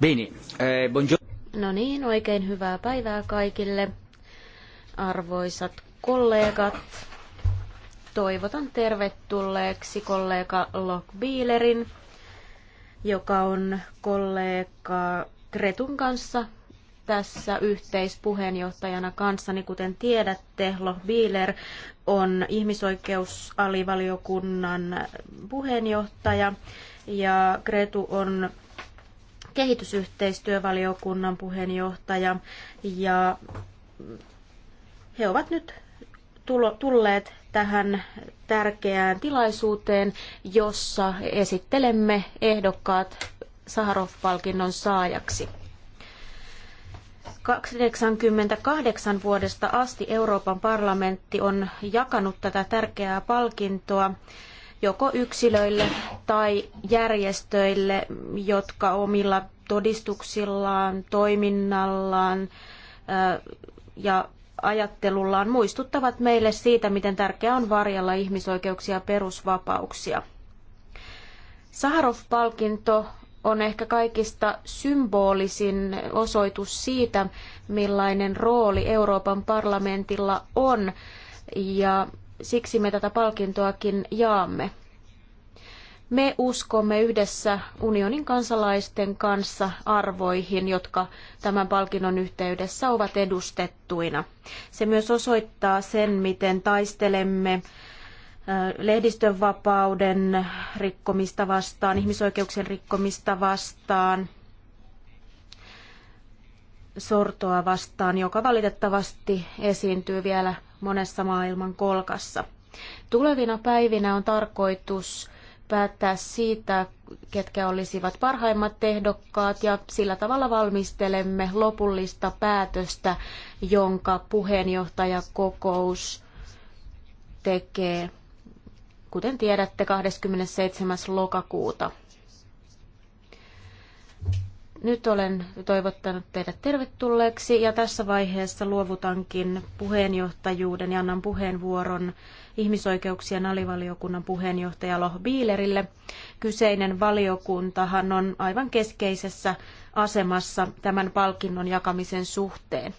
Bene, eh, buongiorno. No niin, oikein hyvää päivää kaikille. Arvoisat kollegat, toivotan tervetulleeksi kollega Lockbeelerin, joka on kollega Kretun kanssa tässä yhteispuheenjohtajana kanssani. Kuten tiedätte, Lochbieler on ihmisoikeusalivaliokunnan puheenjohtaja ja Kretu on kehitysyhteistyövaliokunnan puheenjohtaja ja he ovat nyt tulleet tähän tärkeään tilaisuuteen, jossa esittelemme ehdokkaat Saharov-palkinnon saajaksi. 88 vuodesta asti Euroopan parlamentti on jakanut tätä tärkeää palkintoa joko yksilöille tai järjestöille, jotka omilla todistuksillaan, toiminnallaan ja ajattelullaan muistuttavat meille siitä, miten tärkeää on varjella ihmisoikeuksia ja perusvapauksia. Saharov-palkinto on ehkä kaikista symbolisin osoitus siitä, millainen rooli Euroopan parlamentilla on ja siksi me tätä palkintoakin jaamme. Me uskomme yhdessä unionin kansalaisten kanssa arvoihin, jotka tämän palkinnon yhteydessä ovat edustettuina. Se myös osoittaa sen, miten taistelemme lehdistönvapauden rikkomista vastaan, ihmisoikeuksien rikkomista vastaan, sortoa vastaan, joka valitettavasti esiintyy vielä monessa maailman kolkassa. Tulevina päivinä on tarkoitus päättää siitä, ketkä olisivat parhaimmat ehdokkaat ja sillä tavalla valmistelemme lopullista päätöstä, jonka puheenjohtajakokous tekee, kuten tiedätte, 27. lokakuuta nyt olen toivottanut teidät tervetulleeksi ja tässä vaiheessa luovutankin puheenjohtajuuden ja annan puheenvuoron ihmisoikeuksien alivaliokunnan puheenjohtaja Loh Biilerille. Kyseinen valiokuntahan on aivan keskeisessä asemassa tämän palkinnon jakamisen suhteen.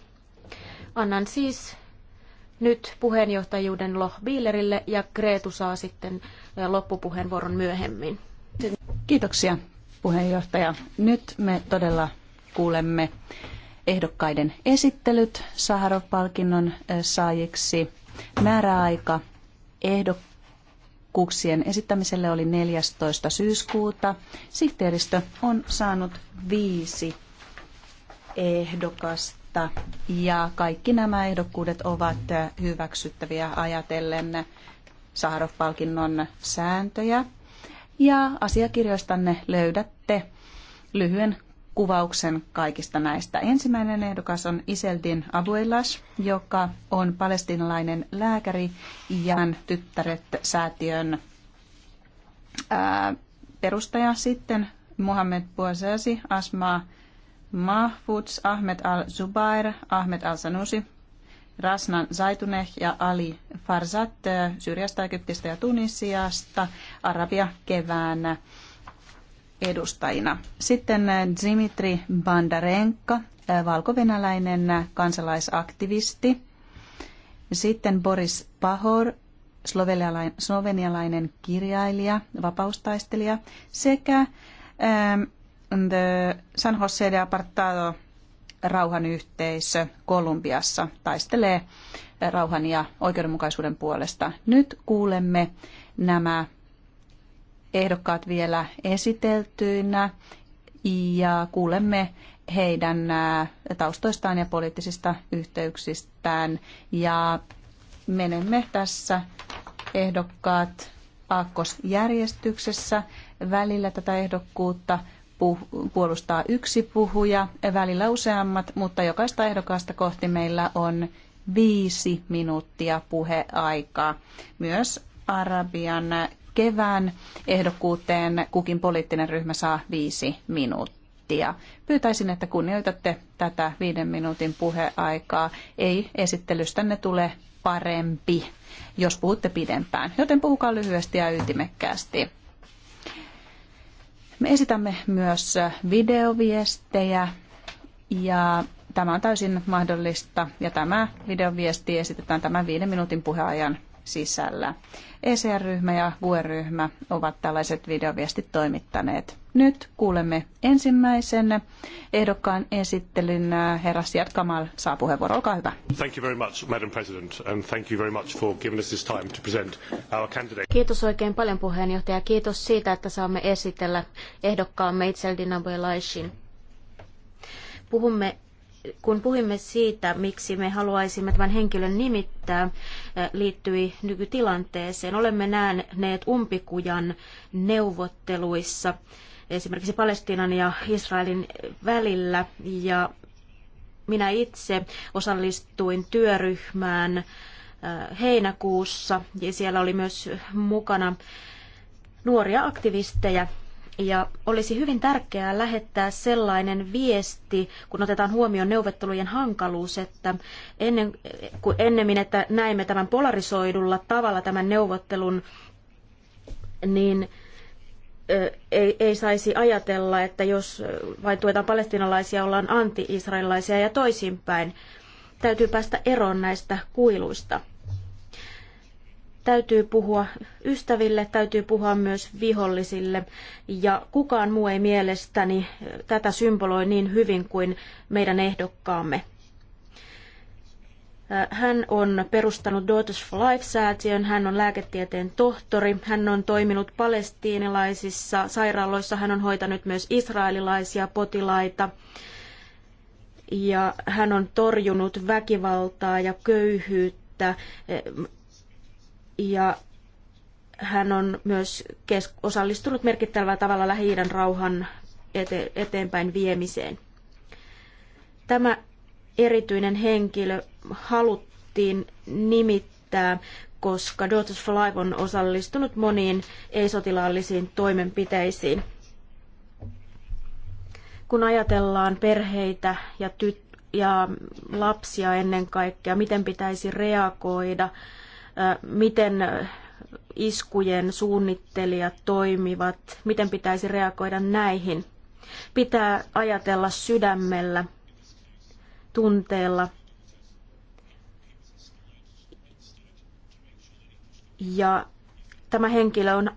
Annan siis nyt puheenjohtajuuden Loh Biilerille ja Kreetu saa sitten loppupuheenvuoron myöhemmin. Kiitoksia puheenjohtaja. Nyt me todella kuulemme ehdokkaiden esittelyt Saharov-palkinnon eh, saajiksi. Määräaika ehdokkuuksien esittämiselle oli 14. syyskuuta. Sihteeristö on saanut viisi ehdokasta ja kaikki nämä ehdokkuudet ovat eh, hyväksyttäviä ajatellen Saharov-palkinnon sääntöjä ja asiakirjoistanne löydätte lyhyen kuvauksen kaikista näistä. Ensimmäinen ehdokas on Iseldin Abuelas, joka on palestinalainen lääkäri ja tyttäret säätiön ää, perustaja. Sitten Mohamed Bouazizi, Asma Mahfouds, Ahmed al-Zubair, Ahmed al-Sanusi, Rasnan Zaituneh ja Ali Farzat eh, Syyriasta, Egyptistä ja Tunisiasta Arabia keväänä edustajina. Sitten eh, Dimitri Bandarenka, eh, valkovenäläinen kansalaisaktivisti. Sitten Boris Pahor, slovenialainen kirjailija, vapaustaistelija sekä The San Jose de Apartado rauhan yhteisö Kolumbiassa taistelee rauhan ja oikeudenmukaisuuden puolesta. Nyt kuulemme nämä ehdokkaat vielä esiteltyinä ja kuulemme heidän taustoistaan ja poliittisista yhteyksistään. Ja menemme tässä ehdokkaat aakkosjärjestyksessä välillä tätä ehdokkuutta puolustaa yksi puhuja, välillä useammat, mutta jokaista ehdokasta kohti meillä on viisi minuuttia puheaikaa. Myös Arabian kevään ehdokkuuteen kukin poliittinen ryhmä saa viisi minuuttia. Pyytäisin, että kunnioitatte tätä viiden minuutin puheaikaa. Ei esittelystänne tule parempi, jos puhutte pidempään. Joten puhukaa lyhyesti ja ytimekkäästi. Me esitämme myös videoviestejä ja tämä on täysin mahdollista ja tämä videoviesti esitetään tämän viiden minuutin puheajan sisällä. ECR-ryhmä ja GUE-ryhmä ovat tällaiset videoviestit toimittaneet. Nyt kuulemme ensimmäisen ehdokkaan esittelyn. Herra Siad Kamal saa puheenvuoron. Olkaa hyvä. Thank you very much, Madam President, and thank you very much for giving us this time to present our candidate. Kiitos oikein paljon puheenjohtaja. Kiitos siitä, että saamme esitellä ehdokkaamme Itseldina Belaishin. Puhumme kun puhimme siitä, miksi me haluaisimme tämän henkilön nimittää, eh, liittyi nykytilanteeseen. Olemme nähneet umpikujan neuvotteluissa esimerkiksi Palestiinan ja Israelin välillä. Ja minä itse osallistuin työryhmään äh, heinäkuussa ja siellä oli myös mukana nuoria aktivisteja. Ja olisi hyvin tärkeää lähettää sellainen viesti, kun otetaan huomioon neuvottelujen hankaluus, että ennen, kun ennemmin, että näemme tämän polarisoidulla tavalla tämän neuvottelun, niin ei, ei saisi ajatella, että jos vain tuetaan palestinalaisia, ollaan anti-israelilaisia ja toisinpäin. Täytyy päästä eroon näistä kuiluista. Täytyy puhua ystäville, täytyy puhua myös vihollisille. Ja kukaan muu ei mielestäni tätä symboloi niin hyvin kuin meidän ehdokkaamme. Äh, hän on perustanut Daughters for Life-säätiön, hän on lääketieteen tohtori, hän on toiminut palestiinilaisissa sairaaloissa, hän on hoitanut myös israelilaisia potilaita ja hän on torjunut väkivaltaa ja köyhyyttä äh, ja hän on myös osallistunut merkittävällä tavalla lähi rauhan ete- eteenpäin viemiseen. Tämä erityinen henkilö haluttiin nimittää, koska Daughters for Life on osallistunut moniin ei-sotilaallisiin toimenpiteisiin. Kun ajatellaan perheitä ja, tyt- ja lapsia ennen kaikkea, miten pitäisi reagoida, miten iskujen suunnittelijat toimivat, miten pitäisi reagoida näihin. Pitää ajatella sydämellä, tunteella Ja tämä henkilö on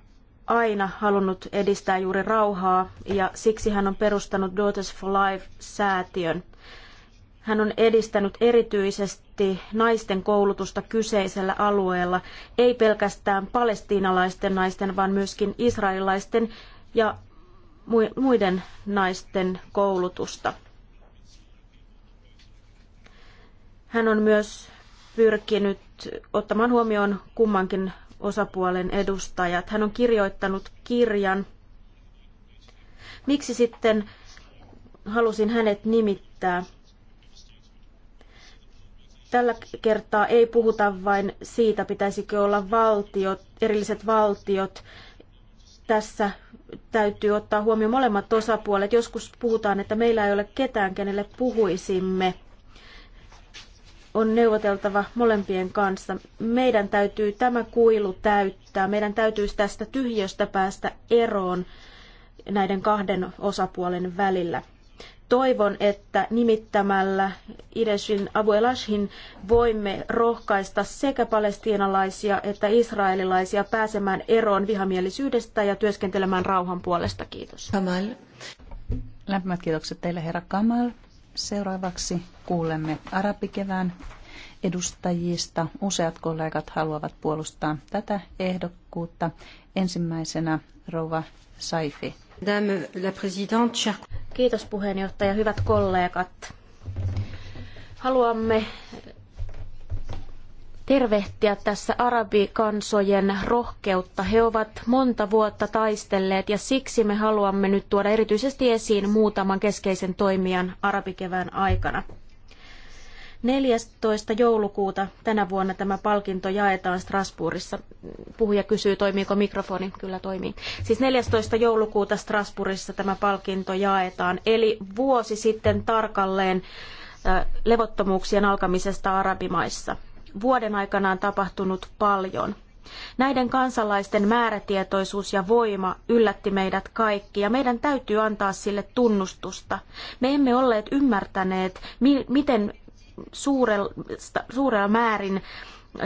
aina halunnut edistää juuri rauhaa ja siksi hän on perustanut Daughters for Life-säätiön. Hän on edistänyt erityisesti naisten koulutusta kyseisellä alueella, ei pelkästään palestiinalaisten naisten, vaan myöskin israelilaisten ja muiden naisten koulutusta. Hän on myös pyrkinyt ottamaan huomioon kummankin osapuolen edustajat. Hän on kirjoittanut kirjan. Miksi sitten halusin hänet nimittää? Tällä kertaa ei puhuta vain siitä, pitäisikö olla valtiot, erilliset valtiot. Tässä täytyy ottaa huomioon molemmat osapuolet. Joskus puhutaan, että meillä ei ole ketään, kenelle puhuisimme – on neuvoteltava molempien kanssa. Meidän täytyy tämä kuilu täyttää. Meidän täytyy tästä tyhjöstä päästä eroon näiden kahden osapuolen välillä. Toivon, että nimittämällä Ideshin Abu Elashin voimme rohkaista sekä palestiinalaisia että israelilaisia pääsemään eroon vihamielisyydestä ja työskentelemään rauhan puolesta. Kiitos. Kamal. Lämpimät kiitokset teille, herra Kamal. Seuraavaksi kuulemme arabikevään edustajista. Useat kollegat haluavat puolustaa tätä ehdokkuutta. Ensimmäisenä rouva Saifi. Kiitos puheenjohtaja, hyvät kollegat. Haluamme tervehtiä tässä arabikansojen rohkeutta. He ovat monta vuotta taistelleet ja siksi me haluamme nyt tuoda erityisesti esiin muutaman keskeisen toimijan arabikevään aikana. 14. joulukuuta tänä vuonna tämä palkinto jaetaan Strasbourgissa. Puhuja kysyy, toimiiko mikrofoni. Kyllä toimii. Siis 14. joulukuuta Strasbourgissa tämä palkinto jaetaan. Eli vuosi sitten tarkalleen äh, levottomuuksien alkamisesta arabimaissa vuoden aikana on tapahtunut paljon. Näiden kansalaisten määrätietoisuus ja voima yllätti meidät kaikki ja meidän täytyy antaa sille tunnustusta. Me emme olleet ymmärtäneet, miten suurella määrin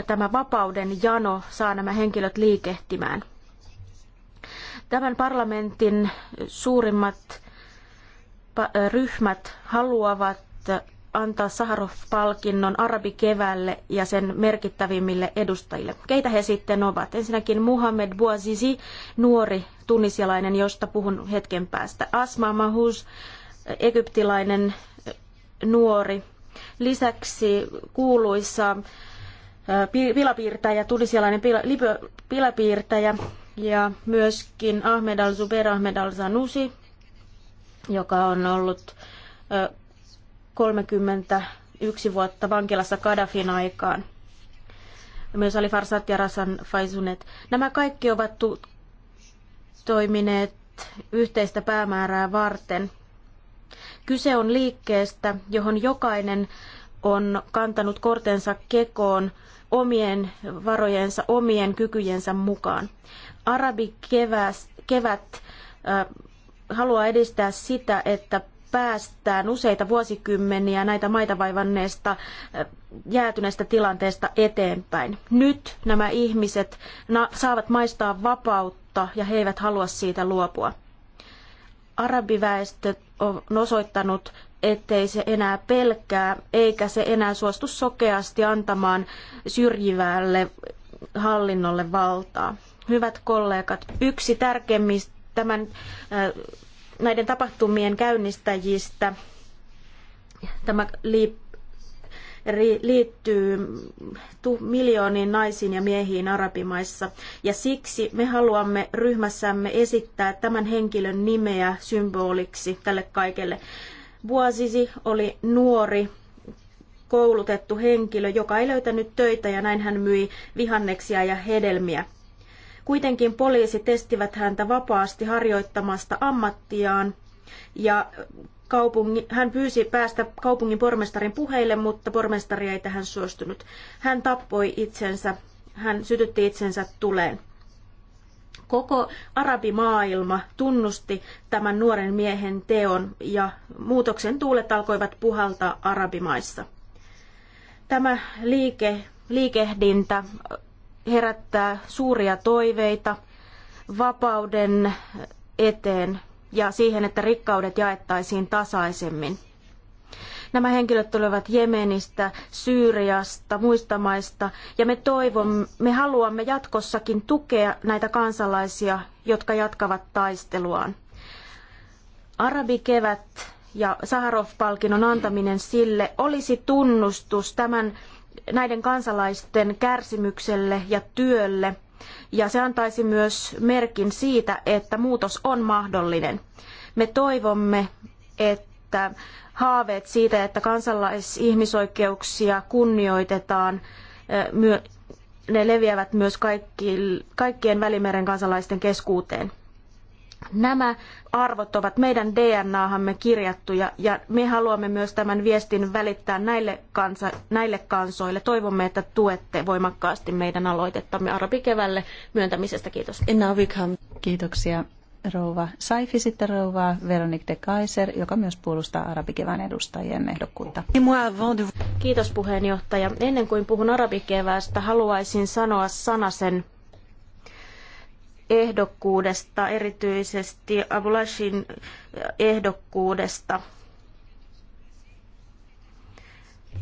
tämä vapauden jano saa nämä henkilöt liikehtimään. Tämän parlamentin suurimmat ryhmät haluavat antaa Saharov-palkinnon arabikeväälle ja sen merkittävimmille edustajille. Keitä he sitten ovat? Ensinnäkin Muhammed Bouazizi, nuori tunisialainen, josta puhun hetken päästä. Asma Mahus, egyptilainen nuori. Lisäksi kuuluissa äh, pilapiirtäjä, tunisialainen pilapiirtäjä ja myöskin Ahmed al-Zubair Ahmed al zanusi joka on ollut äh, 31 vuotta vankilassa Kadafin aikaan. Myös Ali Farsat ja Rasan Faisunet. Nämä kaikki ovat tu- toimineet yhteistä päämäärää varten. Kyse on liikkeestä, johon jokainen on kantanut kortensa kekoon omien varojensa, omien kykyjensä mukaan. Arabi kevät, kevät äh, haluaa edistää sitä, että päästään useita vuosikymmeniä näitä maita vaivanneesta jäätyneestä tilanteesta eteenpäin. Nyt nämä ihmiset saavat maistaa vapautta ja he eivät halua siitä luopua. Arabiväestö on osoittanut, ettei se enää pelkää, eikä se enää suostu sokeasti antamaan syrjivälle hallinnolle valtaa. Hyvät kollegat, yksi tärkeimmistä tämän näiden tapahtumien käynnistäjistä. Tämä liittyy miljooniin naisiin ja miehiin arabimaissa. Ja siksi me haluamme ryhmässämme esittää tämän henkilön nimeä symboliksi tälle kaikelle. Buasisi oli nuori koulutettu henkilö, joka ei löytänyt töitä ja näin hän myi vihanneksia ja hedelmiä. Kuitenkin poliisi testivät häntä vapaasti harjoittamasta ammattiaan ja kaupungin hän pyysi päästä kaupungin pormestarin puheille, mutta pormestari ei tähän suostunut. Hän tappoi itsensä, hän sytytti itsensä tuleen. Koko arabimaailma tunnusti tämän nuoren miehen teon ja muutoksen tuulet alkoivat puhaltaa arabimaissa. Tämä liike, liikehdintä herättää suuria toiveita vapauden eteen ja siihen, että rikkaudet jaettaisiin tasaisemmin. Nämä henkilöt tulevat Jemenistä, Syyriasta, muista maista ja me toivomme, me haluamme jatkossakin tukea näitä kansalaisia, jotka jatkavat taisteluaan. Arabikevät ja Saharov-palkinnon antaminen sille olisi tunnustus tämän näiden kansalaisten kärsimykselle ja työlle. Ja se antaisi myös merkin siitä, että muutos on mahdollinen. Me toivomme, että haaveet siitä, että kansalaisihmisoikeuksia kunnioitetaan, ne leviävät myös kaikkien Välimeren kansalaisten keskuuteen. Nämä arvot ovat meidän DNAhamme kirjattuja ja me haluamme myös tämän viestin välittää näille, kansa, näille kansoille. Toivomme, että tuette voimakkaasti meidän aloitettamme arabikevälle myöntämisestä. Kiitos. Kiitoksia rouva Saifi, sitten rouva Veronique de Kaiser, joka myös puolustaa arabikevään edustajien ehdokkuutta. Kiitos puheenjohtaja. Ennen kuin puhun arabikeväästä, haluaisin sanoa sanasen ehdokkuudesta, erityisesti Abulashin ehdokkuudesta.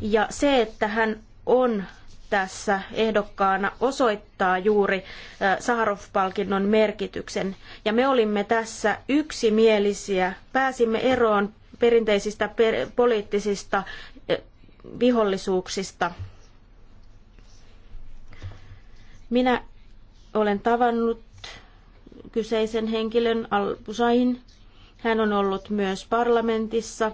Ja se, että hän on tässä ehdokkaana osoittaa juuri Saharov-palkinnon merkityksen. Ja me olimme tässä yksimielisiä. Pääsimme eroon perinteisistä poliittisista vihollisuuksista. Minä olen tavannut kyseisen henkilön Al-Busain. Hän on ollut myös parlamentissa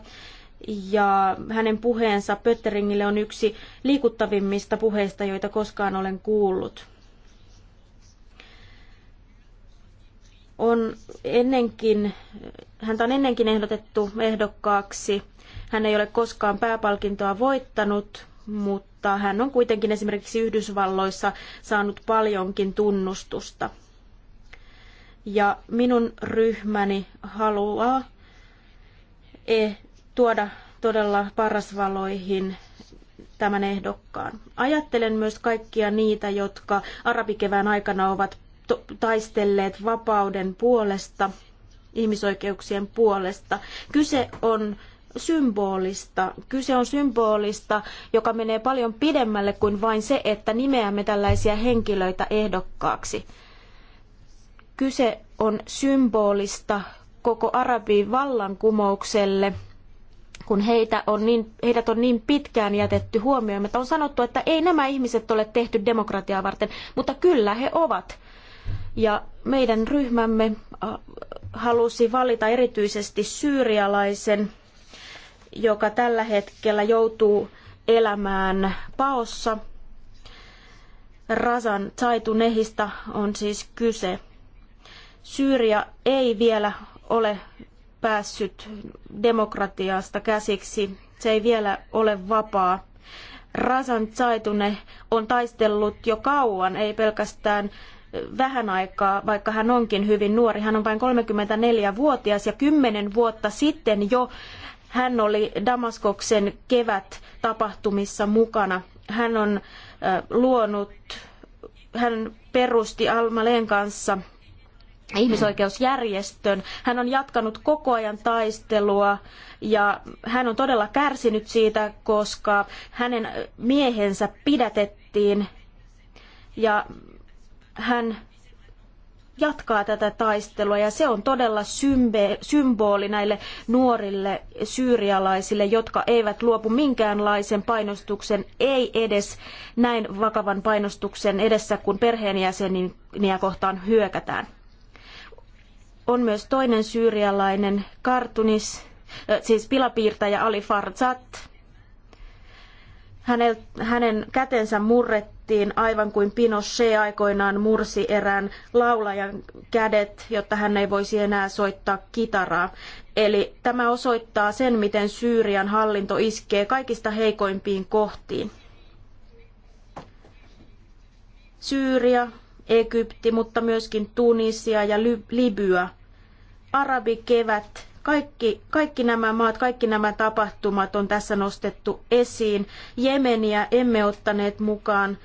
ja hänen puheensa Pötteringille on yksi liikuttavimmista puheista, joita koskaan olen kuullut. On ennenkin, häntä on ennenkin ehdotettu ehdokkaaksi. Hän ei ole koskaan pääpalkintoa voittanut, mutta hän on kuitenkin esimerkiksi Yhdysvalloissa saanut paljonkin tunnustusta. Ja minun ryhmäni haluaa e, tuoda todella parasvaloihin tämän ehdokkaan. Ajattelen myös kaikkia niitä, jotka arabikevään aikana ovat taistelleet vapauden puolesta, ihmisoikeuksien puolesta. Kyse on symbolista. Kyse on symbolista, joka menee paljon pidemmälle kuin vain se, että nimeämme tällaisia henkilöitä ehdokkaaksi. Kyse on symbolista koko Arabiin vallankumoukselle, kun heitä on niin, heidät on niin pitkään jätetty huomioimatta. On sanottu, että ei nämä ihmiset ole tehty demokratiaa varten, mutta kyllä he ovat. Ja meidän ryhmämme äh, halusi valita erityisesti syyrialaisen, joka tällä hetkellä joutuu elämään paossa. Razan Taitunehista on siis kyse. Syyria ei vielä ole päässyt demokratiasta käsiksi. Se ei vielä ole vapaa. Razan Zaitune on taistellut jo kauan, ei pelkästään vähän aikaa, vaikka hän onkin hyvin nuori. Hän on vain 34-vuotias ja kymmenen vuotta sitten jo hän oli Damaskoksen kevät tapahtumissa mukana. Hän on äh, luonut, hän perusti Almalen kanssa ihmisoikeusjärjestön. Hän on jatkanut koko ajan taistelua ja hän on todella kärsinyt siitä, koska hänen miehensä pidätettiin ja hän jatkaa tätä taistelua ja se on todella symboli näille nuorille syyrialaisille, jotka eivät luopu minkäänlaisen painostuksen, ei edes näin vakavan painostuksen edessä, kun perheenjäseniä kohtaan hyökätään on myös toinen syyrialainen kartunis, siis pilapiirtäjä Ali Farzat. Hänel, hänen kätensä murrettiin aivan kuin Pinochet aikoinaan mursi erään laulajan kädet, jotta hän ei voisi enää soittaa kitaraa. Eli tämä osoittaa sen, miten Syyrian hallinto iskee kaikista heikoimpiin kohtiin. Syyria, Egypti, mutta myöskin Tunisia ja Libya – arabikevät, kaikki, kaikki nämä maat, kaikki nämä tapahtumat on tässä nostettu esiin. Jemeniä emme ottaneet mukaan,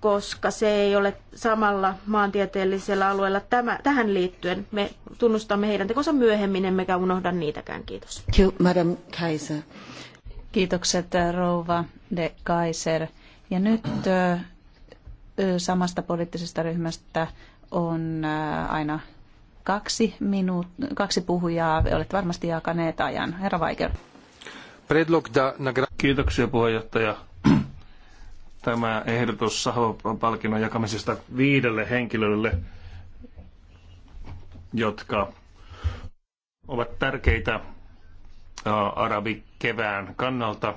koska se ei ole samalla maantieteellisellä alueella tämä, tähän liittyen. Me tunnustamme heidän tekonsa myöhemmin, emmekä unohda niitäkään. Kiitos. Madam Kaiser. Kiitokset rouva de Kaiser. Ja nyt samasta poliittisesta ryhmästä on aina kaksi, minuut- kaksi puhujaa. Olet varmasti jakaneet ajan. Herra Weiger. Kiitoksia puheenjohtaja. Tämä ehdotus saho palkinnon jakamisesta viidelle henkilölle, jotka ovat tärkeitä arabikevään kannalta,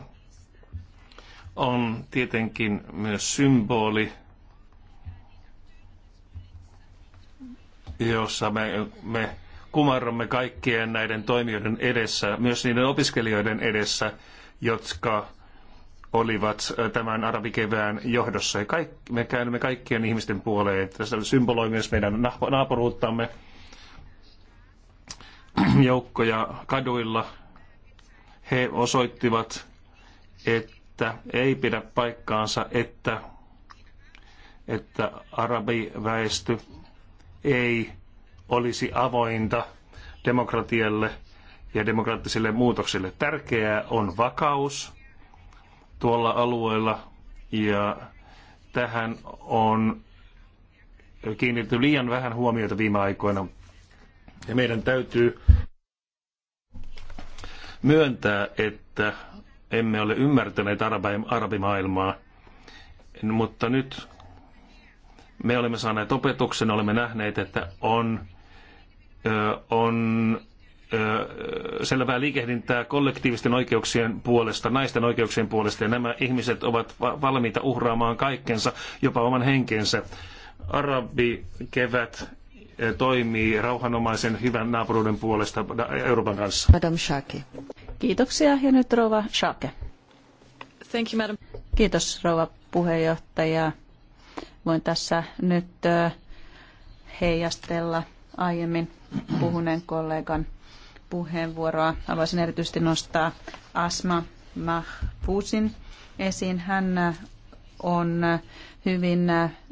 on tietenkin myös symboli – jossa me, me kumarromme kaikkien näiden toimijoiden edessä, myös niiden opiskelijoiden edessä, jotka olivat tämän arabikevään johdossa. Ja kaik, me käymme kaikkien ihmisten puoleen. Tässä symboloi myös meidän naapuruuttamme joukkoja kaduilla. He osoittivat, että ei pidä paikkaansa, että, että arabiväestö ei olisi avointa demokratialle ja demokraattiselle muutokselle. Tärkeää on vakaus tuolla alueella ja tähän on kiinnitetty liian vähän huomiota viime aikoina. Ja meidän täytyy myöntää, että emme ole ymmärtäneet arabimaailmaa, mutta nyt me olemme saaneet opetuksen, olemme nähneet, että on, on selvää liikehdintää kollektiivisten oikeuksien puolesta, naisten oikeuksien puolesta, ja nämä ihmiset ovat valmiita uhraamaan kaikkensa, jopa oman henkensä. Arabi kevät toimii rauhanomaisen hyvän naapuruuden puolesta Euroopan kanssa. Madam Shaki. Kiitoksia, ja nyt rouva Shake. Thank you, madam. Kiitos, rouva puheenjohtaja. Voin tässä nyt heijastella aiemmin puhuneen kollegan puheenvuoroa. Haluaisin erityisesti nostaa Asma Mahfuzin esiin. Hän on hyvin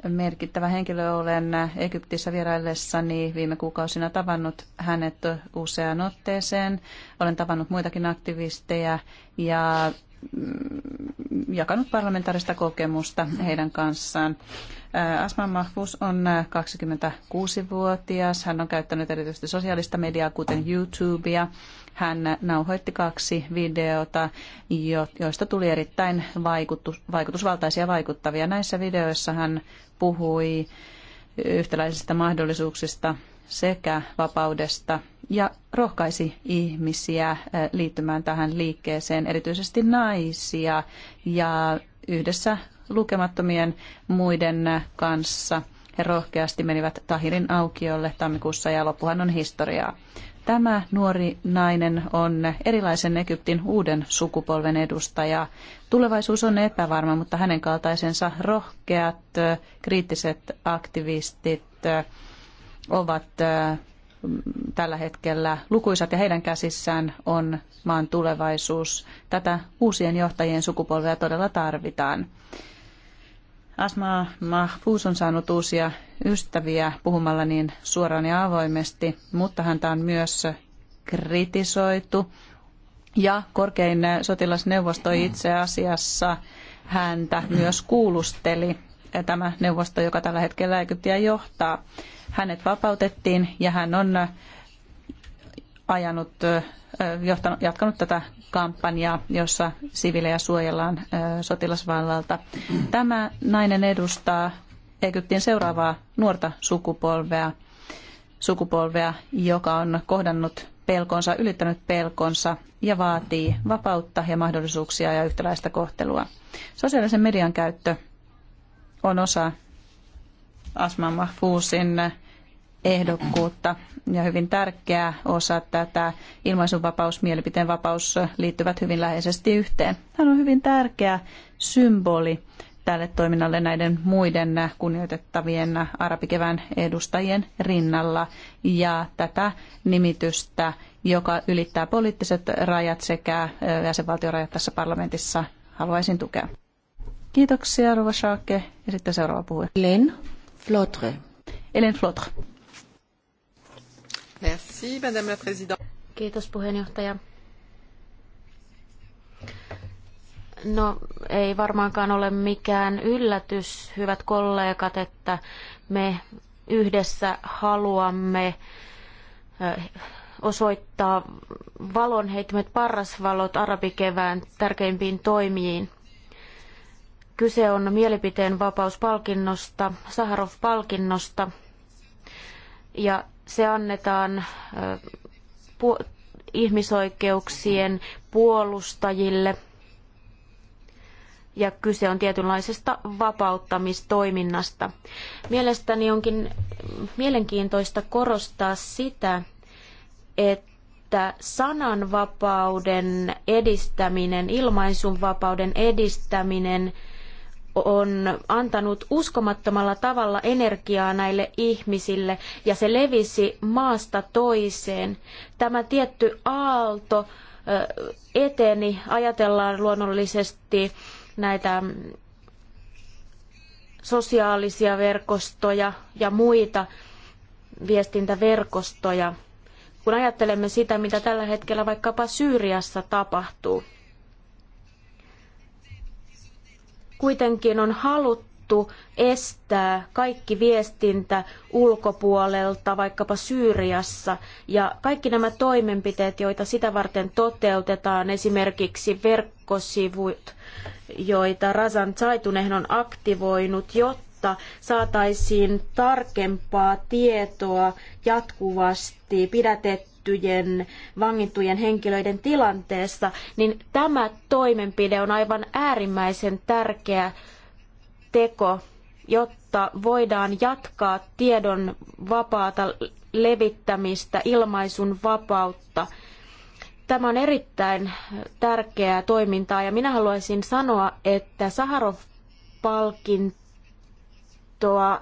merkittävä henkilö. Olen Egyptissä vieraillessani viime kuukausina tavannut hänet useaan otteeseen. Olen tavannut muitakin aktivisteja ja Mm, jakanut parlamentaarista kokemusta heidän kanssaan. Äh, Asman Mahfuz on 26-vuotias. Äh, hän on käyttänyt erityisesti sosiaalista mediaa, kuten YouTubea. Hän äh, nauhoitti kaksi videota, joista tuli erittäin vaikutusvaltaisia ja vaikuttavia. Näissä videoissa hän puhui yhtäläisistä mahdollisuuksista sekä vapaudesta ja rohkaisi ihmisiä eh, liittymään tähän liikkeeseen, erityisesti naisia ja yhdessä lukemattomien muiden kanssa he rohkeasti menivät Tahirin aukiolle tammikuussa ja loppuhan on historiaa. Tämä nuori nainen on erilaisen Egyptin uuden sukupolven edustaja. Tulevaisuus on epävarma, mutta hänen kaltaisensa rohkeat, eh, kriittiset aktivistit eh, ovat tällä hetkellä lukuisat ja heidän käsissään on maan tulevaisuus. Tätä uusien johtajien sukupolvea todella tarvitaan. Asma Mahfuz on saanut uusia ystäviä puhumalla niin suoraan ja avoimesti, mutta häntä on myös kritisoitu. Ja korkein sotilasneuvosto itse asiassa häntä myös kuulusteli, tämä neuvosto, joka tällä hetkellä Egyptiä johtaa. Hänet vapautettiin ja hän on äh, ajanut, äh, johtanut, jatkanut tätä kampanjaa, jossa sivilejä suojellaan äh, sotilasvallalta. Tämä nainen edustaa Egyptin seuraavaa nuorta sukupolvea, sukupolvea, joka on kohdannut pelkonsa, ylittänyt pelkonsa ja vaatii vapautta ja mahdollisuuksia ja yhtäläistä kohtelua. Sosiaalisen median käyttö on osa Asma Mahfuusin ehdokkuutta. Ja hyvin tärkeä osa tätä ilmaisunvapaus, vapaus liittyvät hyvin läheisesti yhteen. Hän on hyvin tärkeä symboli tälle toiminnalle näiden muiden kunnioitettavien arabikevään edustajien rinnalla. Ja tätä nimitystä, joka ylittää poliittiset rajat sekä jäsenvaltiorajat tässä parlamentissa, haluaisin tukea. Kiitoksia, Rova Schaake. Ja sitten seuraava puhuja. Len Flotre. Ellen Flotre. Merci, Madame la Présidente. Kiitos puheenjohtaja. No ei varmaankaan ole mikään yllätys, hyvät kollegat, että me yhdessä haluamme osoittaa valonheitimet parrasvalot arabikevään tärkeimpiin toimiin. Kyse on mielipiteen vapauspalkinnosta, Saharov-palkinnosta, ja se annetaan ihmisoikeuksien puolustajille ja kyse on tietynlaisesta vapauttamistoiminnasta. Mielestäni onkin mielenkiintoista korostaa sitä, että sananvapauden edistäminen, ilmaisunvapauden edistäminen – on antanut uskomattomalla tavalla energiaa näille ihmisille ja se levisi maasta toiseen. Tämä tietty aalto eteni, ajatellaan luonnollisesti näitä sosiaalisia verkostoja ja muita viestintäverkostoja, kun ajattelemme sitä, mitä tällä hetkellä vaikkapa Syyriassa tapahtuu. Kuitenkin on haluttu estää kaikki viestintä ulkopuolelta, vaikkapa Syyriassa. Ja kaikki nämä toimenpiteet, joita sitä varten toteutetaan, esimerkiksi verkkosivut, joita Razan Zaitunen on aktivoinut, jotta saataisiin tarkempaa tietoa jatkuvasti pidätettyä vangittujen, vangittujen henkilöiden tilanteesta, niin tämä toimenpide on aivan äärimmäisen tärkeä teko, jotta voidaan jatkaa tiedon vapaata levittämistä, ilmaisun vapautta. Tämä on erittäin tärkeää toimintaa ja minä haluaisin sanoa, että Saharov-palkintoa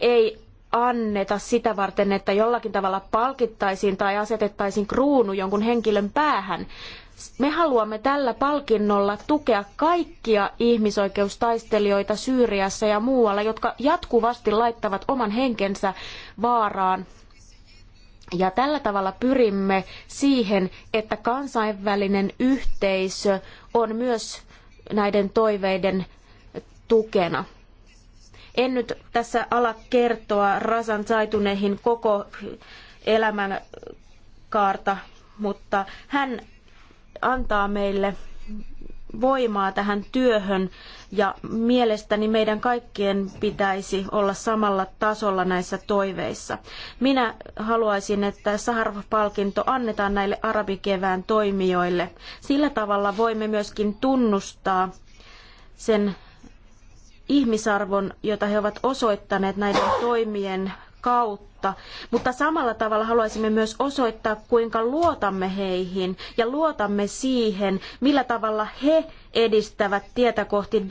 ei anneta sitä varten, että jollakin tavalla palkittaisiin tai asetettaisiin kruunu jonkun henkilön päähän. Me haluamme tällä palkinnolla tukea kaikkia ihmisoikeustaistelijoita Syyriassa ja muualla, jotka jatkuvasti laittavat oman henkensä vaaraan. Ja tällä tavalla pyrimme siihen, että kansainvälinen yhteisö on myös näiden toiveiden tukena. En nyt tässä ala kertoa Rasan Zaitunehin koko elämän kaarta, mutta hän antaa meille voimaa tähän työhön ja mielestäni meidän kaikkien pitäisi olla samalla tasolla näissä toiveissa. Minä haluaisin, että Saharov-palkinto annetaan näille arabikevään toimijoille. Sillä tavalla voimme myöskin tunnustaa sen ihmisarvon, jota he ovat osoittaneet näiden toimien kautta, mutta samalla tavalla haluaisimme myös osoittaa, kuinka luotamme heihin ja luotamme siihen, millä tavalla he edistävät tietä kohti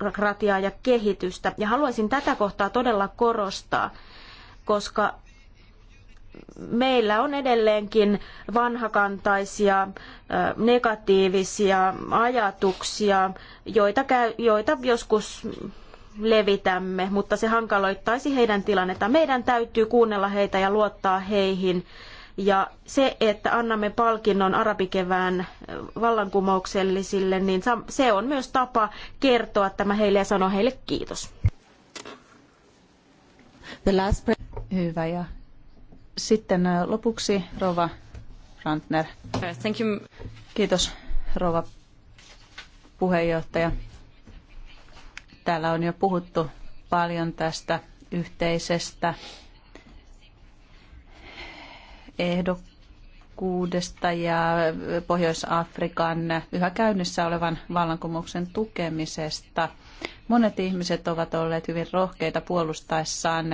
demokratiaa ja kehitystä. Ja haluaisin tätä kohtaa todella korostaa, koska meillä on edelleenkin vanhakantaisia negatiivisia ajatuksia, joita, käy, joita joskus levitämme, mutta se hankaloittaisi heidän tilannettaan. Meidän täytyy kuunnella heitä ja luottaa heihin. Ja se, että annamme palkinnon arabikevään vallankumouksellisille, niin se on myös tapa kertoa tämä heille ja sanoa heille kiitos. Hyvä ja sitten äh, lopuksi Rova Rantner. Thank you. Kiitos Rova puheenjohtaja. Täällä on jo puhuttu paljon tästä yhteisestä ehdokkuudesta ja Pohjois-Afrikan yhä käynnissä olevan vallankumouksen tukemisesta. Monet ihmiset ovat olleet hyvin rohkeita puolustaessaan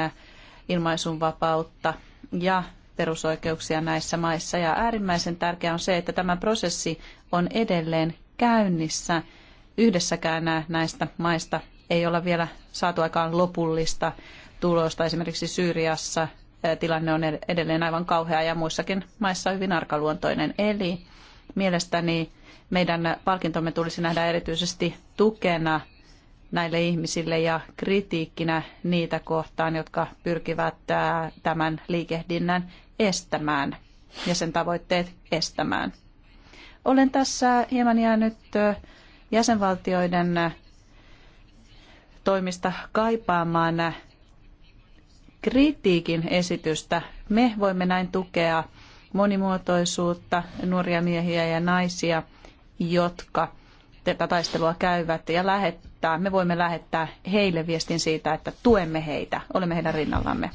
ilmaisunvapautta ja perusoikeuksia näissä maissa. Ja äärimmäisen tärkeää on se, että tämä prosessi on edelleen käynnissä. Yhdessäkään näistä maista ei olla vielä saatu aikaan lopullista tulosta. Esimerkiksi Syyriassa tilanne on edelleen aivan kauhea ja muissakin maissa hyvin arkaluontoinen. Eli mielestäni meidän palkintomme tulisi nähdä erityisesti tukena näille ihmisille ja kritiikkinä niitä kohtaan, jotka pyrkivät tämän liikehdinnän estämään ja sen tavoitteet estämään. Olen tässä hieman jäänyt jäsenvaltioiden toimista kaipaamaan kritiikin esitystä. Me voimme näin tukea monimuotoisuutta, nuoria miehiä ja naisia, jotka tätä taistelua käyvät ja lähet, että Me voimme lähettää heille viestin siitä, että tuemme heitä, olemme heidän rinnallamme.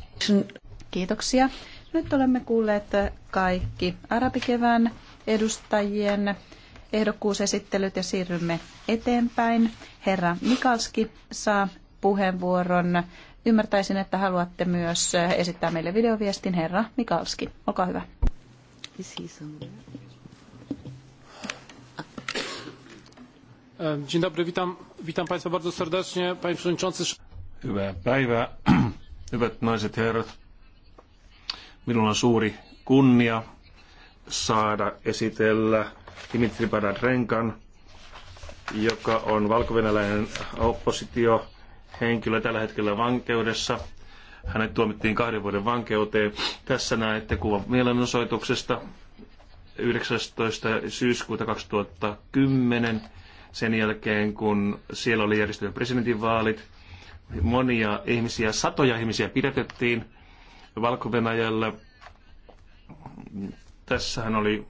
Kiitoksia. Nyt olemme kuulleet kaikki arabikevään edustajien ehdokkuusesittelyt ja siirrymme eteenpäin. Herra Mikalski saa puheenvuoron. Ymmärtäisin, että haluatte myös esittää meille videoviestin. Herra Mikalski, olkaa hyvä. E, dzień dobry, witam, witam Państwa bardzo serdecznie. Panie Przewodniczący. Hyvää päivää, hyvät naiset ja herrat. Minulla on suuri kunnia saada esitellä Dimitri Padat-Renkan, joka on valkovenäläinen oppositiohenkilö tällä hetkellä vankeudessa. Hänet tuomittiin kahden vuoden vankeuteen. Tässä näette kuvan mielenosoituksesta 19. syyskuuta 2010 sen jälkeen, kun siellä oli järjestetty presidentinvaalit. Monia ihmisiä, satoja ihmisiä pidätettiin valko -Venäjällä. Tässähän oli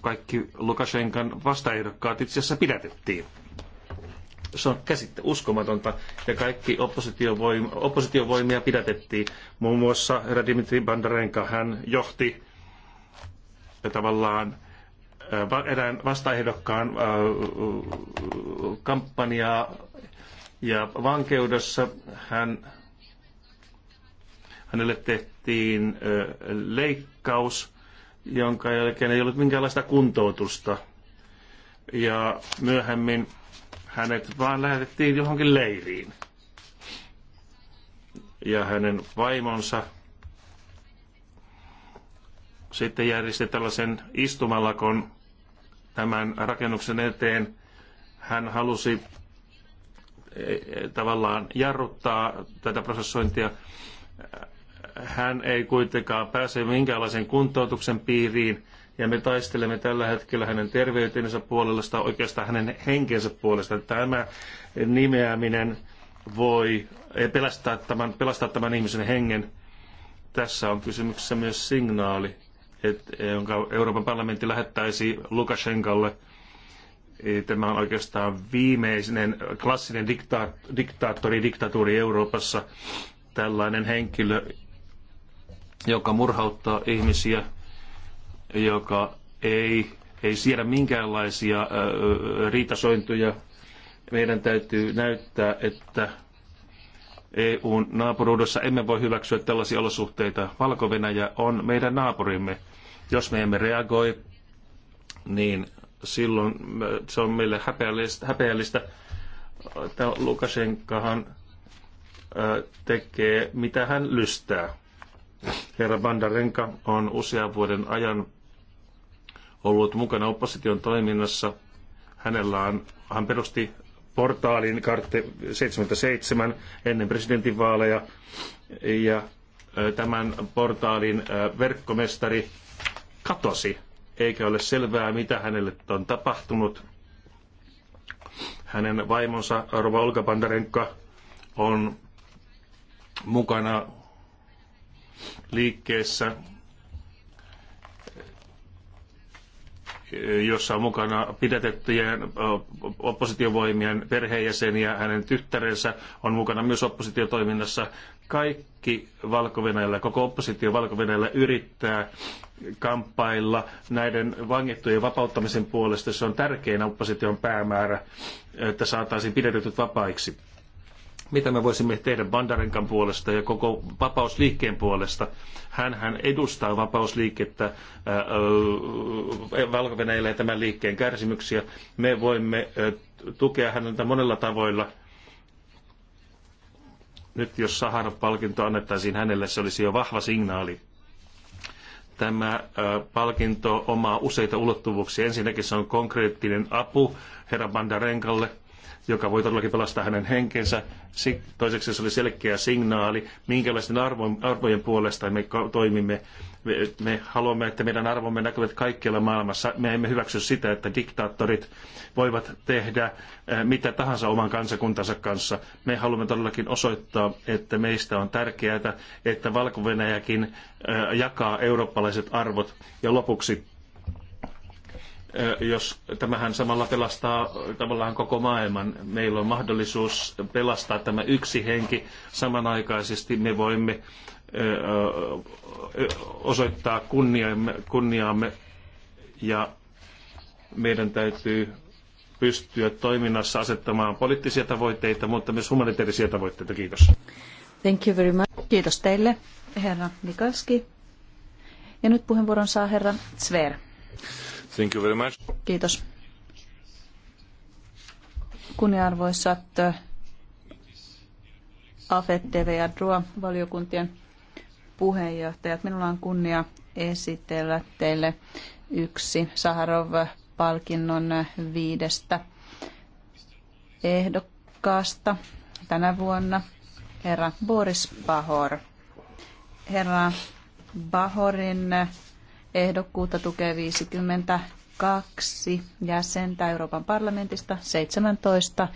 kaikki Lukashenkan vastaehdokkaat itse asiassa pidätettiin. Se on käsitte uskomatonta ja kaikki oppositiovoim- oppositiovoimia pidätettiin. Muun muassa herra Dimitri Bandarenka, hän johti tavallaan erään vastaehdokkaan kampanjaa ja vankeudessa hän, hänelle tehtiin leikkaus, jonka jälkeen ei ollut minkäänlaista kuntoutusta. Ja myöhemmin hänet vaan lähetettiin johonkin leiriin. Ja hänen vaimonsa sitten järjesti tällaisen istumalakon tämän rakennuksen eteen. Hän halusi eh, eh, tavallaan jarruttaa tätä prosessointia. Hän ei kuitenkaan pääse minkäänlaisen kuntoutuksen piiriin, ja me taistelemme tällä hetkellä hänen terveytensä puolesta, oikeastaan hänen henkensä puolesta. Tämä nimeäminen voi eh, pelastaa tämän, pelastaa tämän ihmisen hengen. Tässä on kysymyksessä myös signaali Eh, jonka Euroopan parlamentti lähettäisi Lukashenkalle. Eh, tämä on oikeastaan viimeinen klassinen diktaattori, diktatuuri Euroopassa. Tällainen henkilö, joka murhauttaa ihmisiä, joka ei, ei siedä minkäänlaisia riitasointuja. Meidän täytyy näyttää, että EUn naapuruudessa emme voi hyväksyä tällaisia olosuhteita. valko on meidän naapurimme. Jos me emme reagoi, niin silloin se on meille häpeällistä. häpeällistä. Tämä Lukashenkahan tekee, mitä hän lystää. Herra Bandarenka on usean vuoden ajan ollut mukana opposition toiminnassa. Hänellä on, hän perusti portaalin kartte 77 ennen presidentinvaaleja ja tämän portaalin verkkomestari katosi, eikä ole selvää, mitä hänelle on tapahtunut. Hänen vaimonsa Rova Olga Bandarenka on mukana liikkeessä, jossa on mukana pidätettyjen oppositiovoimien perheenjäseniä. Hänen tyttärensä on mukana myös oppositiotoiminnassa kaikki valko koko oppositio valko yrittää kamppailla näiden vangittujen vapauttamisen puolesta. Se on tärkein opposition päämäärä, että saataisiin pidetyt vapaiksi. Mitä me voisimme tehdä Bandarenkan puolesta ja koko vapausliikkeen puolesta? hän edustaa vapausliikettä äh, äh, valko ja tämän liikkeen kärsimyksiä. Me voimme äh, tukea häntä monella tavoilla – nyt jos Saharov-palkinto annettaisiin hänelle, se olisi jo vahva signaali. Tämä palkinto omaa useita ulottuvuuksia. Ensinnäkin se on konkreettinen apu herra Bandarenkalle, joka voi todellakin pelastaa hänen henkensä. Toiseksi se oli selkeä signaali, minkälaisten arvojen puolesta me toimimme. Me, me haluamme, että meidän arvomme näkyvät kaikkialla maailmassa. Me emme hyväksy sitä, että diktaattorit voivat tehdä eh, mitä tahansa oman kansakuntansa kanssa. Me haluamme todellakin osoittaa, että meistä on tärkeää, että valko eh, jakaa eurooppalaiset arvot. Ja lopuksi eh, jos tämähän samalla pelastaa tavallaan koko maailman. Meillä on mahdollisuus pelastaa tämä yksi henki samanaikaisesti. Me voimme osoittaa kunniamme, kunniaamme ja meidän täytyy pystyä toiminnassa asettamaan poliittisia tavoitteita, mutta myös humanitaarisia tavoitteita. Kiitos. Thank you very much. Kiitos teille, herra Mikalski. Ja nyt puheenvuoron saa herra Zver. Thank you very much. Kiitos. Kunniarvoisat AFET, TV ja DRUA-valiokuntien puheenjohtajat. Minulla on kunnia esitellä teille yksi Saharov-palkinnon viidestä ehdokkaasta tänä vuonna, herra Boris Pahor. Herra Bahorin ehdokkuutta tukee 52 jäsentä Euroopan parlamentista, 17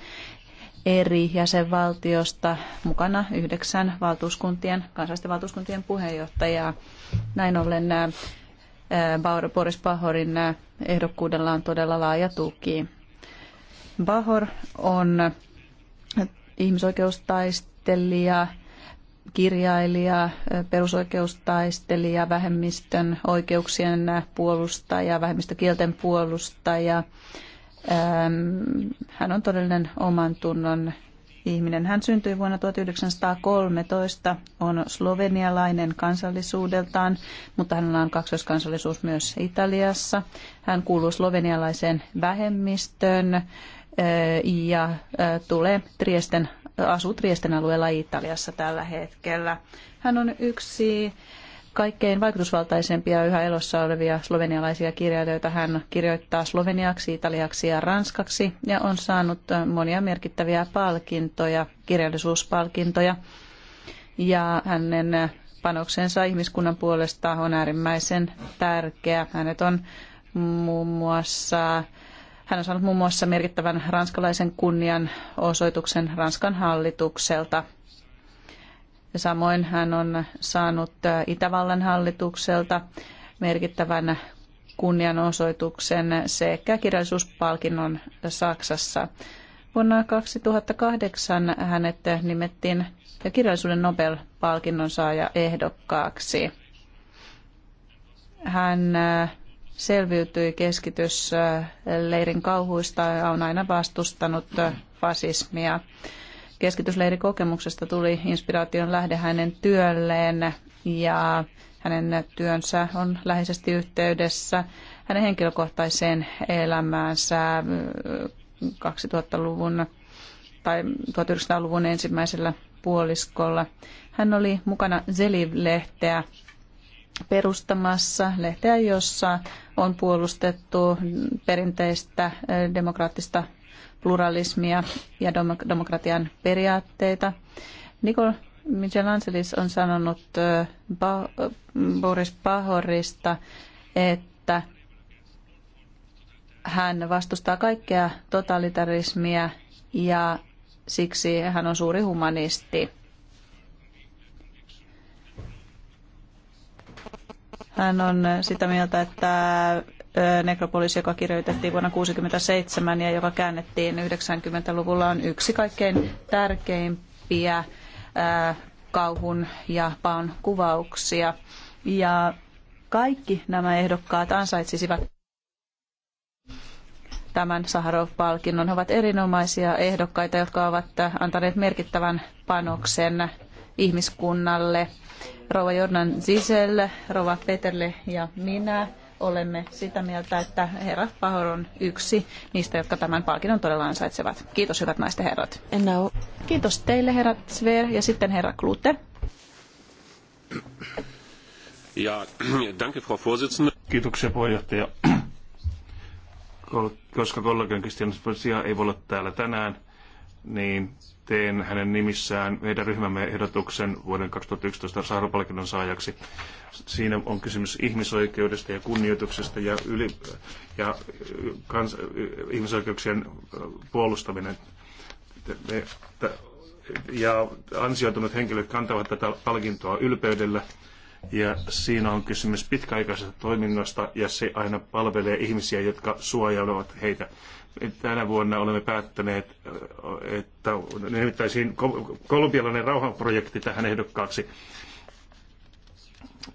eri jäsenvaltiosta, mukana yhdeksän valtuuskuntien, kansallisten valtuuskuntien puheenjohtajaa. Näin ollen Boris Bahorin ehdokkuudella on todella laaja tuki. Bahor on ihmisoikeustaistelija, kirjailija, perusoikeustaistelija, vähemmistön oikeuksien puolustaja, vähemmistökielten puolustaja, hän on todellinen oman tunnon ihminen. Hän syntyi vuonna 1913, on slovenialainen kansallisuudeltaan, mutta hänellä on kaksoiskansallisuus myös Italiassa. Hän kuuluu slovenialaiseen vähemmistöön ja tulee Triesten, asuu Triesten alueella Italiassa tällä hetkellä. Hän on yksi kaikkein vaikutusvaltaisempia yhä elossa olevia slovenialaisia kirjailijoita. Hän kirjoittaa sloveniaksi, italiaksi ja ranskaksi ja on saanut monia merkittäviä palkintoja, kirjallisuuspalkintoja. Ja hänen panoksensa ihmiskunnan puolesta on äärimmäisen tärkeä. Hänet on muun muassa hän on saanut muun muassa merkittävän ranskalaisen kunnian osoituksen Ranskan hallitukselta – Samoin hän on saanut äh, Itävallan hallitukselta merkittävän kunnianosoituksen sekä kirjallisuuspalkinnon Saksassa. Vuonna 2008 hänet nimettiin kirjallisuuden Nobel-palkinnon saaja ehdokkaaksi. Hän äh, selviytyi keskitysleirin äh, kauhuista ja on aina vastustanut fasismia keskitysleirikokemuksesta tuli inspiraation lähde hänen työlleen ja hänen työnsä on läheisesti yhteydessä hänen henkilökohtaiseen elämäänsä 2000-luvun äh, tai 1900-luvun ensimmäisellä puoliskolla. Hän oli mukana Zeliv-lehteä perustamassa, lehteä, jossa on puolustettu perinteistä äh, demokraattista pluralismia ja demokratian periaatteita. Nikol Michelangelis on sanonut Boris Pahorista, että hän vastustaa kaikkea totalitarismia ja siksi hän on suuri humanisti. Hän on sitä mieltä, että Necropolis, joka kirjoitettiin vuonna 1967 ja joka käännettiin 90-luvulla, on yksi kaikkein tärkeimpiä kauhun ja paon kuvauksia. Ja kaikki nämä ehdokkaat ansaitsisivat tämän Saharov-palkinnon. He ovat erinomaisia ehdokkaita, jotka ovat antaneet merkittävän panoksen ihmiskunnalle. Rova Jordan Zisel, Rova Peterle ja minä olemme sitä mieltä, että herra Pahor on yksi niistä, jotka tämän palkinnon todella ansaitsevat. Kiitos hyvät naiset ja herrat. Now. Kiitos teille herra Sver ja sitten herra Klute. Ja, danke, Frau Vorsitzende. Kiitoksia puheenjohtaja. Koska kollegan Kristian ei voi olla täällä tänään, niin teen hänen nimissään meidän ryhmämme ehdotuksen vuoden 2011 saaropalkinnon saajaksi. Siinä on kysymys ihmisoikeudesta ja kunnioituksesta ja, yli, ja kans, ihmisoikeuksien puolustaminen. Me, ja ansioitunut henkilöt kantavat tätä palkintoa ylpeydellä. Ja siinä on kysymys pitkäaikaisesta toiminnasta ja se aina palvelee ihmisiä, jotka suojelevat heitä tänä vuonna olemme päättäneet, että nimittäisiin kolumbialainen rauhanprojekti tähän ehdokkaaksi.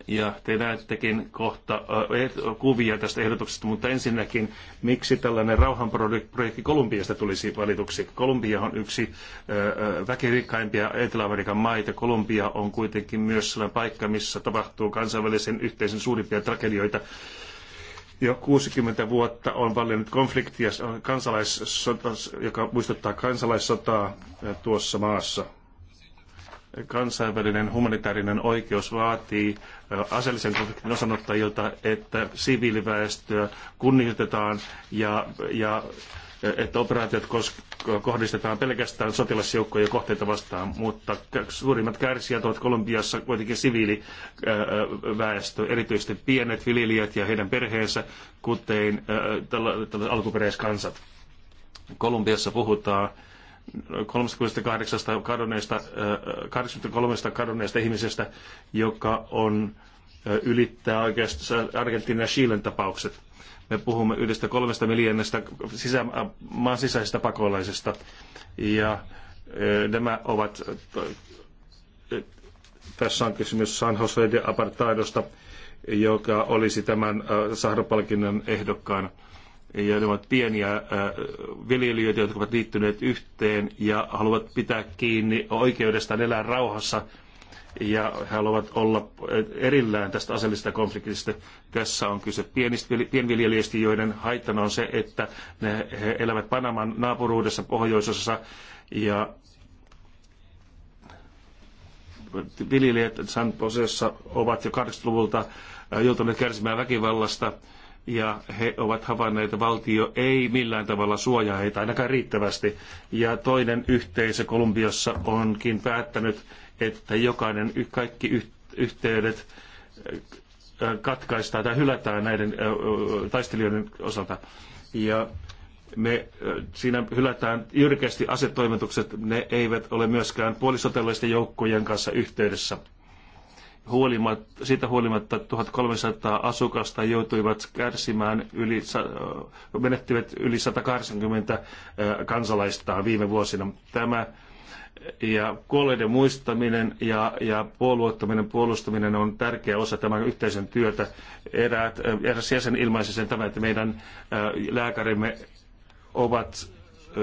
Ja te näettekin kohta äh, kuvia tästä ehdotuksesta, mutta ensinnäkin, miksi tällainen rauhanprojekti Kolumbiasta tulisi valituksi? Kolumbia on yksi äh, äh, väkirikkaimpia Etelä-Amerikan maita. Kolumbia on kuitenkin myös sellainen paikka, missä tapahtuu kansainvälisen yhteisön suurimpia tragedioita jo 60 vuotta on valinnut konfliktia, kansalaissota, joka muistuttaa kansalaissotaa eh, tuossa maassa. Kansainvälinen humanitaarinen oikeus vaatii eh, aseellisen konfliktin osanottajilta, että siviiliväestöä kunnioitetaan ja, ja että operaatiot kohdistetaan pelkästään sotilasjoukkoja kohteita vastaan, mutta suurimmat kärsijät ovat Kolumbiassa kuitenkin siviiliväestö, erityisesti pienet viljelijät ja heidän perheensä, kuten alkuperäiskansat. Kolumbiassa puhutaan 38 kadonneista, 83 kadonneista ihmisestä, joka on ylittää oikeastaan Argentiinan ja Chilen tapaukset me puhumme yhdestä kolmesta miljoonasta sisä, äh, maan sisäisestä pakolaisesta. Ja äh, nämä ovat, äh, tässä on kysymys San Jose de Apartadosta, joka olisi tämän Sahra-palkinnon Ja ne ovat pieniä viljelijöitä, jotka ovat liittyneet yhteen ja haluavat pitää kiinni oikeudestaan elää rauhassa – ja he haluavat olla erillään tästä aseellisesta konfliktista. Tässä on kyse pienistä, pienviljelijöistä, joiden haittana on se, että ne, he elävät Panaman naapuruudessa pohjoisessa ja viljelijät San Joseessa ovat jo 80-luvulta äh, joutuneet kärsimään väkivallasta ja he ovat havainneet, että valtio ei millään tavalla suojaa heitä ainakaan riittävästi. Ja toinen yhteisö Kolumbiassa onkin päättänyt, että jokainen, kaikki yhteydet katkaistaan tai hylätään näiden taistelijoiden osalta. Ja me, siinä hylätään jyrkästi asetoimitukset, ne eivät ole myöskään puolisotilaisten joukkojen kanssa yhteydessä. huolimatta siitä huolimatta 1300 asukasta joutuivat kärsimään yli, menettivät yli 180 kansalaistaan viime vuosina. Tämä ja kuolleiden muistaminen ja, ja puolueettominen puolustaminen on tärkeä osa tämän yhteisen työtä. Eräät, äh, eräs jäsen ilmaisi sen tämän, että meidän äh, lääkärimme ovat äh,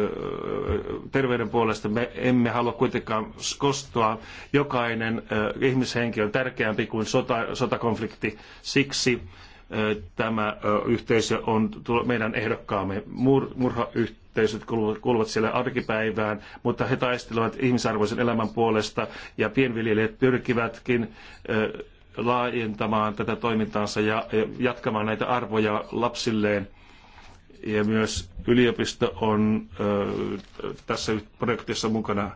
terveyden puolesta me emme halua kuitenkaan kostoa. Jokainen ihmishenki on tärkeämpi kuin sota, sotakonflikti. Siksi tämä yhteisö on meidän ehdokkaamme mur, murhayhteisö yhteisöt kuuluvat siellä arkipäivään, mutta he taistelevat ihmisarvoisen elämän puolesta ja pienviljelijät pyrkivätkin laajentamaan tätä toimintaansa ja jatkamaan näitä arvoja lapsilleen. Ja myös yliopisto on tässä projektissa mukana.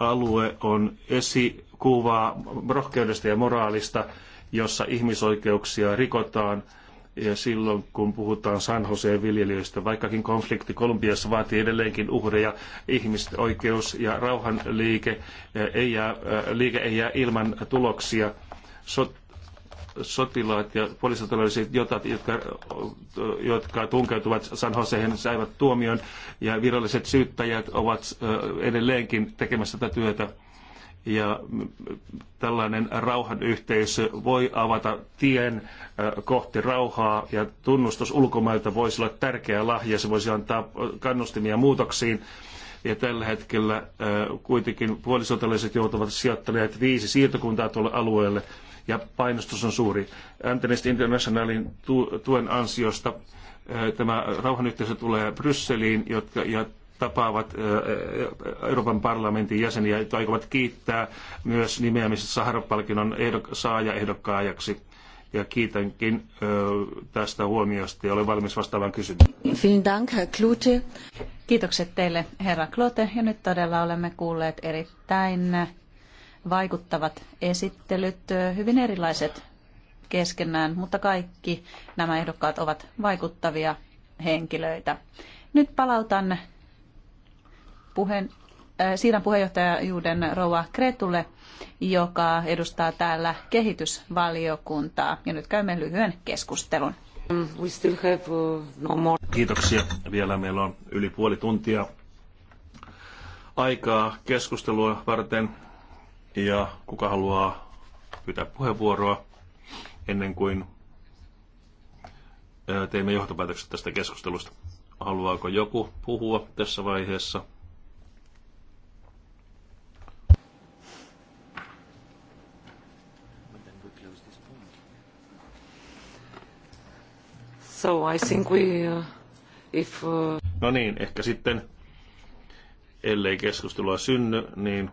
Alue on esikuvaa rohkeudesta ja moraalista, jossa ihmisoikeuksia rikotaan – ja silloin kun puhutaan San Joseen viljelijöistä, vaikkakin konflikti Kolumbiassa vaatii edelleenkin uhreja, ihmisoikeus ja rauhanliike eh, ei jää, eh, liike ei jää ilman tuloksia. Sot, sotilaat ja poliisitaloudelliset jotat, jotka, jotka tunkeutuvat San Joseen, saivat tuomion ja viralliset syyttäjät ovat eh, edelleenkin tekemässä tätä työtä ja tällainen rauhan yhteisö voi avata tien kohti rauhaa ja tunnustus ulkomailta voisi olla tärkeä lahja, se voisi antaa kannustimia muutoksiin. Ja tällä hetkellä kuitenkin puolisotilaiset joutuvat sijoittelemaan viisi siirtokuntaa tuolle alueelle ja painostus on suuri. Amnesty Internationalin tuen ansiosta tämä rauhanyhteisö tulee Brysseliin jotka, ja tapaavat Euroopan parlamentin jäseniä, jotka aikovat kiittää myös nimeämisestä Saharov-palkinnon ehdok- Ja kiitänkin tästä huomiosta ja olen valmis vastaamaan kysymykseen. Kiitokset teille, herra Klote. Ja nyt todella olemme kuulleet erittäin vaikuttavat esittelyt, hyvin erilaiset keskenään, mutta kaikki nämä ehdokkaat ovat vaikuttavia henkilöitä. Nyt palautan puheen, äh, Siiran puheenjohtajuuden Rouva Kretulle, joka edustaa täällä kehitysvaliokuntaa. Ja nyt käymme lyhyen keskustelun. Mm, we still have uh, no more. Kiitoksia. Vielä meillä on yli puoli tuntia aikaa keskustelua varten. Ja kuka haluaa pyytää puheenvuoroa ennen kuin äh, teemme johtopäätökset tästä keskustelusta. Haluaako joku puhua tässä vaiheessa? So I think we, uh, if, uh... No niin, ehkä sitten, ellei keskustelua synny, niin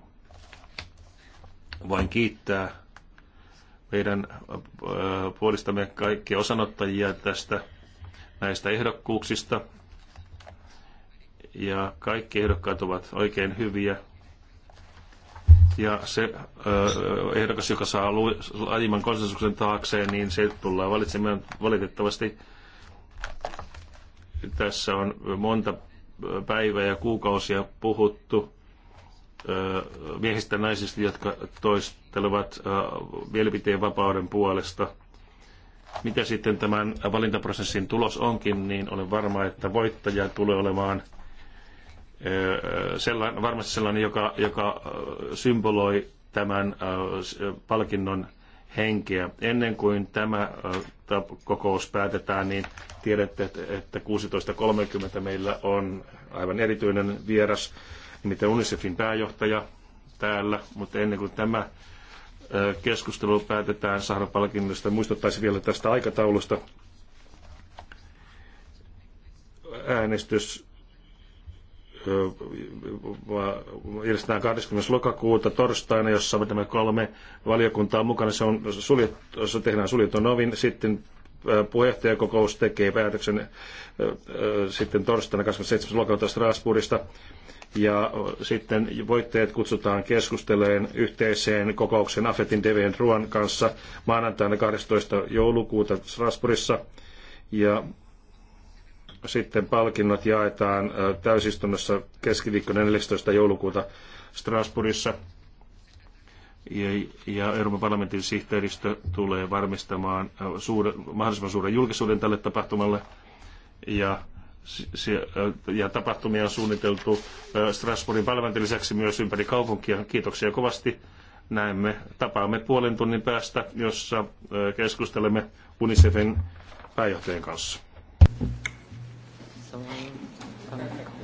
vain kiittää meidän äh, puolistamme kaikkia osanottajia tästä näistä ehdokkuuksista. Ja kaikki ehdokkaat ovat oikein hyviä. Ja se äh, ehdokas, joka saa lajimman konsensuksen taakseen, niin se tullaan valitsemaan valitettavasti tässä on monta päivää ja kuukausia puhuttu miehistä ja naisista, jotka toistelevat mielipiteen vapauden puolesta. Mitä sitten tämän valintaprosessin tulos onkin, niin olen varma, että voittaja tulee olemaan sellainen, varmasti sellainen, joka, joka symboloi tämän palkinnon henkeä. Ennen kuin tämä kokous päätetään, niin tiedätte, että 16.30 meillä on aivan erityinen vieras, nimittäin UNICEFin pääjohtaja täällä, mutta ennen kuin tämä keskustelu päätetään Sahra-palkinnosta, muistuttaisin vielä tästä aikataulusta. Äänestys järjestetään 20. lokakuuta torstaina, jossa tämä kolme valiokuntaa on mukana. Se, on suljettu, se tehdään suljetun ovin. Sitten puheenjohtajakokous tekee päätöksen sitten torstaina 27. lokakuuta Strasbourgista. Ja sitten voitteet kutsutaan keskusteleen yhteiseen kokoukseen Afetin Deven Ruan kanssa maanantaina 12. joulukuuta Strasbourgissa. Ja sitten palkinnot jaetaan täysistunnossa keskiviikkona 14. joulukuuta Strasbourgissa. Ja Euroopan parlamentin sihteeristö tulee varmistamaan suure, mahdollisimman suuren julkisuuden tälle tapahtumalle. Ja ja tapahtumia on suunniteltu Strasbourgin parlamentin lisäksi myös ympäri kaupunkia. Kiitoksia kovasti. Näemme, tapaamme puolen tunnin päästä, jossa keskustelemme UNICEFin pääjohtajan kanssa so um,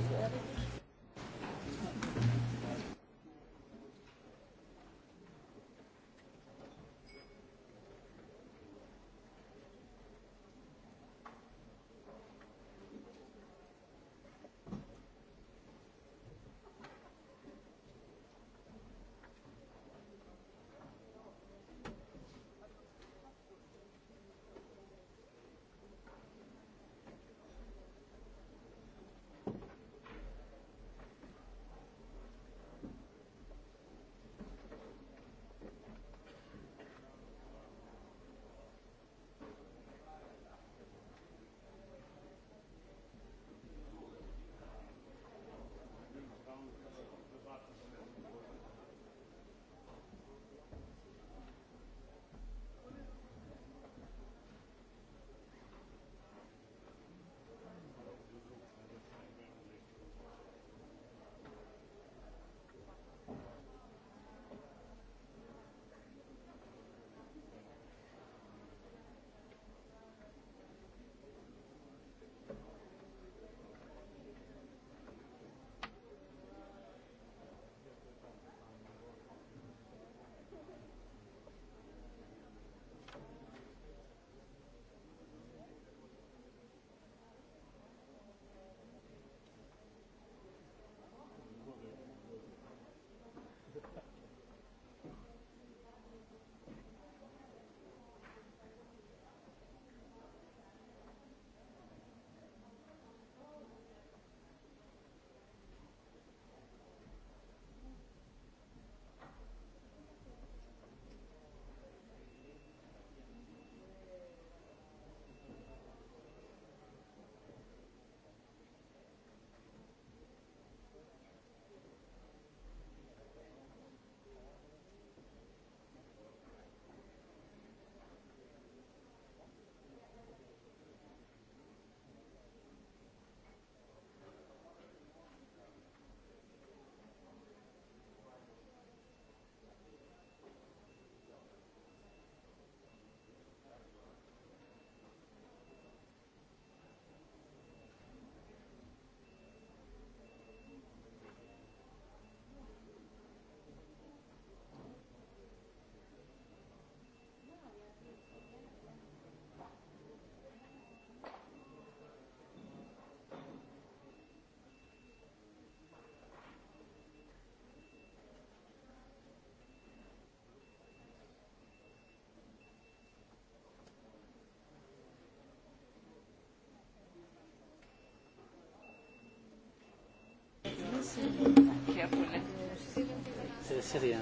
C'est syrien,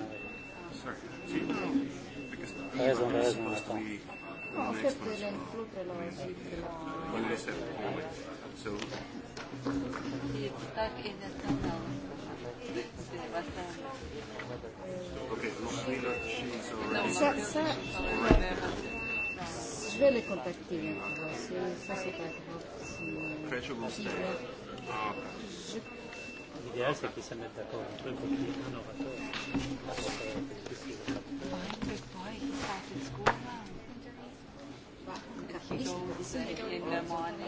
oui. T'as raison, t'as raison, attends. En fait, So. Okay, Lochmila, she's already... Ça, ça, je vais les contacter. Ça, c'est pas grave. Crèche ou Je l'idéal, c'est qu'ils se mettent d'accord entre eux pour qu'il y ait un orateur.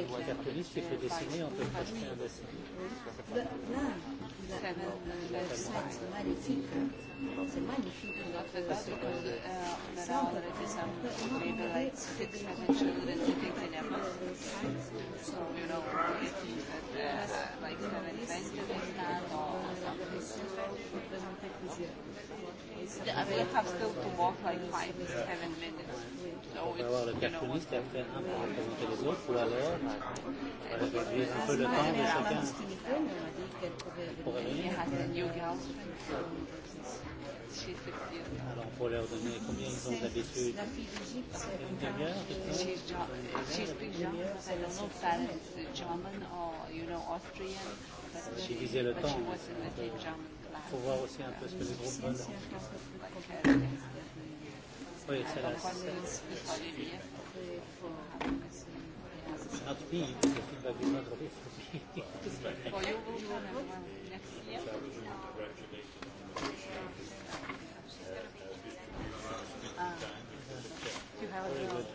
Un cartooniste, il faut dessiner, on peut pas acheter un dessin le site magnifique, c'est magnifique notre semble que ça peut représenter plusieurs. I will have still to walk like five, seven minutes. So it's, you know, what... Alors pour leur donner combien ils ont d'habitude Une demi-heure She's, she's big German. I don't know if parents German or you know Austrian. But she, she, but she was in the German. Il faut voir aussi un peu ce que les groupes veulent. Oui, c'est la not me, the feedback is not really for me. Very good.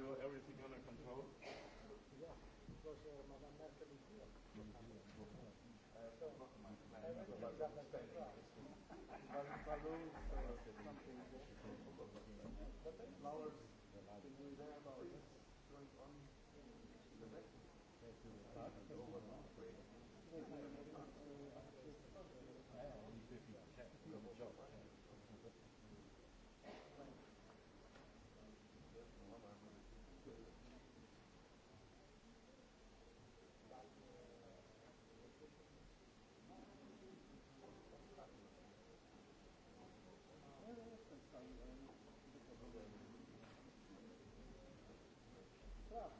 you everything under control? Yeah, because uh, Madame Merkel is here. Balloons or something. But then flowers, did you hear about this going on in the next? fram.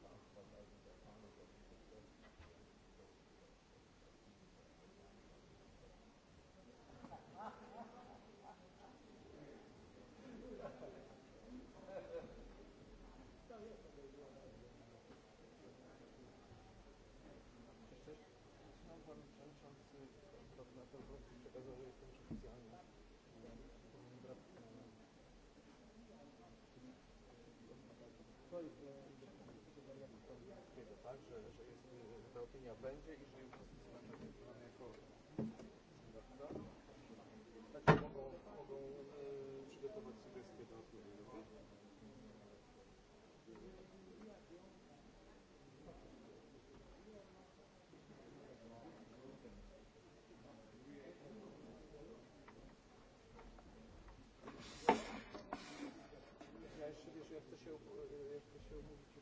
linia będzie i na mogą, mogą e, przygotować sugestie do odpowiedzi, Ja jeszcze wiesz, się, e, się umówić jeszcze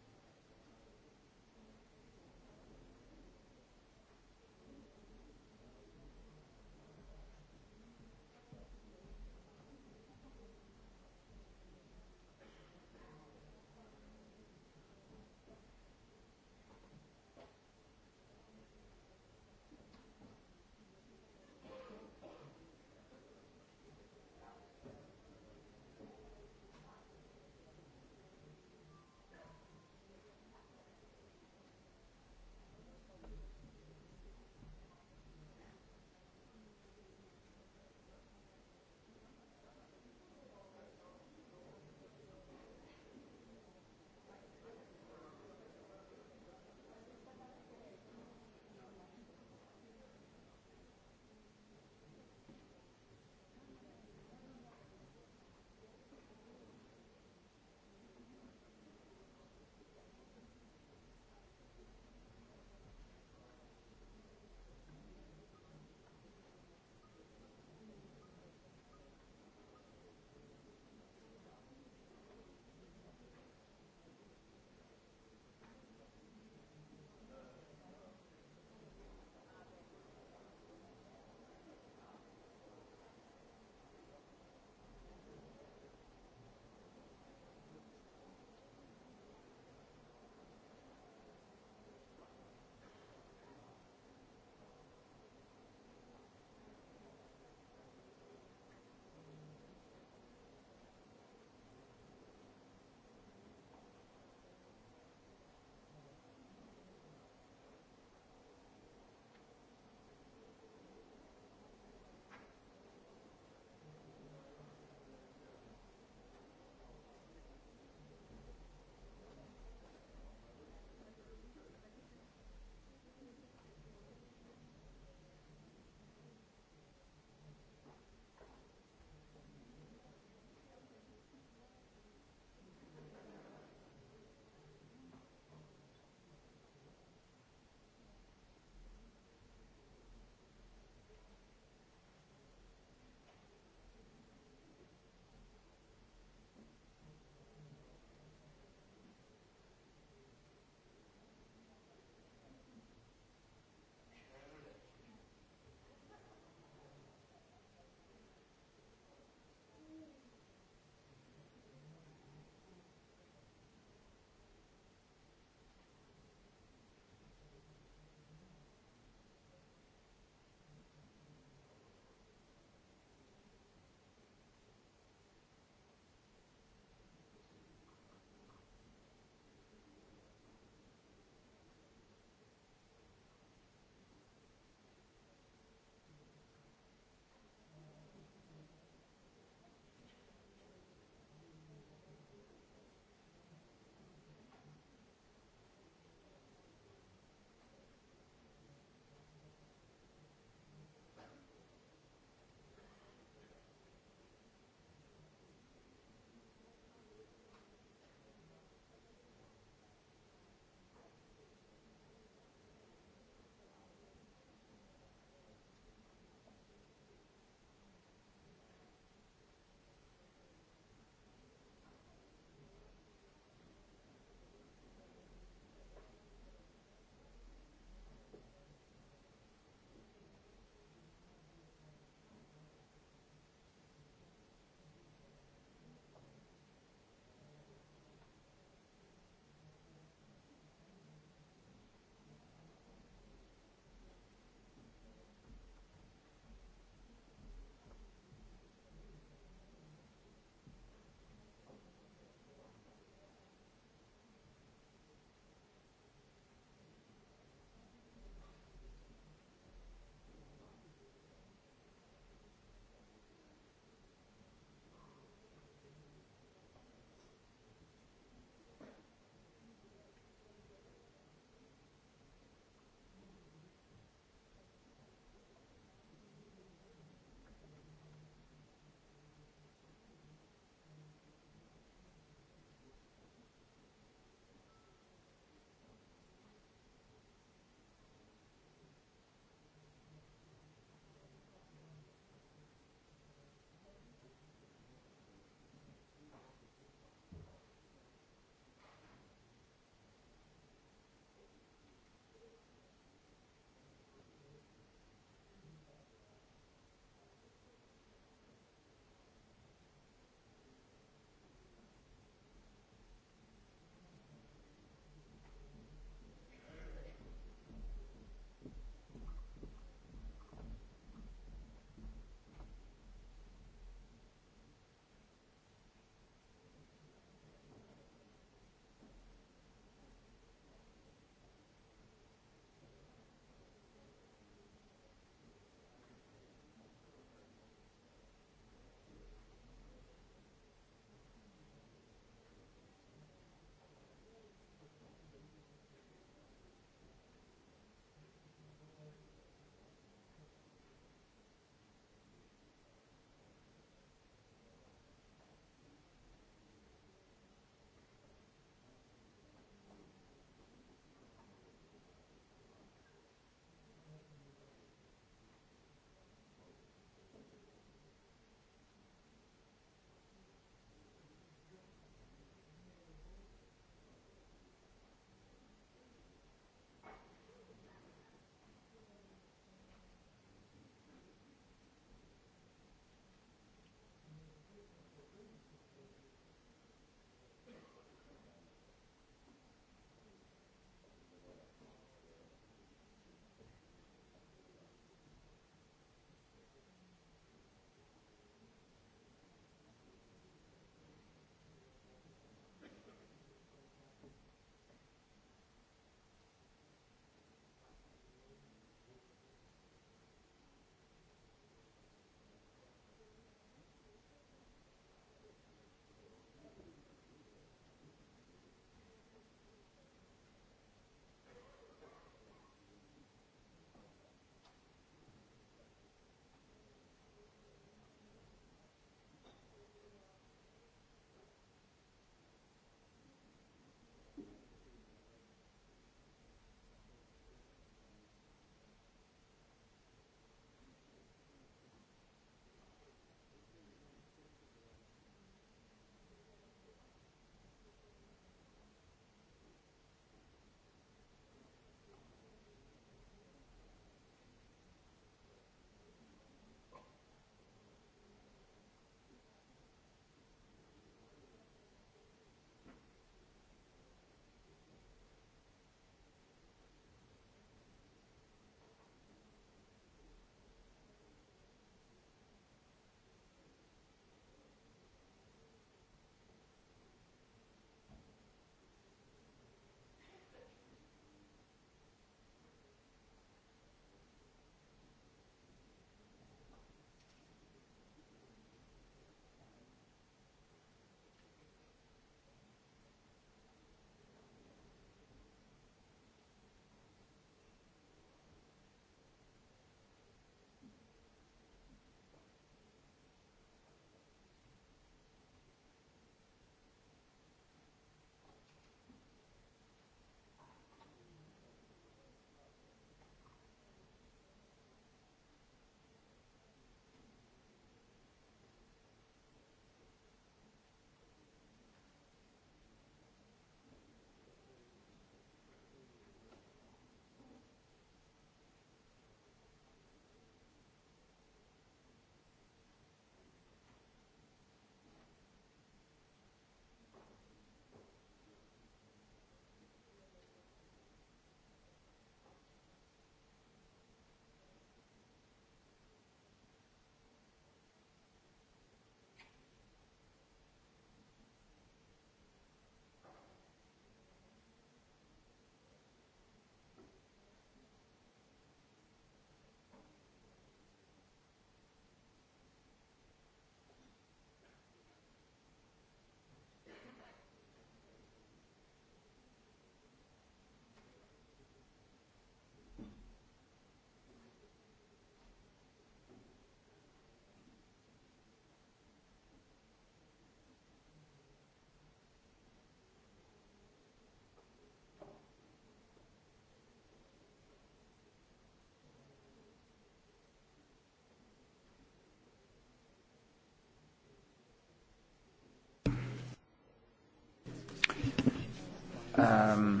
Um,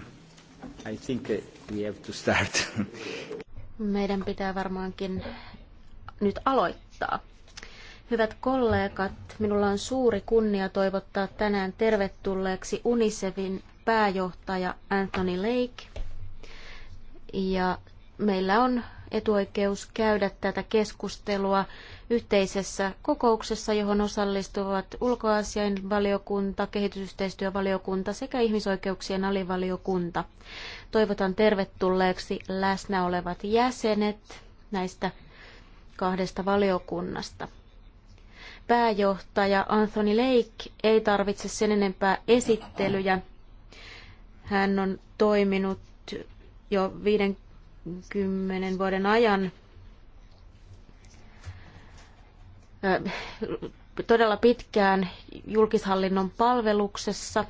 I think we have to start. Meidän pitää varmaankin nyt aloittaa. Hyvät kollegat, minulla on suuri kunnia toivottaa tänään tervetulleeksi UNICEFin pääjohtaja Anthony Lake. Ja meillä on etuoikeus käydä tätä keskustelua yhteisessä kokouksessa, johon osallistuvat ulkoasiainvaliokunta, kehitysyhteistyövaliokunta sekä ihmisoikeuksien alivaliokunta. Toivotan tervetulleeksi läsnä olevat jäsenet näistä kahdesta valiokunnasta. Pääjohtaja Anthony Lake ei tarvitse sen enempää esittelyjä. Hän on toiminut jo viiden kymmenen vuoden ajan todella pitkään julkishallinnon palveluksessa.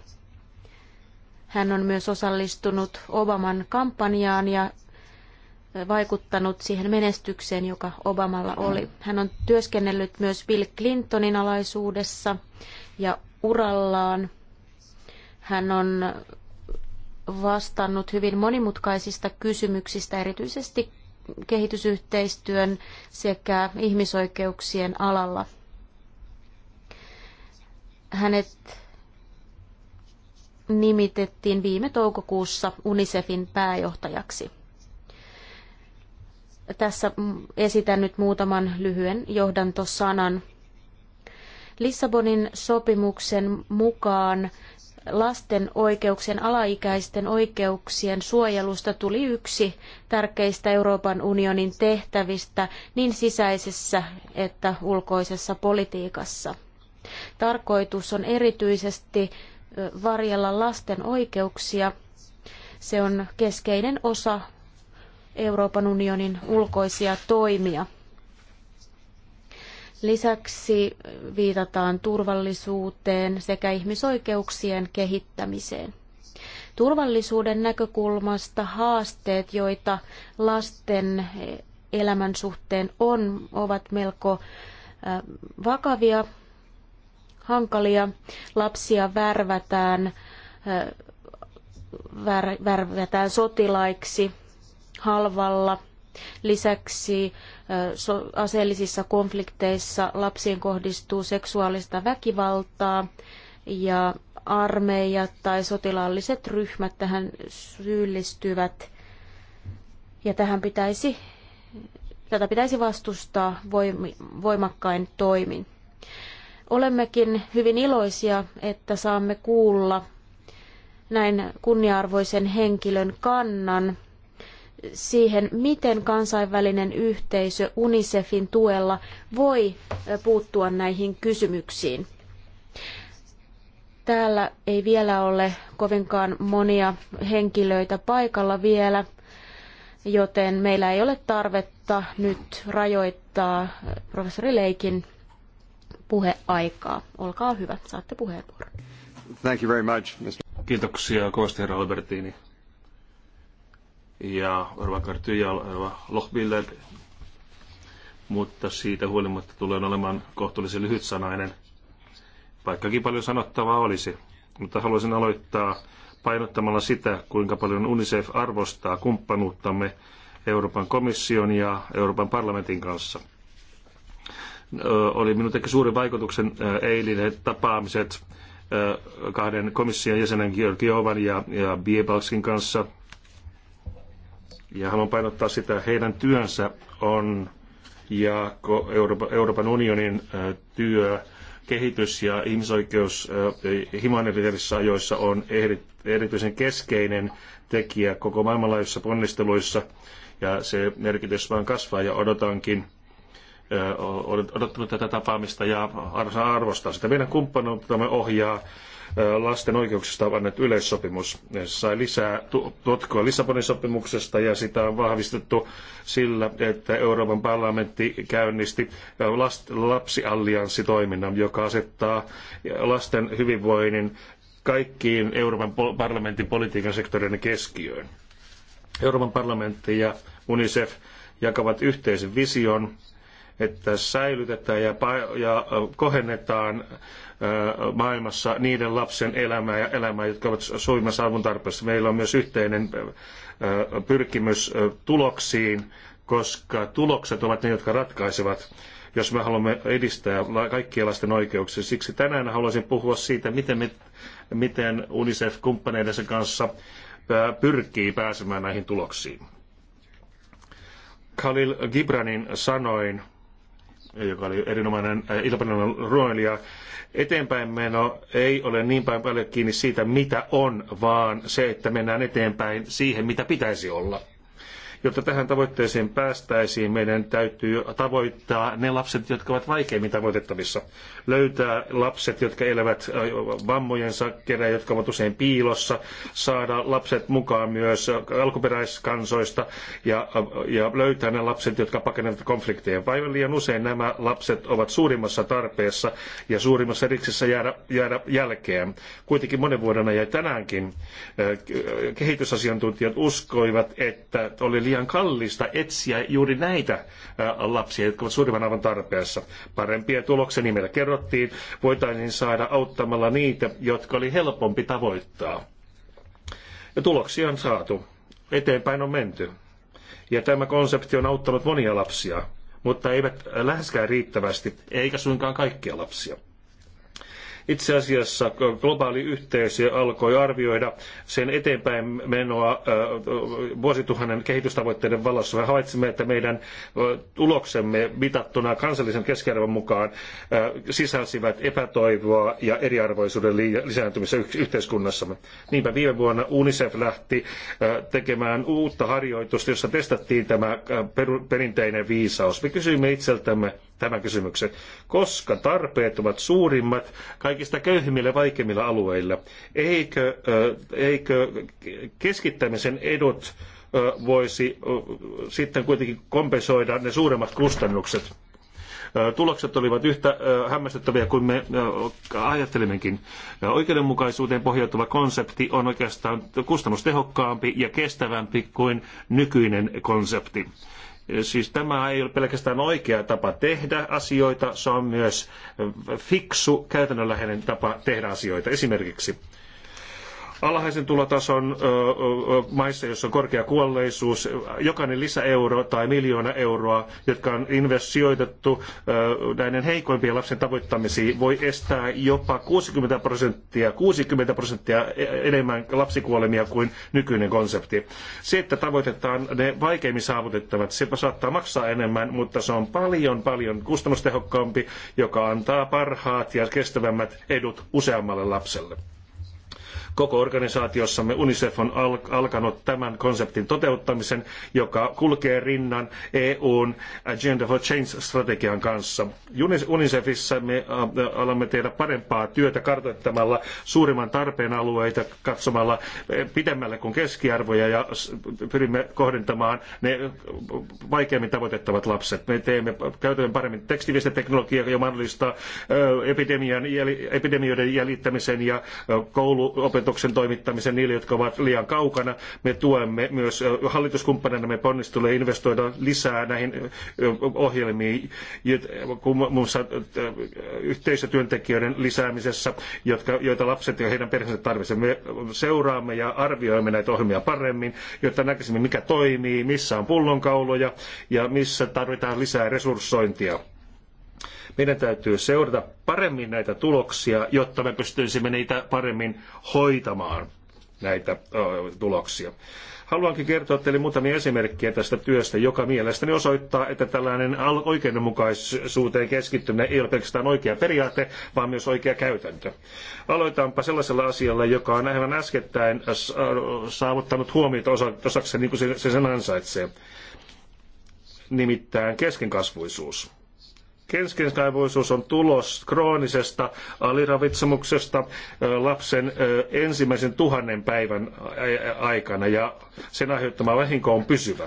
Hän on myös osallistunut Obaman kampanjaan ja vaikuttanut siihen menestykseen, joka Obamalla oli. Hän on työskennellyt myös Bill Clintonin alaisuudessa ja urallaan. Hän on vastannut hyvin monimutkaisista kysymyksistä, erityisesti kehitysyhteistyön sekä ihmisoikeuksien alalla. Hänet nimitettiin viime toukokuussa UNICEFin pääjohtajaksi. Tässä esitän nyt muutaman lyhyen johdantosanan. Lissabonin sopimuksen mukaan lasten oikeuksien, alaikäisten oikeuksien suojelusta tuli yksi tärkeistä Euroopan unionin tehtävistä niin sisäisessä että ulkoisessa politiikassa. Tarkoitus on erityisesti varjella lasten oikeuksia. Se on keskeinen osa Euroopan unionin ulkoisia toimia. Lisäksi viitataan turvallisuuteen sekä ihmisoikeuksien kehittämiseen. Turvallisuuden näkökulmasta haasteet, joita lasten elämän suhteen on, ovat melko vakavia, hankalia. Lapsia värvätään, värvätään sotilaiksi halvalla – Lisäksi aseellisissa konflikteissa lapsiin kohdistuu seksuaalista väkivaltaa ja armeijat tai sotilaalliset ryhmät tähän syyllistyvät. Ja tähän pitäisi, tätä pitäisi vastustaa voimakkain toimin. Olemmekin hyvin iloisia, että saamme kuulla näin kunniarvoisen henkilön kannan siihen, miten kansainvälinen yhteisö UNICEFin tuella voi puuttua näihin kysymyksiin. Täällä ei vielä ole kovinkaan monia henkilöitä paikalla vielä, joten meillä ei ole tarvetta nyt rajoittaa professori Leikin puheaikaa. Olkaa hyvä, saatte puheenvuoron. Thank you very much, Mr. Kiitoksia kovasti herra Albertini ja Orvakarty ja Lohbiller, mutta siitä huolimatta tulee olemaan kohtuullisen lyhytsanainen, vaikkakin paljon sanottavaa olisi. Mutta haluaisin aloittaa painottamalla sitä, kuinka paljon UNICEF arvostaa kumppanuuttamme Euroopan komission ja Euroopan parlamentin kanssa. Oli minun teki suuri vaikutuksen eilinen tapaamiset kahden komission jäsenen Georgiovan ja, ja Biebalskin kanssa – ja haluan painottaa sitä, heidän työnsä on ja Euroopan unionin työ kehitys- ja ihmisoikeus humanitaarisissa ajoissa on erityisen keskeinen tekijä koko maailmanlaajuisissa ponnisteluissa ja se merkitys vaan kasvaa ja odotankin olen odottanut tätä tapaamista ja arvostaa sitä. Meidän kumppanuuttamme ohjaa lasten oikeuksista annettu yleissopimus. sai lisää potkua Lissabonin sopimuksesta ja sitä on vahvistettu sillä, että Euroopan parlamentti käynnisti lapsiallianssitoiminnan, joka asettaa lasten hyvinvoinnin kaikkiin Euroopan parlamentin politiikan sektoreiden keskiöön. Euroopan parlamentti ja UNICEF jakavat yhteisen vision, että säilytetään ja, ja kohennetaan maailmassa niiden lapsen elämää ja elämää, jotka ovat suurimmassa avun tarpeessa. Meillä on myös yhteinen pyrkimys tuloksiin, koska tulokset ovat ne, jotka ratkaisevat jos me haluamme edistää kaikkien lasten oikeuksia. Siksi tänään haluaisin puhua siitä, miten, me, miten UNICEF kumppaneidensa kanssa pyrkii pääsemään näihin tuloksiin. Khalil Gibranin sanoin joka oli erinomainen äh, iltapäivän ruoilija. Eteenpäin meno ei ole niin paljon kiinni siitä, mitä on, vaan se, että mennään eteenpäin siihen, mitä pitäisi olla. Jotta tähän tavoitteeseen päästäisiin, meidän täytyy tavoittaa ne lapset, jotka ovat vaikeimmin tavoitettavissa. Löytää lapset, jotka elävät vammojensa kerran, jotka ovat usein piilossa. Saada lapset mukaan myös alkuperäiskansoista ja, ja löytää ne lapset, jotka pakenevat konflikteja. Vaivan liian usein nämä lapset ovat suurimmassa tarpeessa ja suurimmassa riksessä jäädä, jäädä jälkeen. Kuitenkin monen vuoden ajan tänäänkin kehitysasiantuntijat uskoivat, että oli liian liian kallista etsiä juuri näitä lapsia, jotka ovat suurimman avun tarpeessa. Parempia tuloksia, niin meillä kerrottiin, voitaisiin saada auttamalla niitä, jotka oli helpompi tavoittaa. Ja tuloksia on saatu. Eteenpäin on menty. Ja tämä konsepti on auttanut monia lapsia, mutta eivät läheskään riittävästi, eikä suinkaan kaikkia lapsia. Itse asiassa globaali yhteisö alkoi arvioida sen eteenpäin menoa vuosituhannen kehitystavoitteiden valossa. Me havaitsimme, että meidän tuloksemme mitattuna kansallisen keskiarvon mukaan sisälsivät epätoivoa ja eriarvoisuuden lisääntymistä yhteiskunnassamme. Niinpä viime vuonna UNICEF lähti tekemään uutta harjoitusta, jossa testattiin tämä perinteinen viisaus. Me kysyimme itseltämme, tämän kysymyksen, koska tarpeet ovat suurimmat kaikista köyhimmillä ja vaikeimmilla alueilla. Eikö, eikö keskittämisen edut voisi sitten kuitenkin kompensoida ne suuremmat kustannukset? tulokset olivat yhtä hämmästyttäviä kuin me ajattelimmekin. Oikeudenmukaisuuteen pohjautuva konsepti on oikeastaan kustannustehokkaampi ja kestävämpi kuin nykyinen konsepti. Siis tämä ei ole pelkästään oikea tapa tehdä asioita, se on myös fiksu, käytännönläheinen tapa tehdä asioita. Esimerkiksi alhaisen tulotason maissa, joissa on korkea kuolleisuus, jokainen lisäeuro tai miljoona euroa, jotka on investoitettu näiden heikoimpien lapsen tavoittamisiin, voi estää jopa 60 prosenttia, 60 prosenttia enemmän lapsikuolemia kuin nykyinen konsepti. Se, että tavoitetaan ne vaikeimmin saavutettavat, se saattaa maksaa enemmän, mutta se on paljon, paljon kustannustehokkaampi, joka antaa parhaat ja kestävämmät edut useammalle lapselle. Koko organisaatiossamme UNICEF on alkanut tämän konseptin toteuttamisen, joka kulkee rinnan EUn Agenda for Change-strategian kanssa. UNICEFissa me alamme tehdä parempaa työtä kartoittamalla suurimman tarpeen alueita, katsomalla pidemmälle kuin keskiarvoja ja pyrimme kohdentamaan ne vaikeammin tavoitettavat lapset. Me teemme, käytämme paremmin tekstiviestiteknologiaa, joka mahdollistaa epidemian, epidemioiden jäljittämisen ja kouluopetuksen tiedotuksen toimittamisen niille, jotka ovat liian kaukana. Me tuemme myös hallituskumppanina me ponnisteluja investoida lisää näihin ohjelmiin, muun muassa yhteisötyöntekijöiden lisäämisessä, jotka, joita lapset ja heidän perheensä tarvitsevat. Me seuraamme ja arvioimme näitä ohjelmia paremmin, jotta näkisimme mikä toimii, missä on pullonkauloja ja missä tarvitaan lisää resurssointia meidän täytyy seurata paremmin näitä tuloksia, jotta me pystyisimme niitä paremmin hoitamaan, näitä tuloksia. Haluankin kertoa teille muutamia esimerkkejä tästä työstä, joka mielestäni osoittaa, että tällainen oikeudenmukaisuuteen keskittyminen ei ole pelkästään oikea periaate, vaan myös oikea käytäntö. Aloitaanpa sellaisella asialla, joka on aivan äskettäin saavuttanut huomiota osaksi, niin kuin se sen ansaitsee, nimittäin keskenkasvuisuus. Keskinäiskaivuisuus on tulos kroonisesta aliravitsemuksesta lapsen ensimmäisen tuhannen päivän aikana ja sen aiheuttama vahinko on pysyvä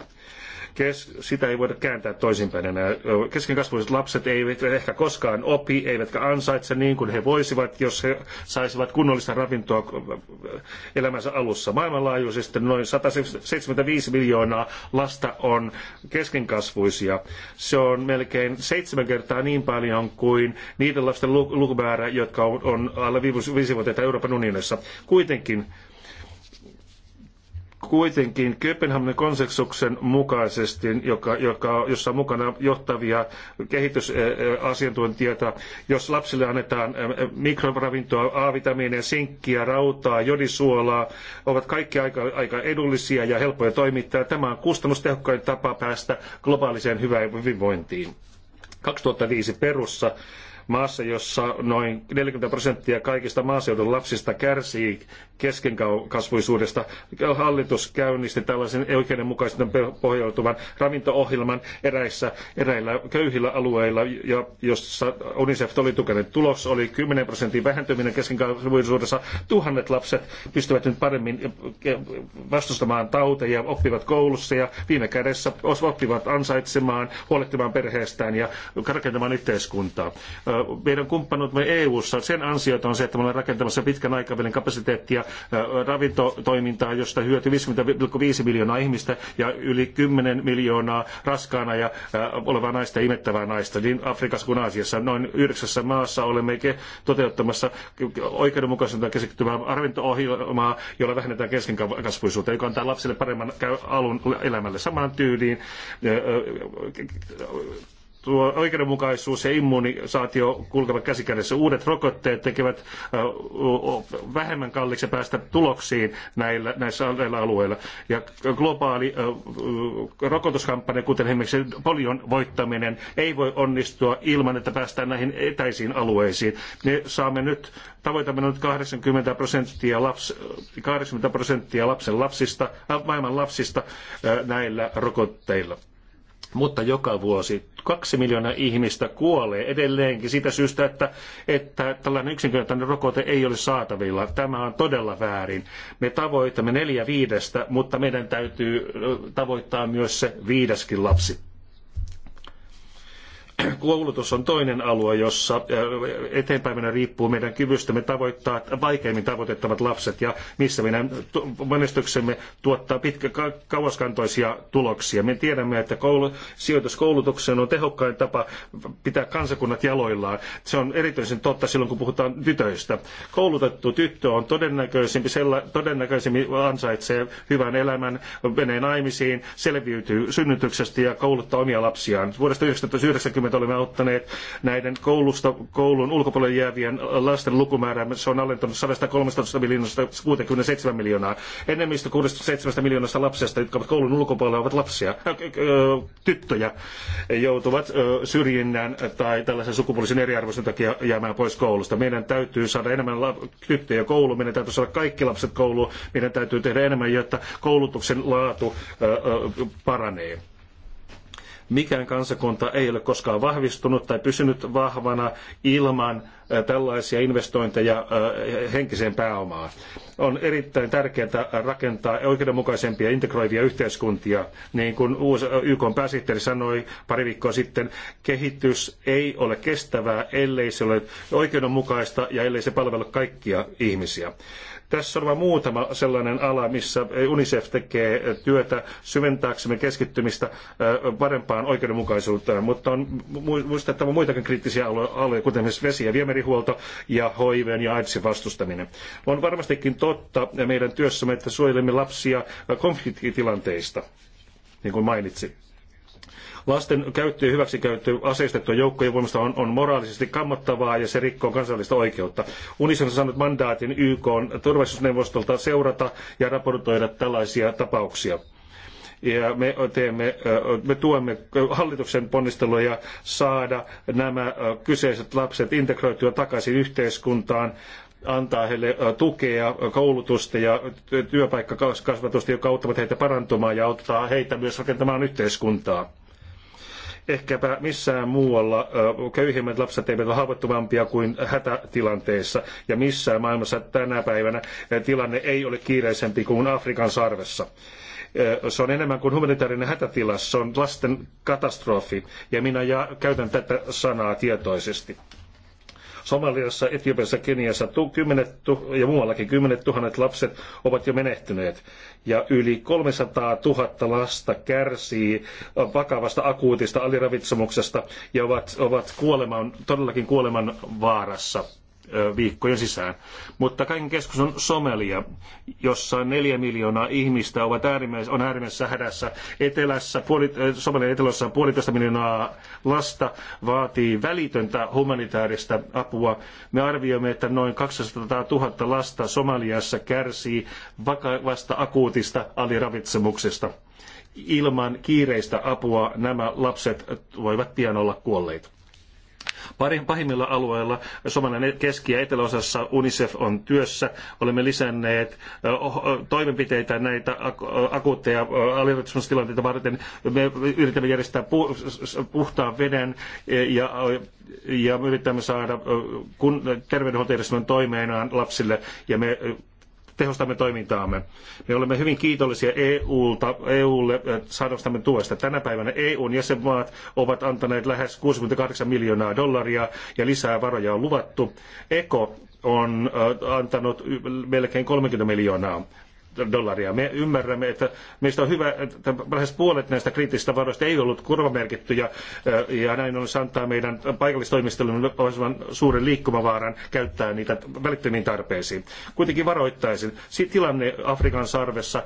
kes, sitä ei voida kääntää toisinpäin enää. Keskenkasvuiset lapset eivät ehkä koskaan opi, eivätkä ansaitse niin kuin he voisivat, jos he saisivat kunnollista ravintoa elämänsä alussa. Maailmanlaajuisesti noin 175 miljoonaa lasta on keskenkasvuisia. Se on melkein seitsemän kertaa niin paljon kuin niiden lasten lukumäärä, jotka on alle vuotta Euroopan unionissa. Kuitenkin kuitenkin Kööpenhaminan konsensuksen mukaisesti, joka, joka, jossa on mukana johtavia kehitysasiantuntijoita, jos lapsille annetaan mikroravintoa, A-vitamiineja, sinkkiä, rautaa, jodisuolaa, ovat kaikki aika, aika edullisia ja helppoja toimittaa. Tämä on kustannustehokkain tapa päästä globaaliseen hyvään hyvinvointiin. 2005 perussa maassa, jossa noin 40 prosenttia kaikista maaseudun lapsista kärsii keskenkasvuisuudesta. Hallitus käynnisti tällaisen oikeudenmukaisen pohjautuvan ravinto-ohjelman eräissä, eräillä köyhillä alueilla, ja, jossa UNICEF oli tukenut. Tulos oli 10 prosentin vähentyminen keskenkasvuisuudessa. Tuhannet lapset pystyvät nyt paremmin vastustamaan tauteja, oppivat koulussa ja viime kädessä oppivat ansaitsemaan, huolehtimaan perheestään ja rakentamaan yhteiskuntaa. Meidän kumppanuutemme EU-ssa, sen ansiota on se, että me olemme rakentamassa pitkän aikavälin kapasiteettia ravintotoimintaa, josta hyötyi 50,5 miljoonaa ihmistä ja yli 10 miljoonaa raskaana ja olevaa naista ja imettävää naista, niin Afrikassa kuin Aasiassa. Noin yhdeksässä maassa olemme toteuttamassa oikeudenmukaisuuteen keskittyvää ravinto-ohjelmaa, jolla vähennetään keskenkasvuisuutta, joka antaa lapsille paremman alun elämälle samaan tyyliin tuo oikeudenmukaisuus ja immunisaatio kulkevat käsikädessä. Uudet rokotteet tekevät vähemmän kalliiksi päästä tuloksiin näillä, näissä, alueilla. Ja globaali rokotuskampanja, kuten esimerkiksi polion voittaminen, ei voi onnistua ilman, että päästään näihin etäisiin alueisiin. Me saamme nyt, tavoitamme nyt 80 prosenttia, laps, 80 prosenttia lapsen lapsista, maailman lapsista näillä rokotteilla. Mutta joka vuosi kaksi miljoonaa ihmistä kuolee edelleenkin siitä syystä, että, että tällainen yksinkertainen rokote ei ole saatavilla. Tämä on todella väärin. Me tavoitamme neljä viidestä, mutta meidän täytyy tavoittaa myös se viideskin lapsi. Koulutus on toinen alue, jossa äh, eteenpäin riippuu meidän kyvystämme tavoittaa vaikeimmin tavoitettavat lapset ja missä meidän menestyksemme tuottaa pitkä, kauaskantoisia tuloksia. Me tiedämme, että koulu, sijoitus koulutukseen on tehokkain tapa pitää kansakunnat jaloillaan. Se on erityisen totta silloin, kun puhutaan tytöistä. Koulutettu tyttö on todennäköisempi, sella, todennäköisemmin ansaitsee hyvän elämän, menee naimisiin, selviytyy synnytyksestä ja kouluttaa omia lapsiaan. Vuodesta 1990 me olemme auttaneet näiden koulusta, koulun ulkopuolelle jäävien lasten lukumäärää. Se on alentunut 113 miljoonasta 67 miljoonaa. Enemmistö 67 miljoonasta lapsesta, jotka ovat koulun ulkopuolella, ovat lapsia, tyttöjä, joutuvat syrjinnän tai tällaisen sukupuolisen eriarvoisen takia jäämään pois koulusta. Meidän täytyy saada enemmän tyttöjä kouluun, meidän täytyy saada kaikki lapset kouluun, meidän täytyy tehdä enemmän, jotta koulutuksen laatu paranee. Mikään kansakunta ei ole koskaan vahvistunut tai pysynyt vahvana ilman tällaisia investointeja henkiseen pääomaan. On erittäin tärkeää rakentaa oikeudenmukaisempia integroivia yhteiskuntia. Niin kuin YK pääsihteeri sanoi pari viikkoa sitten, kehitys ei ole kestävää, ellei se ole oikeudenmukaista ja ellei se palvele kaikkia ihmisiä. Tässä on vain muutama sellainen ala, missä UNICEF tekee työtä syventääksemme keskittymistä parempaan oikeudenmukaisuuteen, mutta on muistettava muitakin kriittisiä aloja, kuten esimerkiksi vesi- ja viemärihuolto ja HIVn ja AIDSin vastustaminen. On varmastikin totta meidän työssämme, että suojelemme lapsia konfliktitilanteista, niin kuin mainitsin Lasten käyttö ja hyväksikäyttö aseistettujen joukkojen voimasta on, on moraalisesti kammottavaa ja se rikkoo kansallista oikeutta. Unison on saanut mandaatin YK turvallisuusneuvostolta seurata ja raportoida tällaisia tapauksia ja me, teemme, me tuemme hallituksen ponnisteluja saada nämä kyseiset lapset integroitua takaisin yhteiskuntaan, antaa heille tukea, koulutusta ja työpaikkakasvatusta, joka auttavat heitä parantumaan ja auttaa heitä myös rakentamaan yhteiskuntaa ehkäpä missään muualla köyhimmät lapset eivät ole haavoittuvampia kuin hätätilanteessa Ja missään maailmassa tänä päivänä tilanne ei ole kiireisempi kuin Afrikan sarvessa se on enemmän kuin humanitaarinen hätätila, se on lasten katastrofi, ja minä käytän tätä sanaa tietoisesti. Somaliassa, Etiopiassa, Keniassa kymmenet, ja muuallakin kymmenet tuhannet lapset ovat jo menehtyneet. Ja yli 300 000 lasta kärsii vakavasta akuutista aliravitsemuksesta ja ovat, ovat kuoleman, todellakin kuoleman vaarassa viikkojen sisään. Mutta kaiken keskus on Somalia, jossa neljä miljoonaa ihmistä ovat äärimmäis, on äärimmäisessä hädässä etelässä. Puoli, Somalian etelässä on puolitoista miljoonaa lasta, vaatii välitöntä humanitaarista apua. Me arvioimme, että noin 200 000 lasta Somaliassa kärsii vakavasta akuutista aliravitsemuksesta. Ilman kiireistä apua nämä lapset voivat pian olla kuolleita. Parin pahimmilla alueilla Somalian keski- ja eteläosassa UNICEF on työssä. Olemme lisänneet toimenpiteitä näitä akuutteja aliravitsemustilanteita varten. Me yritämme järjestää puhtaan veden e, ja, ja yritämme saada kun terveydenhuoltojärjestelmän toimeenaan lapsille ja me tehostamme toimintaamme. Me olemme hyvin kiitollisia EUlta, EUlle eh, saadastamme tuesta. Tänä päivänä EUn jäsenmaat ovat antaneet lähes 68 miljoonaa dollaria ja lisää varoja on luvattu. ECO on eh, antanut melkein 30 miljoonaa dollaria. Me ymmärrämme, että meistä on hyvä, että lähes puolet näistä kriittisistä varoista ei ollut korvamerkittyjä eh, ja näin on se antaa meidän paikallistoimistolle suuren liikkumavaaran käyttää niitä välittömiin tarpeisiin. Kuitenkin varoittaisin, tilanne Afrikan sarvessa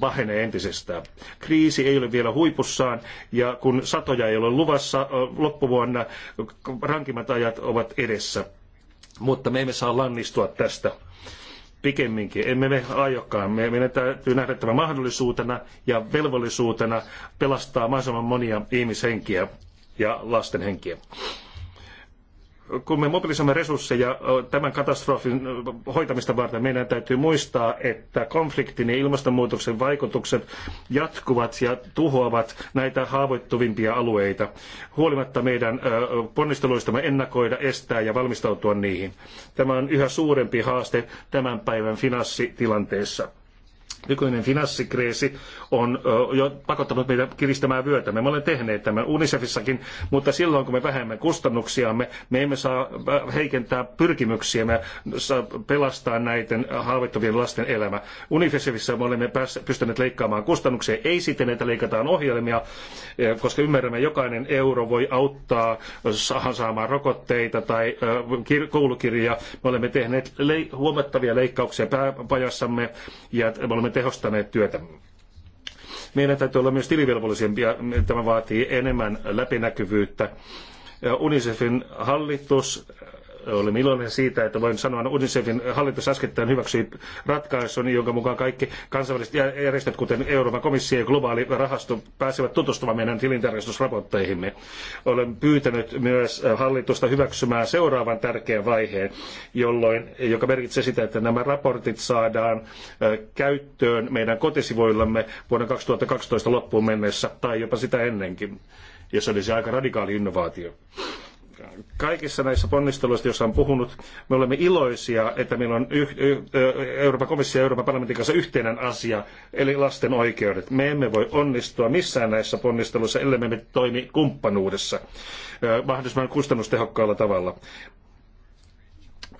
pahenee eh, entisestään. Kriisi ei ole vielä huipussaan ja kun satoja ei ole luvassa eh, loppuvuonna, rankimmat ajat ovat edessä. Mutta me emme saa lannistua tästä pikemminkin. Emme me aiokaan. Meidän täytyy nähdä tämä mahdollisuutena ja velvollisuutena pelastaa mahdollisimman monia ihmishenkiä ja lasten henkiä kun me mobilisoimme resursseja tämän katastrofin hoitamista varten, meidän täytyy muistaa, että konfliktin ja ilmastonmuutoksen vaikutukset jatkuvat ja tuhoavat näitä haavoittuvimpia alueita, huolimatta meidän ponnisteluistamme ennakoida, estää ja valmistautua niihin. Tämä on yhä suurempi haaste tämän päivän finanssitilanteessa. Nykyinen finanssikriisi on jo pakottanut meitä kiristämään vyötämme. Me olemme tehneet tämän UNICEFissakin, mutta silloin kun me vähemmän kustannuksiamme, me emme saa heikentää pyrkimyksiämme pelastaa näiden haavoittuvien lasten elämä. UNICEFissa me olemme pystyneet leikkaamaan kustannuksia, ei siten, että leikataan ohjelmia, koska ymmärrämme, jokainen euro voi auttaa saamaan rokotteita tai koulukirjaa. Me olemme tehneet huomattavia leikkauksia pääpajassamme ja me olemme tehostaneet työtämme. Meidän täytyy olla myös tilivelvollisempia. Tämä vaatii enemmän läpinäkyvyyttä. Unicefin hallitus olen iloinen siitä, että voin sanoa, että UNICEFin hallitus äskettäin hyväksyi ratkaisun, jonka mukaan kaikki kansainväliset järjestöt, kuten Euroopan komissio ja globaali rahasto, pääsevät tutustumaan meidän tilintarkastusraportteihimme. Olen pyytänyt myös hallitusta hyväksymään seuraavan tärkeän vaiheen, jolloin, joka merkitsee sitä, että nämä raportit saadaan käyttöön meidän kotisivuillamme vuonna 2012 loppuun mennessä tai jopa sitä ennenkin. Ja se olisi aika radikaali innovaatio kaikissa näissä ponnisteluissa, joissa on puhunut, me olemme iloisia, että meillä on yh, yh, Euroopan komissio ja Euroopan parlamentin kanssa yhteinen asia, eli lasten oikeudet. Me emme voi onnistua missään näissä ponnisteluissa, ellei me toimi kumppanuudessa mahdollisimman kustannustehokkaalla tavalla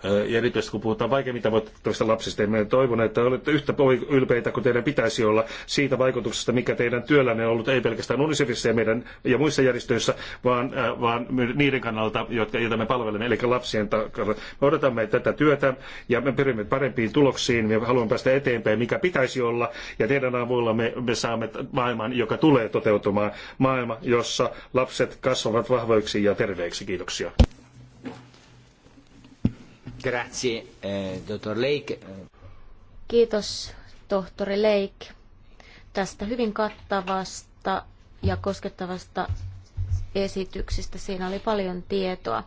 ja erityisesti kun puhutaan vaikeimmin tavoitettavista lapsista, niin toivon, että olette yhtä ylpeitä kuin teidän pitäisi olla siitä vaikutuksesta, mikä teidän työllänne on ollut, ei pelkästään Unicefissa ja, meidän, ja muissa järjestöissä, vaan, vaan niiden kannalta, jotka, joita me palvelemme, eli lapsien kannalta. Me odotamme tätä työtä ja me pyrimme parempiin tuloksiin, me haluamme päästä eteenpäin, mikä pitäisi olla, ja teidän avulla me, me saamme maailman, joka tulee toteutumaan, maailma, jossa lapset kasvavat vahvoiksi ja terveiksi. Kiitoksia. Grazie, eh, dottor Lake. Kiitos, tohtori Lake, tästä hyvin kattavasta ja koskettavasta esityksistä. Siinä oli paljon tietoa.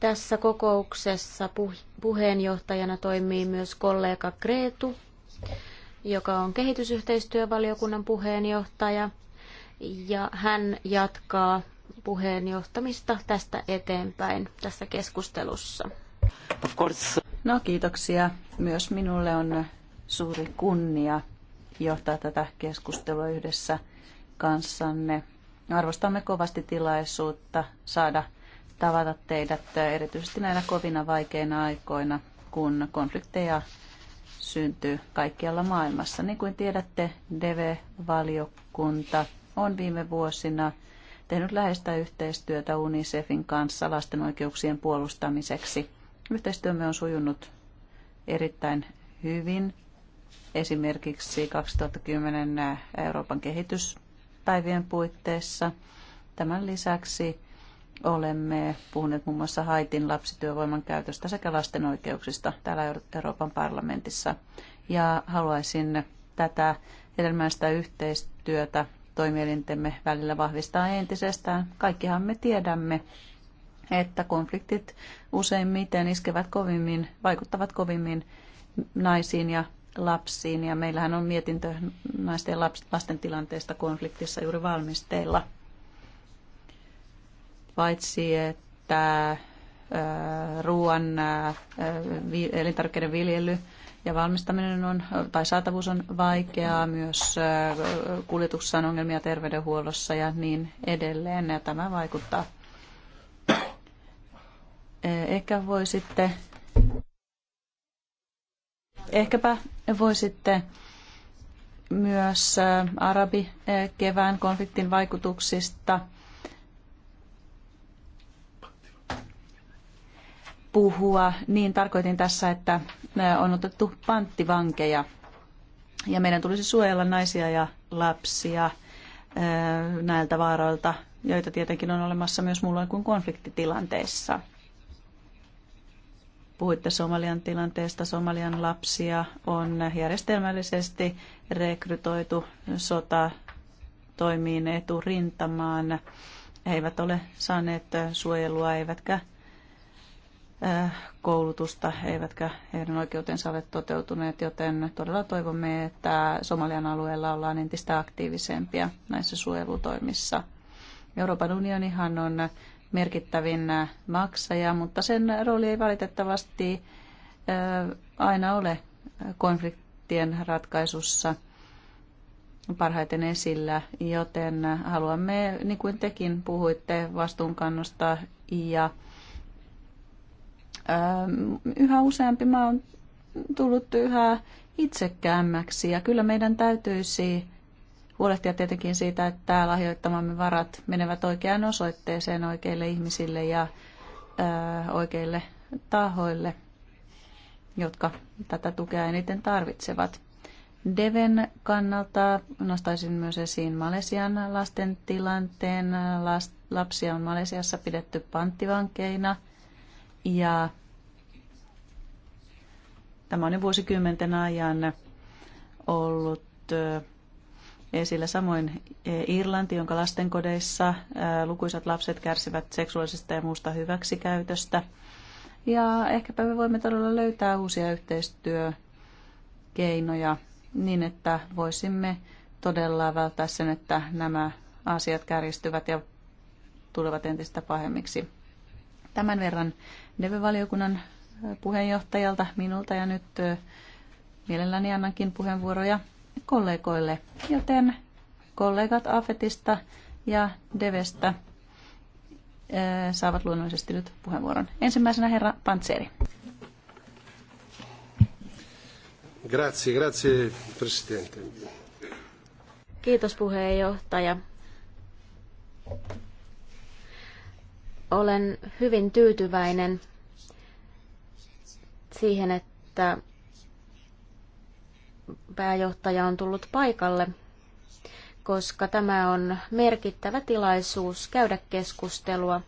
Tässä kokouksessa puheenjohtajana toimii myös kollega Kreetu, joka on kehitysyhteistyövaliokunnan puheenjohtaja, ja hän jatkaa johtamista tästä eteenpäin tässä keskustelussa. Of course. No kiitoksia. Myös minulle on suuri kunnia johtaa tätä keskustelua yhdessä kanssanne. Arvostamme kovasti tilaisuutta saada tavata teidät erityisesti näinä kovina vaikeina aikoina, kun konflikteja syntyy kaikkialla maailmassa. Niin kuin tiedätte, DEVE-valiokunta on viime vuosina tehnyt läheistä yhteistyötä UNICEFin kanssa lasten oikeuksien puolustamiseksi. Yhteistyömme on sujunut erittäin hyvin. Esimerkiksi 2010 Euroopan kehityspäivien puitteissa. Tämän lisäksi olemme puhuneet muun muassa Haitin lapsityövoiman käytöstä sekä lasten oikeuksista täällä Euroopan parlamentissa. Ja haluaisin tätä hedelmäistä yhteistyötä toimielintemme välillä vahvistaa entisestään. Kaikkihan me tiedämme, että konfliktit useimmiten iskevät kovimmin, vaikuttavat kovimmin naisiin ja lapsiin. Ja meillähän on mietintö naisten ja lasten tilanteesta konfliktissa juuri valmisteilla. Paitsi, että ruoan elintarvikkeiden viljely ja valmistaminen on, tai saatavuus on vaikeaa, myös äh, kuljetuksessa on ongelmia terveydenhuollossa ja niin edelleen, ja tämä vaikuttaa. Äh, ehkä voisitte, ehkäpä voisitte myös äh, arabikevään konfliktin vaikutuksista – puhua, niin tarkoitin tässä, että on otettu panttivankeja ja meidän tulisi suojella naisia ja lapsia näiltä vaaroilta, joita tietenkin on olemassa myös muulloin kuin konfliktitilanteissa. Puhuitte Somalian tilanteesta. Somalian lapsia on järjestelmällisesti rekrytoitu sota toimiin eturintamaan. He eivät ole saaneet suojelua eivätkä Äh, koulutusta, eivätkä heidän oikeutensa ole toteutuneet, joten todella toivomme, että Somalian alueella ollaan entistä aktiivisempia näissä suojelutoimissa. Euroopan unionihan on merkittävin maksaja, mutta sen rooli ei valitettavasti äh, aina ole konfliktien ratkaisussa parhaiten esillä, joten haluamme, niin kuin tekin puhuitte, vastuunkannosta ja yhä useampi maa on tullut yhä itsekäämmäksi ja kyllä meidän täytyisi huolehtia tietenkin siitä, että lahjoittamamme varat menevät oikeaan osoitteeseen oikeille ihmisille ja ö, oikeille tahoille, jotka tätä tukea eniten tarvitsevat. Deven kannalta nostaisin myös esiin Malesian lasten tilanteen. Lapsia on Malesiassa pidetty panttivankeina – ja tämä on jo vuosikymmenten ajan ollut esillä. Samoin e, Irlanti, jonka lastenkodeissa lukuisat lapset kärsivät seksuaalisesta ja muusta hyväksikäytöstä. Ja ehkäpä me voimme todella löytää uusia yhteistyökeinoja niin, että voisimme todella välttää sen, että nämä asiat kärjistyvät ja tulevat entistä pahemmiksi. Tämän verran DEVE-valiokunnan puheenjohtajalta, minulta ja nyt mielelläni annankin puheenvuoroja kollegoille. Joten kollegat Afetista ja Devestä saavat luonnollisesti nyt puheenvuoron. Ensimmäisenä herra Pantseri. Grazie, grazie presidente. Kiitos puheenjohtaja. Olen hyvin tyytyväinen siihen, että pääjohtaja on tullut paikalle, koska tämä on merkittävä tilaisuus käydä keskustelua.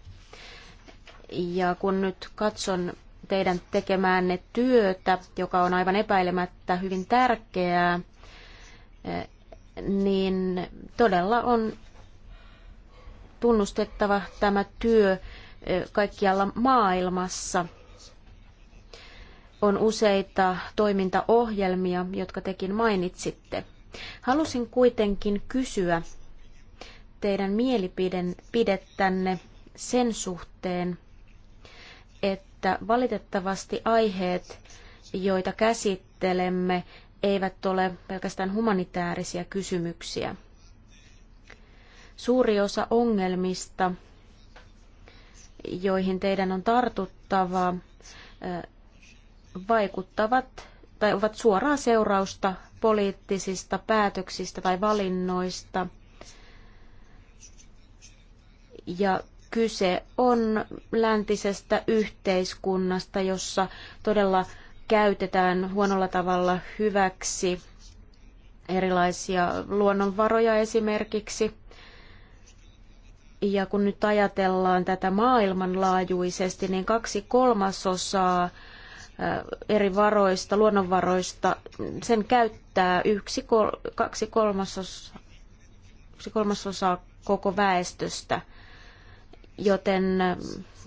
Ja kun nyt katson teidän tekemäänne työtä, joka on aivan epäilemättä hyvin tärkeää, niin todella on tunnustettava tämä työ e, kaikkialla maailmassa. On useita toimintaohjelmia, jotka tekin mainitsitte. Halusin kuitenkin kysyä teidän mielipidettänne sen suhteen, että valitettavasti aiheet, joita käsittelemme, eivät ole pelkästään humanitaarisia kysymyksiä. Suuri osa ongelmista, joihin teidän on tartuttava, vaikuttavat tai ovat suoraa seurausta poliittisista päätöksistä tai valinnoista. Ja kyse on läntisestä yhteiskunnasta, jossa todella käytetään huonolla tavalla hyväksi erilaisia luonnonvaroja esimerkiksi. Ja kun nyt ajatellaan tätä maailmanlaajuisesti, niin kaksi kolmasosaa eri varoista, luonnonvaroista, sen käyttää yksi, kaksi kolmasosaa, yksi kolmasosaa koko väestöstä. Joten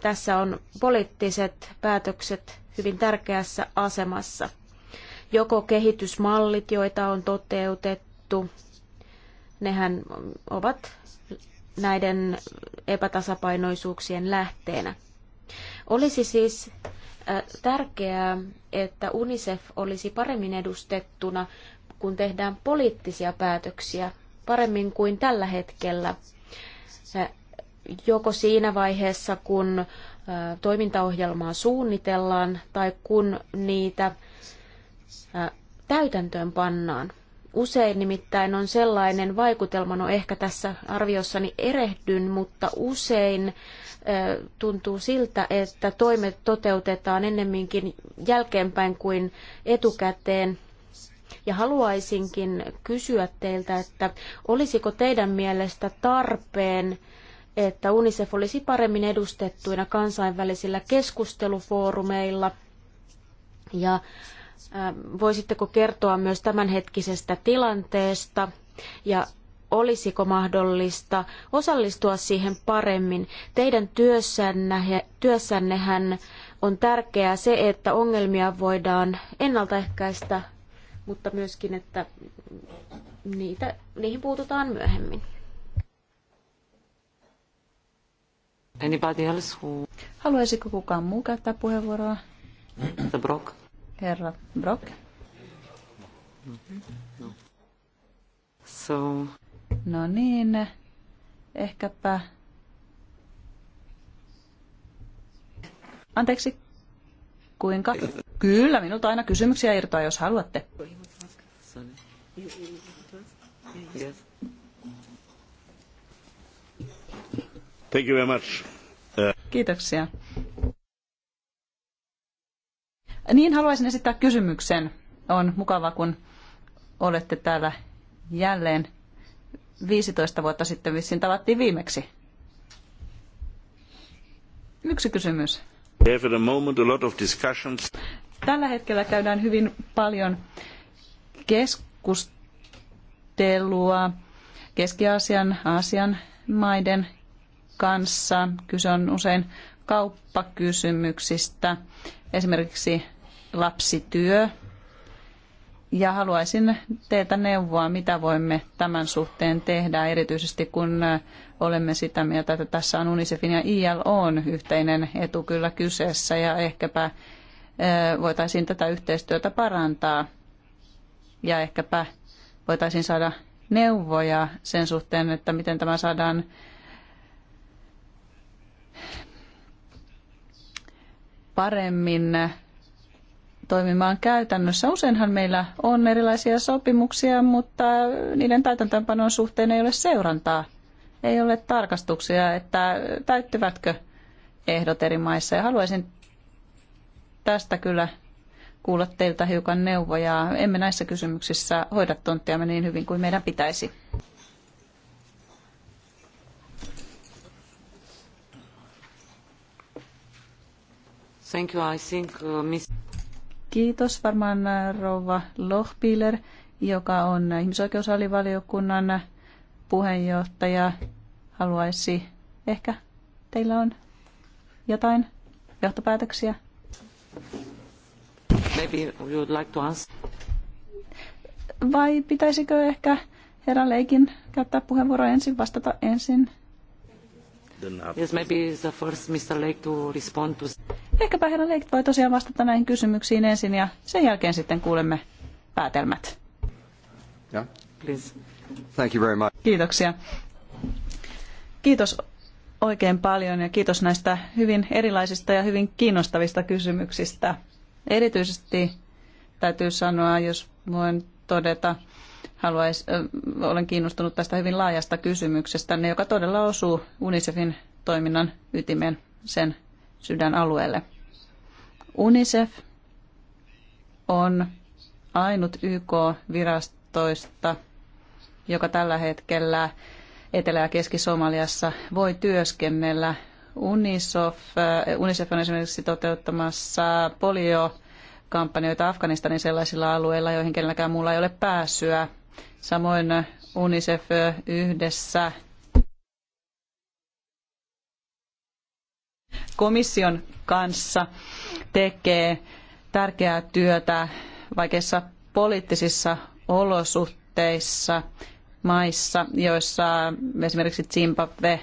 tässä on poliittiset päätökset hyvin tärkeässä asemassa. Joko kehitysmallit, joita on toteutettu, nehän ovat näiden epätasapainoisuuksien lähteenä. Olisi siis tärkeää, että UNICEF olisi paremmin edustettuna, kun tehdään poliittisia päätöksiä, paremmin kuin tällä hetkellä, joko siinä vaiheessa, kun toimintaohjelmaa suunnitellaan tai kun niitä täytäntöön pannaan. Usein nimittäin on sellainen vaikutelma, no ehkä tässä arviossani erehdyn, mutta usein tuntuu siltä, että toimet toteutetaan ennemminkin jälkeenpäin kuin etukäteen. Ja haluaisinkin kysyä teiltä, että olisiko teidän mielestä tarpeen, että UNICEF olisi paremmin edustettuina kansainvälisillä keskustelufoorumeilla ja Voisitteko kertoa myös tämänhetkisestä tilanteesta ja olisiko mahdollista osallistua siihen paremmin. Teidän työssännehän on tärkeää se, että ongelmia voidaan ennaltaehkäistä, mutta myöskin, että niitä, niihin puututaan myöhemmin. Anybody else who... Haluaisiko kukaan muu käyttää puheenvuoroa? The Brock herra Brock. So. No niin, ehkäpä... Anteeksi, kuinka? Kyllä, minulta aina kysymyksiä irtoaa, jos haluatte. Thank you very much. Kiitoksia. Niin, haluaisin esittää kysymyksen. On mukava, kun olette täällä jälleen. 15 vuotta sitten vissiin tavattiin viimeksi. Yksi kysymys. Tällä hetkellä käydään hyvin paljon keskustelua Keski-Aasian Aasian maiden kanssa. Kyse on usein kauppakysymyksistä. Esimerkiksi lapsityö. Ja haluaisin teiltä neuvoa, mitä voimme tämän suhteen tehdä, erityisesti kun olemme sitä mieltä, että tässä on UNICEFin ja ILOn yhteinen etu kyllä kyseessä ja ehkäpä eh, voitaisiin tätä yhteistyötä parantaa ja ehkäpä voitaisiin saada neuvoja sen suhteen, että miten tämä saadaan eh, paremmin toimimaan käytännössä. Useinhan meillä on erilaisia sopimuksia, mutta niiden täytäntöönpanon suhteen ei ole seurantaa, ei ole tarkastuksia, että täyttyvätkö ehdot eri maissa. Ja haluaisin tästä kyllä kuulla teiltä hiukan neuvoja. Emme näissä kysymyksissä hoida tonttiamme niin hyvin kuin meidän pitäisi. Thank you. I think, uh, miss... Kiitos varmaan äh, rouva Lohpiler, joka on ihmisoikeusalivaliokunnan puheenjohtaja. Haluaisi, ehkä teillä on jotain johtopäätöksiä? Maybe you would like to answer. Vai pitäisikö ehkä herra Leikin käyttää puheenvuoro ensin, vastata ensin Yes, maybe the first Mr. Lake to respond to... Ehkäpä herra Lake voi tosiaan vastata näihin kysymyksiin ensin ja sen jälkeen sitten kuulemme päätelmät. Yeah. Please. Thank you very much. Kiitoksia. Kiitos oikein paljon ja kiitos näistä hyvin erilaisista ja hyvin kiinnostavista kysymyksistä. Erityisesti täytyy sanoa, jos voin todeta, haluais, olen kiinnostunut tästä hyvin laajasta kysymyksestä, ne, joka todella osuu UNICEFin toiminnan ytimen sen sydänalueelle. UNICEF on ainut YK-virastoista, joka tällä hetkellä Etelä- ja Keski-Somaliassa voi työskennellä. UNICEF, UNICEF on esimerkiksi toteuttamassa polio kampanjoita Afganistanin sellaisilla alueilla, joihin kenelläkään muulla ei ole pääsyä. Samoin UNICEF yhdessä komission kanssa tekee tärkeää työtä vaikeissa poliittisissa olosuhteissa maissa, joissa esimerkiksi Zimbabwe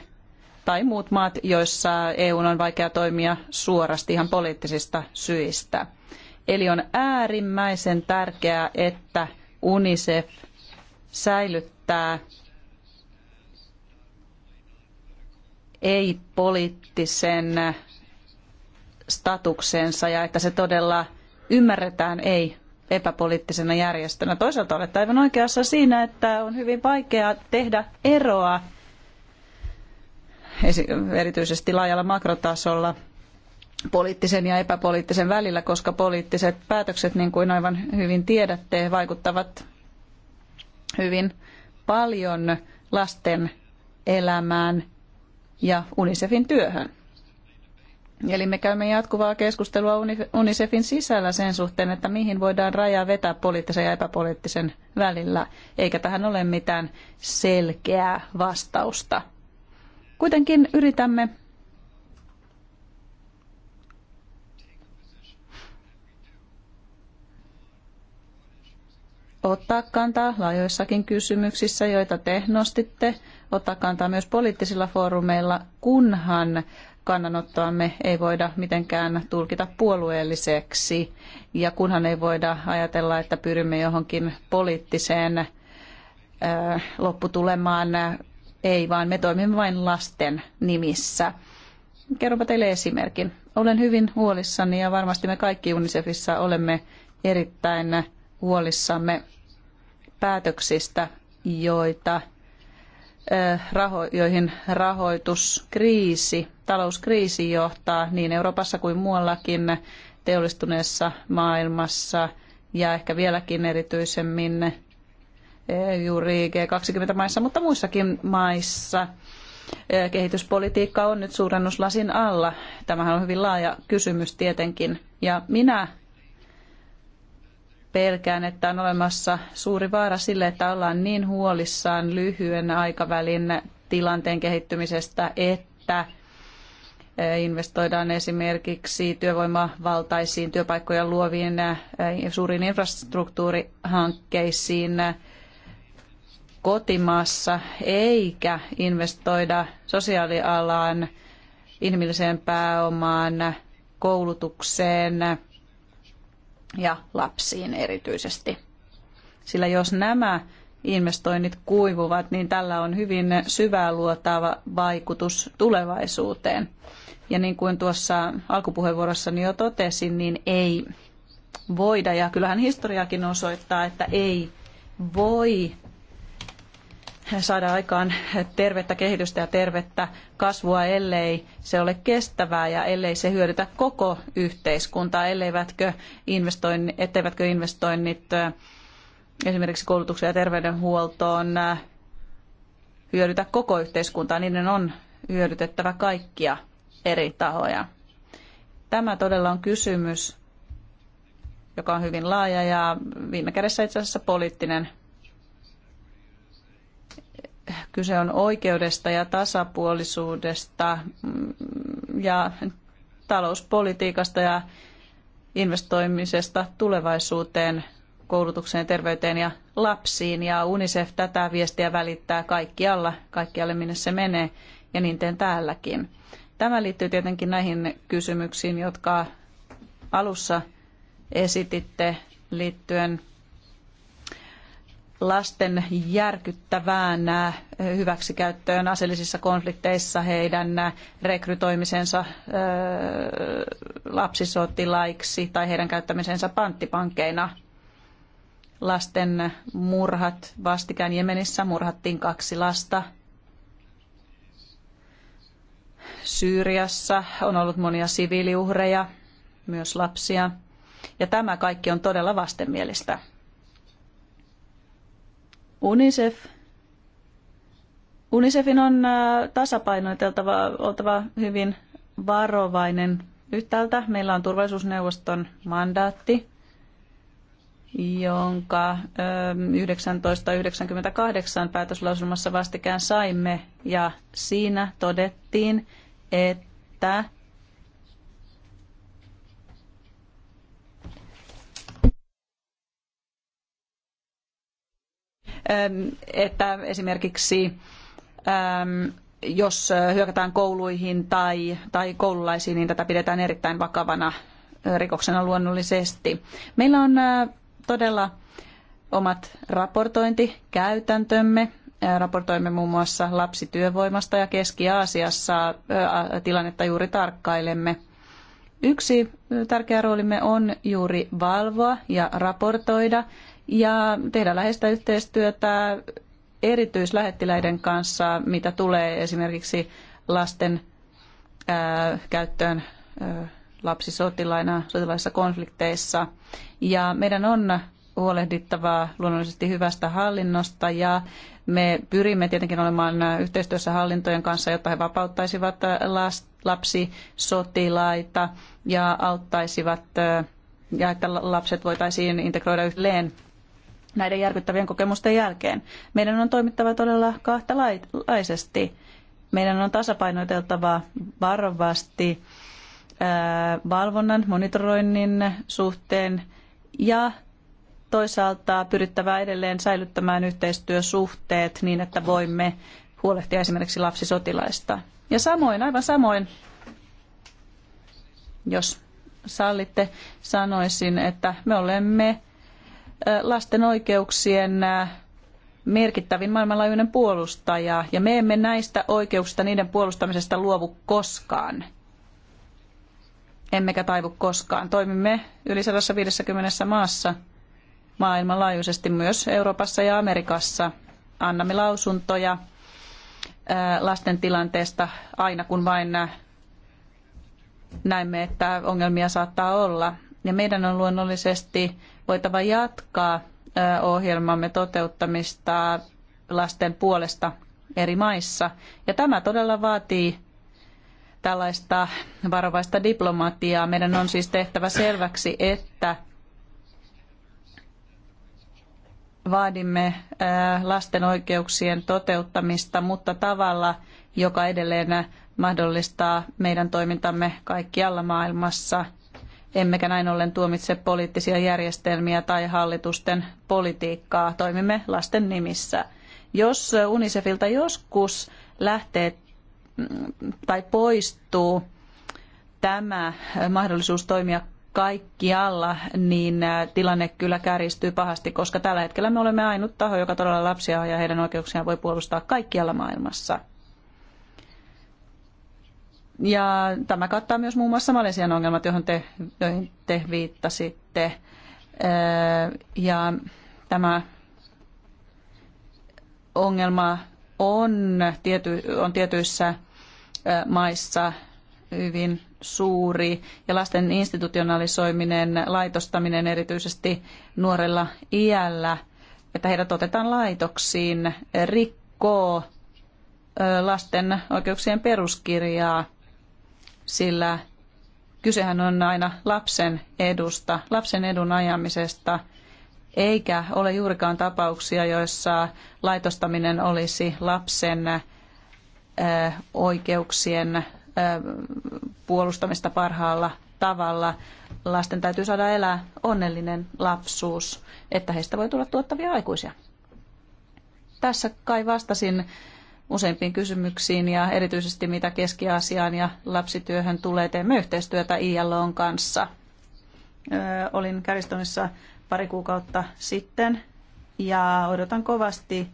tai muut maat, joissa EU on vaikea toimia suorasti ihan poliittisista syistä. Eli on äärimmäisen tärkeää, että UNICEF säilyttää ei-poliittisen statuksensa ja että se todella ymmärretään ei epäpoliittisena järjestönä. Toisaalta olette aivan oikeassa siinä, että on hyvin vaikea tehdä eroa erityisesti laajalla makrotasolla poliittisen ja epäpoliittisen välillä, koska poliittiset päätökset, niin kuin aivan hyvin tiedätte, vaikuttavat hyvin paljon lasten elämään ja UNICEFin työhön. Eli me käymme jatkuvaa keskustelua UNICEFin sisällä sen suhteen, että mihin voidaan raja vetää poliittisen ja epäpoliittisen välillä, eikä tähän ole mitään selkeää vastausta. Kuitenkin yritämme ottaa kantaa laajoissakin kysymyksissä, joita te nostitte, ottaa kantaa myös poliittisilla foorumeilla, kunhan kannanottoamme ei voida mitenkään tulkita puolueelliseksi ja kunhan ei voida ajatella, että pyrimme johonkin poliittiseen lopputulemaan, ei vaan me toimimme vain lasten nimissä. Kerropa teille esimerkin. Olen hyvin huolissani ja varmasti me kaikki UNICEFissa olemme erittäin huolissamme päätöksistä, joita, raho, joihin rahoituskriisi, talouskriisi johtaa niin Euroopassa kuin muuallakin teollistuneessa maailmassa ja ehkä vieläkin erityisemmin juuri G20-maissa, mutta muissakin maissa kehityspolitiikka on nyt suurennuslasin alla. Tämähän on hyvin laaja kysymys tietenkin. Ja minä pelkään, että on olemassa suuri vaara sille, että ollaan niin huolissaan lyhyen aikavälin tilanteen kehittymisestä, että eh, investoidaan esimerkiksi työvoimavaltaisiin työpaikkoja luoviin eh, suuriin infrastruktuurihankkeisiin kotimaassa, eikä investoida sosiaalialaan, inhimilliseen pääomaan, koulutukseen, ja lapsiin erityisesti. Sillä jos nämä investoinnit kuivuvat, niin tällä on hyvin syvää luotaava vaikutus tulevaisuuteen. Ja niin kuin tuossa alkupuheenvuorossani jo totesin, niin ei voida, ja kyllähän historiakin osoittaa, että ei voi saada aikaan tervettä kehitystä ja tervettä kasvua, ellei se ole kestävää ja ellei se hyödytä koko yhteiskuntaa, Elleivätkö investoinnit, etteivätkö investoinnit esimerkiksi koulutukseen ja terveydenhuoltoon hyödytä koko yhteiskuntaa. Niiden on hyödytettävä kaikkia eri tahoja. Tämä todella on kysymys, joka on hyvin laaja ja viime kädessä itse asiassa poliittinen kyse on oikeudesta ja tasapuolisuudesta mm, ja talouspolitiikasta ja investoimisesta tulevaisuuteen, koulutukseen, terveyteen ja lapsiin. Ja UNICEF tätä viestiä välittää kaikkialla, kaikkialle minne se menee ja niin teen täälläkin. Tämä liittyy tietenkin näihin kysymyksiin, jotka alussa esititte liittyen lasten järkyttävään äh, hyväksikäyttöön aseellisissa konflikteissa heidän äh, rekrytoimisensa äh, lapsisotilaiksi tai heidän käyttämisensä panttipankkeina. Lasten murhat vastikään Jemenissä murhattiin kaksi lasta. Syyriassa on ollut monia siviiliuhreja, myös lapsia. Ja tämä kaikki on todella vastenmielistä. UNICEF UNICEFin on äh, tasapainoiteltava, oltava hyvin varovainen. Yhtäältä meillä on turvallisuusneuvoston mandaatti, jonka 1998 ähm, päätöslauselmassa vastikään saimme, ja siinä todettiin, että että esimerkiksi jos hyökätään kouluihin tai, tai koululaisiin, niin tätä pidetään erittäin vakavana rikoksena luonnollisesti. Meillä on todella omat raportointikäytäntömme. Raportoimme muun muassa lapsityövoimasta ja Keski-Aasiassa tilannetta juuri tarkkailemme. Yksi tärkeä roolimme on juuri valvoa ja raportoida ja tehdä läheistä yhteistyötä erityislähettiläiden kanssa, mitä tulee esimerkiksi lasten ää, käyttöön ää, lapsisotilaina sotilaissa konflikteissa. Ja meidän on huolehdittavaa luonnollisesti hyvästä hallinnosta ja me pyrimme tietenkin olemaan yhteistyössä hallintojen kanssa, jotta he vapauttaisivat lapsisotilaita ja auttaisivat ja että lapset voitaisiin integroida yhteen näiden järkyttävien kokemusten jälkeen. Meidän on toimittava todella kahtalaisesti. Meidän on tasapainoiteltava varovasti valvonnan, monitoroinnin suhteen ja toisaalta pyrittävä edelleen säilyttämään yhteistyösuhteet niin, että voimme huolehtia esimerkiksi lapsisotilaista. Ja samoin, aivan samoin, jos sallitte, sanoisin, että me olemme lasten oikeuksien merkittävin maailmanlaajuinen puolustaja, ja me emme näistä oikeuksista, niiden puolustamisesta luovu koskaan. Emmekä taivu koskaan. Toimimme yli 150 maassa maailmanlaajuisesti myös Euroopassa ja Amerikassa. Annamme lausuntoja lasten tilanteesta aina kun vain näemme, että ongelmia saattaa olla. Ja meidän on luonnollisesti voitava jatkaa ohjelmamme toteuttamista lasten puolesta eri maissa. Ja tämä todella vaatii tällaista varovaista diplomatiaa. Meidän on siis tehtävä selväksi, että vaadimme lasten oikeuksien toteuttamista, mutta tavalla, joka edelleen mahdollistaa meidän toimintamme kaikkialla maailmassa – emmekä näin ollen tuomitse poliittisia järjestelmiä tai hallitusten politiikkaa. Toimimme lasten nimissä. Jos UNICEFilta joskus lähtee mm, tai poistuu tämä mahdollisuus toimia kaikkialla, niin äh, tilanne kyllä kärjistyy pahasti, koska tällä hetkellä me olemme ainut taho, joka todella lapsia ja heidän oikeuksiaan voi puolustaa kaikkialla maailmassa. Ja tämä kattaa myös muun muassa Malesian ongelmat, joihin te, joihin te viittasitte. Ja tämä ongelma on, tiety, on tietyissä maissa hyvin suuri ja lasten institutionalisoiminen, laitostaminen erityisesti nuorella iällä, että heidät otetaan laitoksiin, rikkoo lasten oikeuksien peruskirjaa – sillä kysehän on aina lapsen edusta, lapsen edun ajamisesta, eikä ole juurikaan tapauksia, joissa laitostaminen olisi lapsen oikeuksien puolustamista parhaalla tavalla. Lasten täytyy saada elää onnellinen lapsuus, että heistä voi tulla tuottavia aikuisia. Tässä kai vastasin useimpiin kysymyksiin ja erityisesti mitä Keski-Aasiaan ja lapsityöhön tulee. Teemme yhteistyötä ILOn kanssa. olin Käristonissa pari kuukautta sitten ja odotan kovasti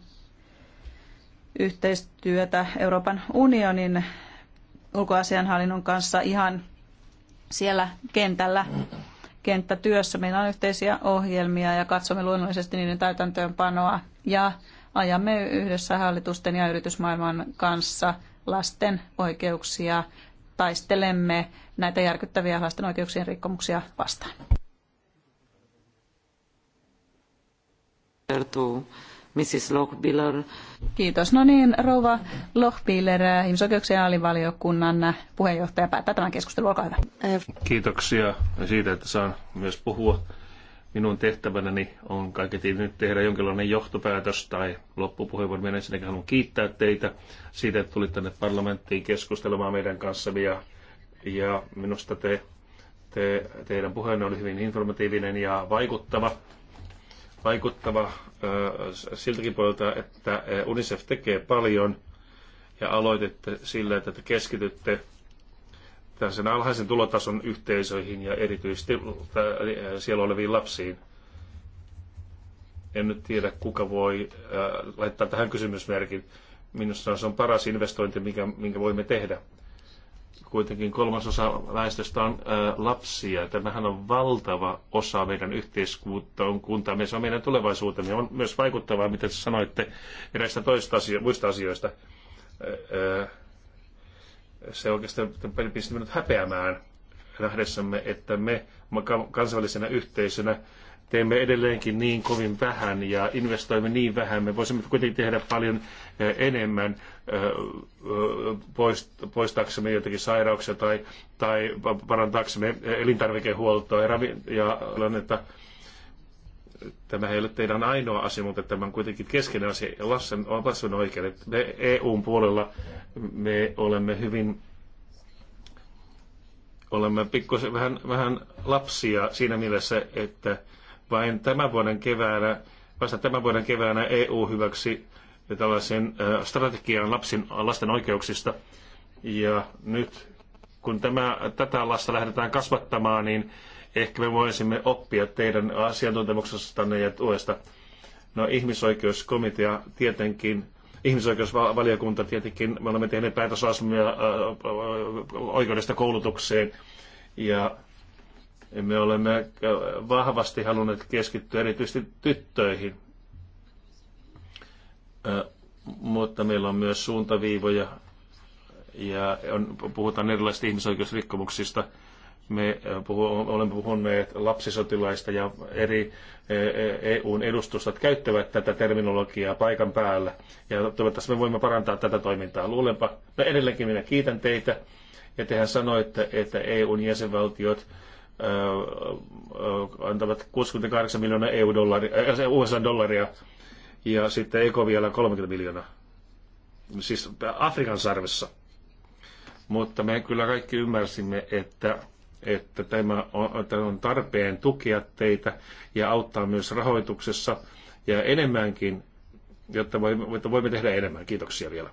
yhteistyötä Euroopan unionin ulkoasianhallinnon kanssa ihan siellä kentällä kenttätyössä. Meillä on yhteisiä ohjelmia ja katsomme luonnollisesti niiden täytäntöönpanoa ja ajamme yhdessä hallitusten ja yritysmaailman kanssa lasten oikeuksia, taistelemme näitä järkyttäviä lasten oikeuksien rikkomuksia vastaan. Mrs. Lochbiller. Kiitos. No niin, rouva Lochbiller, ihmisoikeuksien alivaliokunnan puheenjohtaja, päättää tämän keskustelun. Olkaa hyvä. Kiitoksia siitä, että saan myös puhua minun tehtävänäni on kaiketi nyt tehdä jonkinlainen johtopäätös tai loppupuheenvuoro. Minä ensinnäkin haluan kiittää teitä siitä, että tulit tänne parlamenttiin keskustelemaan meidän kanssa ja, ja minusta te, te, teidän puheenne oli hyvin informatiivinen ja vaikuttava vaikuttava siltäkin puolelta, että UNICEF tekee paljon ja aloititte sillä, että te keskitytte tällaisen alhaisen tulotason yhteisöihin ja erityisesti äh, siellä oleviin lapsiin. En nyt tiedä, kuka voi äh, laittaa tähän kysymysmerkin. Minusta se on paras investointi, mikä, minkä voimme tehdä. Kuitenkin kolmasosa väestöstä on äh, lapsia. Tämähän on valtava osa meidän yhteiskuntaamme. Se on meidän tulevaisuutemme. On myös vaikuttavaa, mitä sanoitte eräistä toista asio- muista asioista se oikeastaan pisti minut häpeämään nähdessämme, että me kansainvälisenä yhteisönä teemme edelleenkin niin kovin vähän ja investoimme niin vähän. Me voisimme kuitenkin tehdä paljon eh, enemmän eh, eh, poistaaksemme jotakin sairauksia tai, tai parantaaksemme elintarvikehuoltoa ja, ravi- ja tilannetta tämä ei ole teidän ainoa asia, mutta tämä on kuitenkin keskeinen asia. Lassen, Lassen oikeudet me EUn puolella me olemme hyvin olemme pikkusen vähän, vähän lapsia siinä mielessä, että vain tämän vuoden keväänä, vasta tämän vuoden keväänä EU hyväksi tällaisen äh, strategian lapsin, lasten oikeuksista. Ja nyt kun tämä, tätä lasta lähdetään kasvattamaan, niin Ehkä me voisimme oppia teidän asiantuntemuksestanne ja tuesta. No ihmisoikeuskomitea tietenkin, ihmisoikeusvaliokunta tietenkin, me olemme tehneet päätösasmia äh, äh, oikeudesta koulutukseen ja me olemme äh, vahvasti halunneet keskittyä erityisesti tyttöihin. Mutta meillä on myös suuntaviivoja ja on, puhutaan erilaisista ihmisoikeusrikkomuksista – me puhu, olemme puhuneet lapsisotilaista ja eri EUn edustustat käyttävät tätä terminologiaa paikan päällä. Ja toivottavasti me voimme parantaa tätä toimintaa. Luulenpa, no edelleenkin minä kiitän teitä. Ja tehän sanoitte, että EUn jäsenvaltiot antavat 68 miljoonaa EU-dollaria, USA-dollaria ja sitten Eko vielä 30 miljoonaa. Siis Afrikan sarvessa. Mutta me kyllä kaikki ymmärsimme, että että tämä on, tämä on tarpeen tukea teitä ja auttaa myös rahoituksessa ja enemmänkin, jotta voimme, jotta voimme tehdä enemmän. Kiitoksia vielä.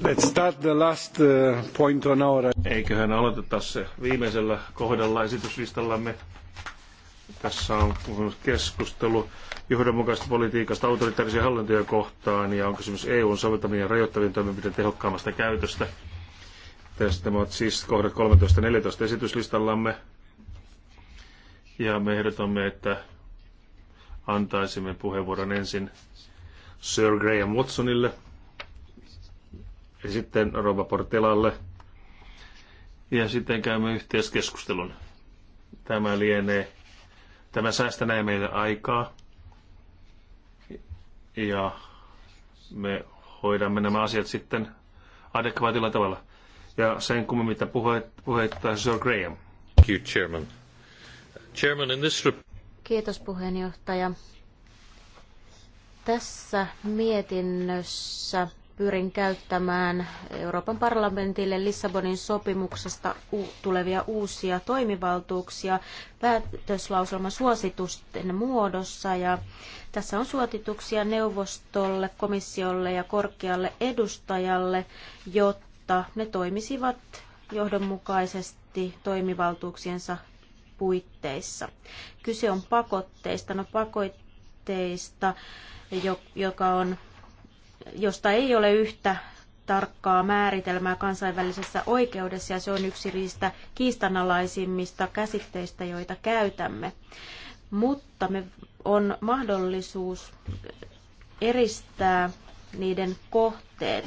Let's start the last uh, point on our... Eiköhän aloiteta se viimeisellä kohdalla esityslistallamme. Tässä on keskustelu johdonmukaisesta politiikasta autoritaarisia hallintoja kohtaan ja on kysymys EUn soveltamien ja rajoittavien toimenpiteiden tehokkaammasta käytöstä. Tästä ovat siis kohdat 13-14 esityslistallamme. Ja me ehdotamme, että antaisimme puheenvuoron ensin Sir Graham Watsonille – ja sitten Rova Portilalle. Ja sitten käymme yhteiskeskustelun. Tämä lienee, tämä säästänee meidän aikaa. Ja me hoidamme nämä asiat sitten adekvaatilla tavalla. Ja sen kummemmin puhe, puheittaa Sir Graham. Thank you, Chairman. Chairman, in this... Kiitos puheenjohtaja. Tässä mietinnössä pyrin käyttämään Euroopan parlamentille Lissabonin sopimuksesta tulevia uusia toimivaltuuksia päätöslauselman suositusten muodossa. Ja tässä on suosituksia neuvostolle, komissiolle ja korkealle edustajalle, jotta ne toimisivat johdonmukaisesti toimivaltuuksiensa puitteissa. Kyse on pakotteista. No pakotteista, joka on josta ei ole yhtä tarkkaa määritelmää kansainvälisessä oikeudessa ja se on yksi niistä kiistanalaisimmista käsitteistä, joita käytämme. Mutta me on mahdollisuus eristää niiden kohteet.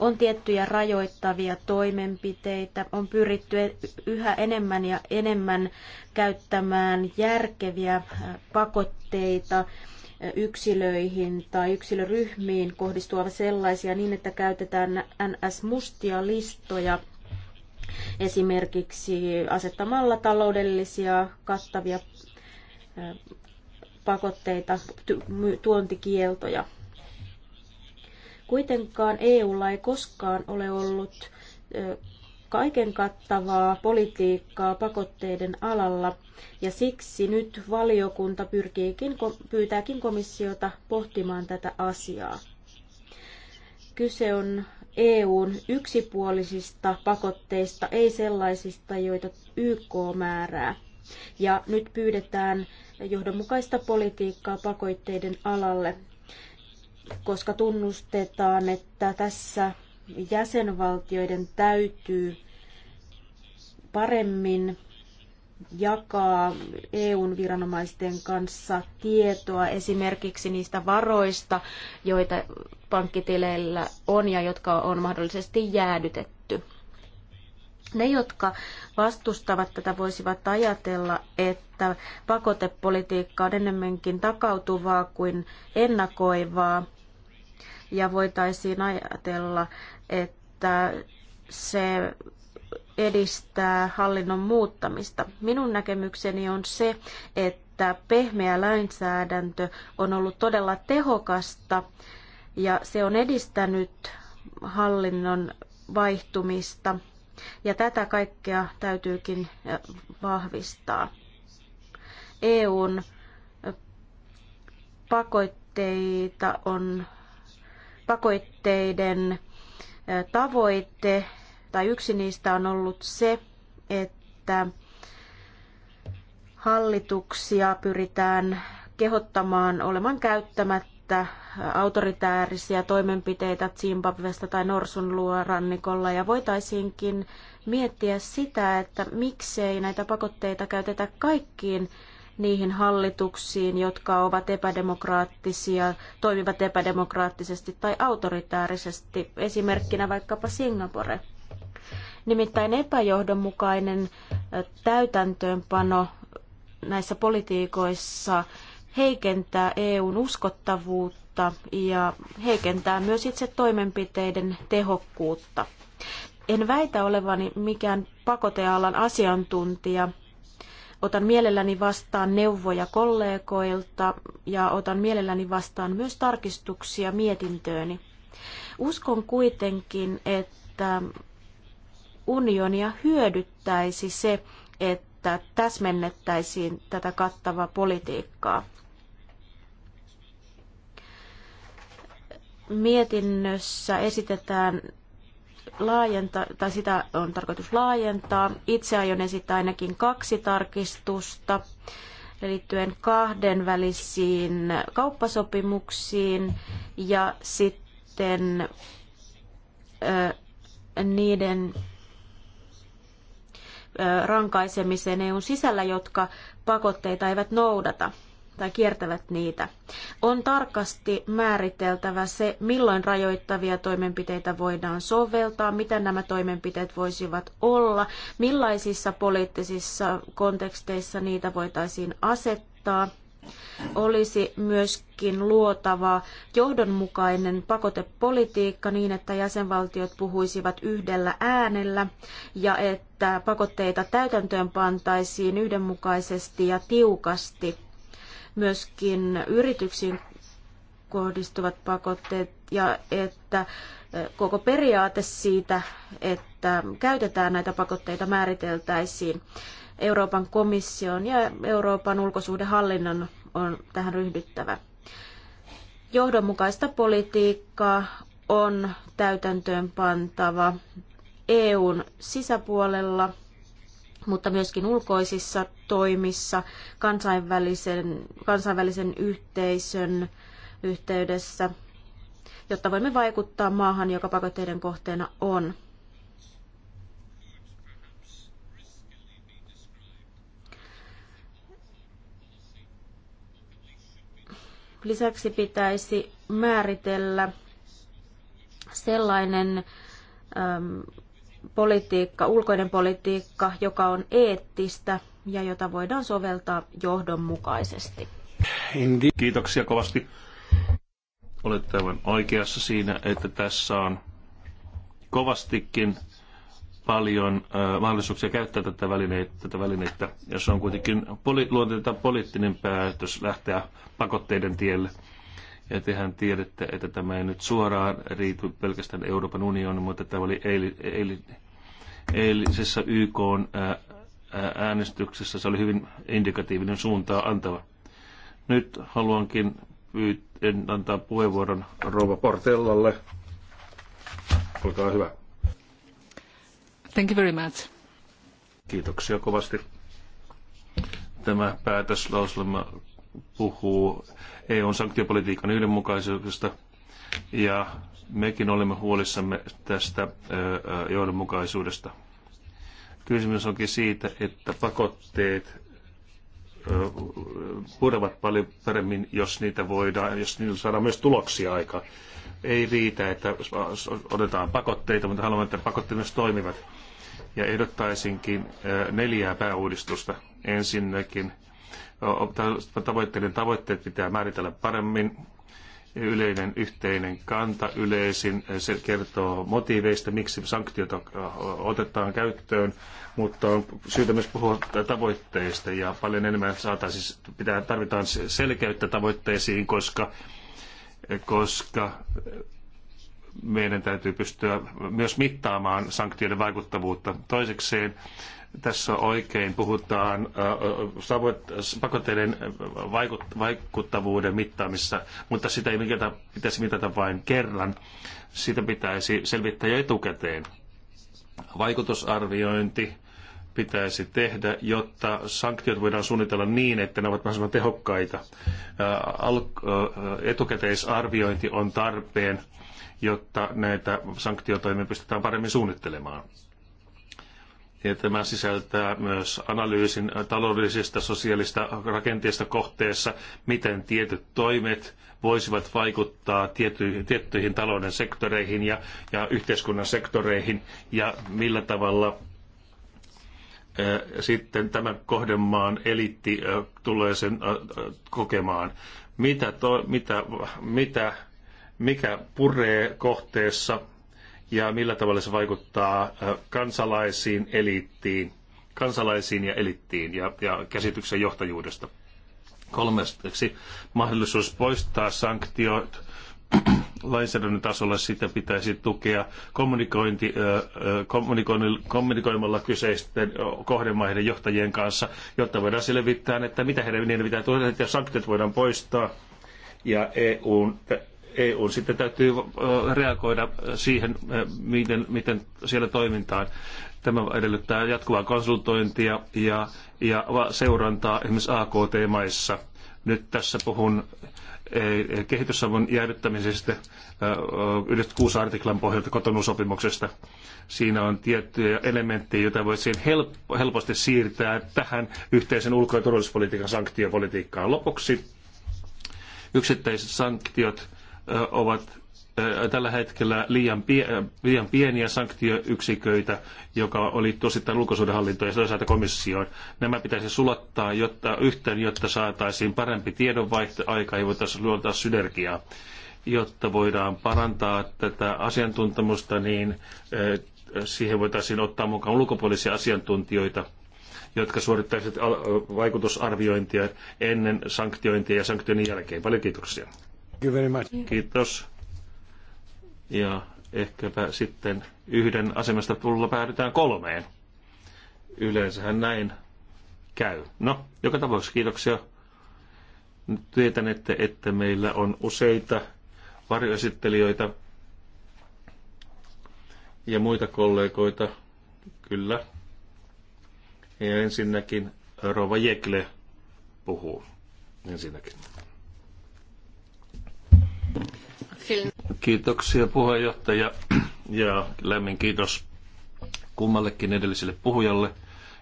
On tiettyjä rajoittavia toimenpiteitä, on pyritty yhä enemmän ja enemmän käyttämään järkeviä pakotteita yksilöihin tai yksilöryhmiin kohdistuva sellaisia niin, että käytetään NS-mustia listoja esimerkiksi asettamalla taloudellisia kattavia pakotteita, tuontikieltoja. Kuitenkaan EUlla ei koskaan ole ollut kaiken kattavaa politiikkaa pakotteiden alalla, ja siksi nyt valiokunta pyrkiikin, pyytääkin komissiota pohtimaan tätä asiaa. Kyse on EUn yksipuolisista pakotteista, ei sellaisista, joita YK määrää. Ja nyt pyydetään johdonmukaista politiikkaa pakotteiden alalle, koska tunnustetaan, että tässä jäsenvaltioiden täytyy paremmin jakaa EUn viranomaisten kanssa tietoa esimerkiksi niistä varoista, joita pankkitileillä on ja jotka on mahdollisesti jäädytetty. Ne, jotka vastustavat tätä, voisivat ajatella, että pakotepolitiikka on enemmänkin takautuvaa kuin ennakoivaa ja voitaisiin ajatella, että se edistää hallinnon muuttamista. Minun näkemykseni on se, että pehmeä lainsäädäntö on ollut todella tehokasta ja se on edistänyt hallinnon vaihtumista ja tätä kaikkea täytyykin vahvistaa. EUn pakotteita on pakotteiden tavoite tai yksi niistä on ollut se, että hallituksia pyritään kehottamaan olemaan käyttämättä autoritäärisiä toimenpiteitä Zimbabwesta tai Norsunluorannikolla ja voitaisiinkin miettiä sitä, että miksei näitä pakotteita käytetä kaikkiin niihin hallituksiin, jotka ovat epädemokraattisia, toimivat epädemokraattisesti tai autoritäärisesti, esimerkkinä vaikkapa Singapore. Nimittäin epäjohdonmukainen täytäntöönpano näissä politiikoissa heikentää EUn uskottavuutta ja heikentää myös itse toimenpiteiden tehokkuutta. En väitä olevani mikään pakotealan asiantuntija, Otan mielelläni vastaan neuvoja kollegoilta ja otan mielelläni vastaan myös tarkistuksia mietintööni. Uskon kuitenkin, että unionia hyödyttäisi se, että täsmennettäisiin tätä kattavaa politiikkaa. Mietinnössä esitetään laajentaa, tai sitä on tarkoitus laajentaa. Itse aion esittää ainakin kaksi tarkistusta liittyen kahdenvälisiin kauppasopimuksiin ja sitten ö, niiden ö, rankaisemiseen EUn sisällä, jotka pakotteita eivät noudata tai kiertävät niitä. On tarkasti määriteltävä se, milloin rajoittavia toimenpiteitä voidaan soveltaa, mitä nämä toimenpiteet voisivat olla, millaisissa poliittisissa konteksteissa niitä voitaisiin asettaa. Olisi myöskin luotava johdonmukainen pakotepolitiikka niin, että jäsenvaltiot puhuisivat yhdellä äänellä ja että pakotteita täytäntöön pantaisiin yhdenmukaisesti ja tiukasti myöskin yrityksiin kohdistuvat pakotteet ja että e, koko periaate siitä, että käytetään näitä pakotteita, määriteltäisiin. Euroopan komission ja Euroopan ulkosuhdehallinnon on tähän ryhdyttävä. Johdonmukaista politiikkaa on täytäntöön pantava EUn sisäpuolella – mutta myöskin ulkoisissa toimissa, kansainvälisen, kansainvälisen yhteisön yhteydessä, jotta voimme vaikuttaa maahan, joka pakotteiden kohteena on. Lisäksi pitäisi määritellä sellainen ähm, politiikka, ulkoinen politiikka, joka on eettistä ja jota voidaan soveltaa johdonmukaisesti. Kiitoksia kovasti. Olette aivan oikeassa siinä, että tässä on kovastikin paljon äh, mahdollisuuksia käyttää tätä välineitä, tätä välineitä, ja se on kuitenkin poli, luonteeltaan poliittinen päätös lähteä pakotteiden tielle. Ja tehän tiedätte, että tämä ei nyt suoraan riity pelkästään Euroopan unionin, mutta tämä oli eil, eil, eilisessä YK äänestyksessä. Se oli hyvin indikatiivinen suuntaa antava. Nyt haluankin pyyten antaa puheenvuoron Rova Portellalle. Olkaa hyvä. Thank you very much. Kiitoksia kovasti. Tämä päätöslauselma puhuu EUn sanktiopolitiikan yhdenmukaisuudesta ja mekin olemme huolissamme tästä johdonmukaisuudesta. Kysymys onkin siitä, että pakotteet purevat paljon paremmin, jos niitä voidaan, jos niillä saadaan myös tuloksia aikaan. Ei riitä, että otetaan pakotteita, mutta haluamme, että pakotteet myös toimivat. Ja ehdottaisinkin neljää pääuudistusta. Ensinnäkin tavoitteiden tavoitteet pitää määritellä paremmin. Yleinen yhteinen kanta yleisin, se kertoo motiiveista, miksi sanktiota äh, otetaan käyttöön, mutta on syytä myös puhua tavoitteista ja paljon enemmän saataisiin, siis pitää, tarvitaan selkeyttä tavoitteisiin, koska koska meidän täytyy pystyä myös mittaamaan sanktioiden vaikuttavuutta. Toisekseen tässä oikein puhutaan pakotteiden vaikuttavuuden mittaamissa, mutta sitä ei mitata, pitäisi mitata vain kerran. Sitä pitäisi selvittää jo etukäteen. Vaikutusarviointi pitäisi tehdä, jotta sanktiot voidaan suunnitella niin, että ne ovat mahdollisimman tehokkaita. Etukäteisarviointi on tarpeen jotta näitä sanktiotoimia pystytään paremmin suunnittelemaan. Ja tämä sisältää myös analyysin taloudellisista sosiaalista rakenteista kohteessa, miten tietyt toimet voisivat vaikuttaa tiettyihin, tiettyihin talouden sektoreihin ja, ja yhteiskunnan sektoreihin ja millä tavalla sitten tämän kohdemaan eliitti tulee sen kokemaan. Mitä, to, mitä, mitä mikä puree kohteessa ja millä tavalla se vaikuttaa kansalaisiin, eliittiin, kansalaisiin ja eliittiin ja, ja käsityksen johtajuudesta. Kolmesteksi mahdollisuus poistaa sanktiot lainsäädännön tasolla sitä pitäisi tukea kommunikointi, kommunikoimalla kyseisten kohdemaiden johtajien kanssa, jotta voidaan selvittää, että mitä heidän pitää tehdä, ja sanktiot voidaan poistaa. Ja EUn EU sitten täytyy reagoida siihen, miten, miten siellä toimintaan. Tämä edellyttää jatkuvaa konsultointia ja, ja seurantaa esimerkiksi AKT-maissa. Nyt tässä puhun e, e, kehitysavun jäädyttämisestä 96 artiklan pohjalta kotonusopimuksesta. Siinä on tiettyjä elementtejä, joita voisi helposti siirtää tähän yhteisen ulko- ja turvallisuuspolitiikan sanktiopolitiikkaan. Lopuksi yksittäiset sanktiot ovat tällä hetkellä liian, pie, liian pieniä sanktioyksiköitä, joka oli osittain ulkosuudenhallintoon ja toisaalta komissioon. Nämä pitäisi sulattaa jotta, yhteen, jotta saataisiin parempi tiedonvaihto aika ja voitaisiin luoda synergiaa, jotta voidaan parantaa tätä asiantuntemusta, niin siihen voitaisiin ottaa mukaan ulkopuolisia asiantuntijoita, jotka suorittaisivat vaikutusarviointia ennen sanktiointia ja sanktioinnin jälkeen. Paljon kiitoksia. Kiitos. Ja ehkäpä sitten yhden asemasta tulla päädytään kolmeen. Yleensähän näin käy. No, joka tapauksessa kiitoksia. Nyt tietän, että, että meillä on useita varjoesittelijöitä ja muita kollegoita. Kyllä. Ja ensinnäkin Rova Jekle puhuu. Ensinnäkin. Kiitoksia puheenjohtaja ja lämmin kiitos kummallekin edelliselle puhujalle.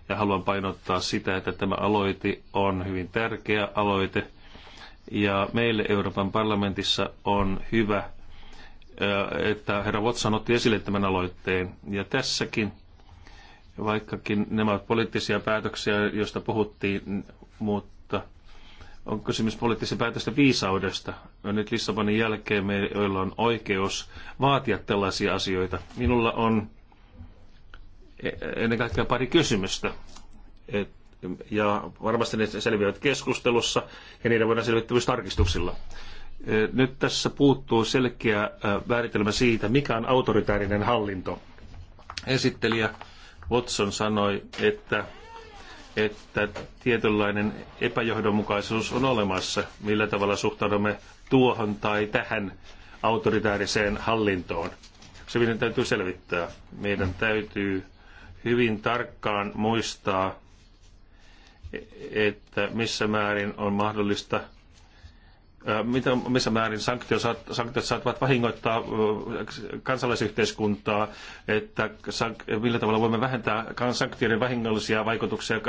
Ja haluan painottaa sitä, että tämä aloite on hyvin tärkeä aloite. Ja meille Euroopan parlamentissa on hyvä, äh, että herra Watson otti esille tämän aloitteen. Ja tässäkin, vaikkakin nämä ovat poliittisia päätöksiä, joista puhuttiin, mutta on kysymys poliittisen päätösten viisaudesta. Nyt Lissabonin jälkeen meillä on oikeus vaatia tällaisia asioita. Minulla on e, ennen kaikkea pari kysymystä. Et, ja varmasti ne selviävät keskustelussa ja niiden voidaan selvittää myös tarkistuksilla. E, nyt tässä puuttuu selkeä määritelmä siitä, mikä on autoritäärinen hallinto. Esittelijä Watson sanoi, että että tietynlainen epäjohdonmukaisuus on olemassa, millä tavalla suhtaudumme tuohon tai tähän autoritaariseen hallintoon. Se meidän täytyy selvittää. Meidän täytyy hyvin tarkkaan muistaa, e- että missä määrin on mahdollista – mitä, missä määrin sanktiot, sanktiot saattavat vahingoittaa kansalaisyhteiskuntaa, että millä tavalla voimme vähentää sanktioiden vahingollisia vaikutuksia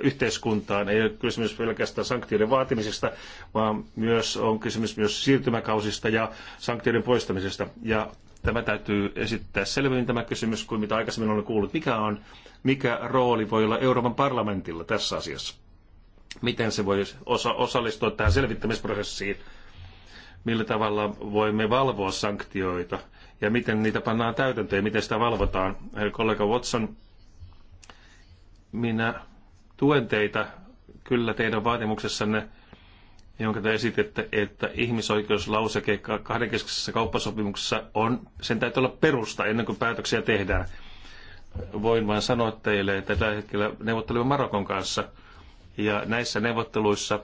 yhteiskuntaan. Ei ole kysymys pelkästään sanktioiden vaatimisesta, vaan myös on kysymys myös siirtymäkausista ja sanktioiden poistamisesta. Ja tämä täytyy esittää selvemmin tämä kysymys kuin mitä aikaisemmin olen kuullut. Mikä, on, mikä rooli voi olla Euroopan parlamentilla tässä asiassa? miten se voi osa- osallistua tähän selvittämisprosessiin, millä tavalla voimme valvoa sanktioita ja miten niitä pannaan täytäntöön ja miten sitä valvotaan. Eli kollega Watson, minä tuen teitä kyllä teidän vaatimuksessanne, jonka te esitette, että ihmisoikeuslauseke kahdenkeskisessä kauppasopimuksessa on, sen täytyy olla perusta ennen kuin päätöksiä tehdään. Voin vain sanoa teille, että tällä hetkellä neuvottelemme Marokon kanssa – ja näissä neuvotteluissa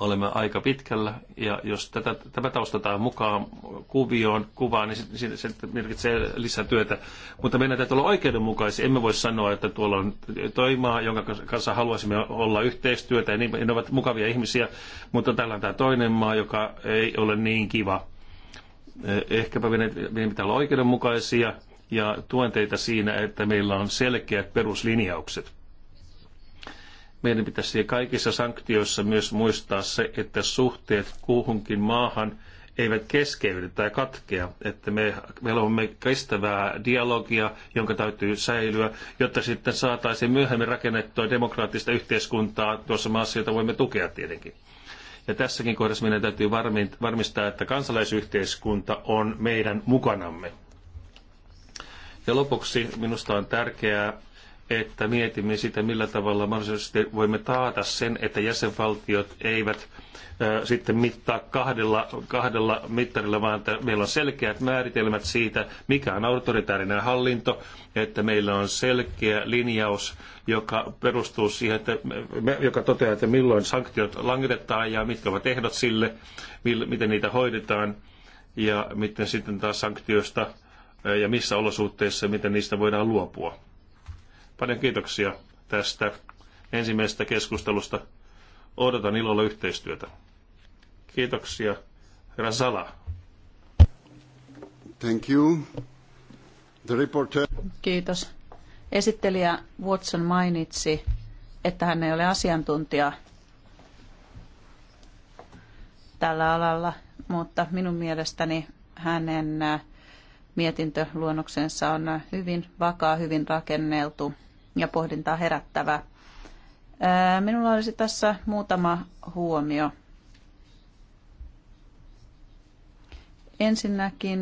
olemme aika pitkällä, ja jos tätä, tämä taustataan mukaan kuvioon, kuvaan, niin se, se merkitsee lisätyötä. Mutta meidän täytyy olla oikeudenmukaisia. Emme voi sanoa, että tuolla on toimaa, jonka kanssa haluaisimme olla yhteistyötä, ja niin, ne ovat mukavia ihmisiä, mutta täällä on tämä toinen maa, joka ei ole niin kiva. Eh, ehkäpä meidän, meidän pitää olla oikeudenmukaisia, ja tuen teitä siinä, että meillä on selkeät peruslinjaukset meidän pitäisi kaikissa sanktioissa myös muistaa se, että suhteet kuuhunkin maahan eivät keskeydy tai katkea, että me, meillä on kestävää dialogia, jonka täytyy säilyä, jotta sitten saataisiin myöhemmin rakennettua demokraattista yhteiskuntaa tuossa maassa, jota voimme tukea tietenkin. Ja tässäkin kohdassa meidän täytyy varmistaa, että kansalaisyhteiskunta on meidän mukanamme. Ja lopuksi minusta on tärkeää että mietimme sitä, millä tavalla mahdollisesti voimme taata sen, että jäsenvaltiot eivät sitten mittaa kahdella, kahdella mittarilla, vaan että meillä on selkeät määritelmät siitä, mikä on autoritaarinen hallinto, että meillä on selkeä linjaus, joka perustuu siihen, että me, joka toteaa, että milloin sanktiot langetetaan ja mitkä ovat ehdot sille, mill, miten niitä hoidetaan ja miten sitten taas sanktioista ja missä olosuhteissa, miten niistä voidaan luopua. Paljon kiitoksia tästä ensimmäisestä keskustelusta. Odotan ilolla yhteistyötä. Kiitoksia. Herra Thank you. The reporter... Kiitos. Esittelijä Watson mainitsi, että hän ei ole asiantuntija tällä alalla, mutta minun mielestäni hänen mietintöluonnoksensa on hyvin vakaa, hyvin rakenneltu ja pohdintaa herättävä. Minulla olisi tässä muutama huomio. Ensinnäkin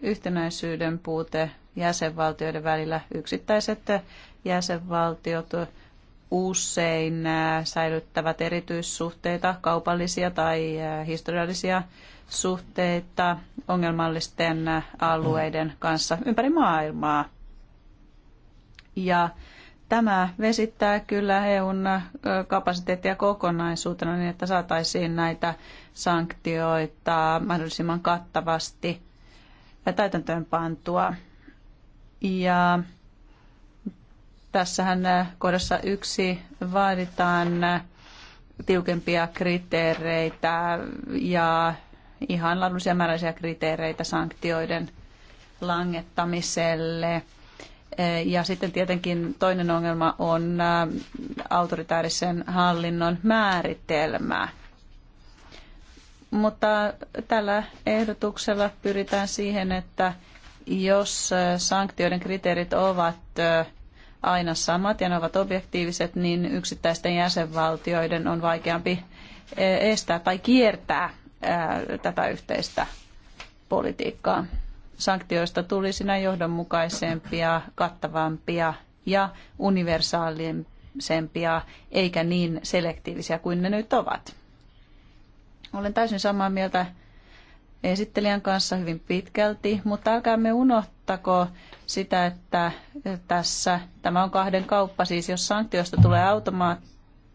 yhtenäisyyden puute jäsenvaltioiden välillä. Yksittäiset jäsenvaltiot usein säilyttävät erityissuhteita, kaupallisia tai historiallisia suhteita ongelmallisten alueiden kanssa ympäri maailmaa. Ja Tämä vesittää kyllä EUn kapasiteettia kokonaisuutena niin, että saataisiin näitä sanktioita mahdollisimman kattavasti täytäntöön pantua. Ja tässähän kohdassa yksi vaaditaan tiukempia kriteereitä ja ihan laadullisia määräisiä kriteereitä sanktioiden langettamiselle – Eh, ja sitten tietenkin toinen ongelma on eh, autoritäärisen hallinnon määritelmä. Mutta tällä ehdotuksella pyritään siihen, että jos eh, sanktioiden kriteerit ovat aina samat ja ne ovat objektiiviset, niin yksittäisten jäsenvaltioiden on vaikeampi estää tai kiertää tätä yhteistä politiikkaa sanktioista tulisi näin johdonmukaisempia, kattavampia ja universaalisempia, eikä niin selektiivisiä kuin ne nyt ovat. Olen täysin samaa mieltä esittelijän kanssa hyvin pitkälti, mutta älkäämme unohtako sitä, että tässä tämä on kahden kauppa, siis jos sanktioista tulee automaatti,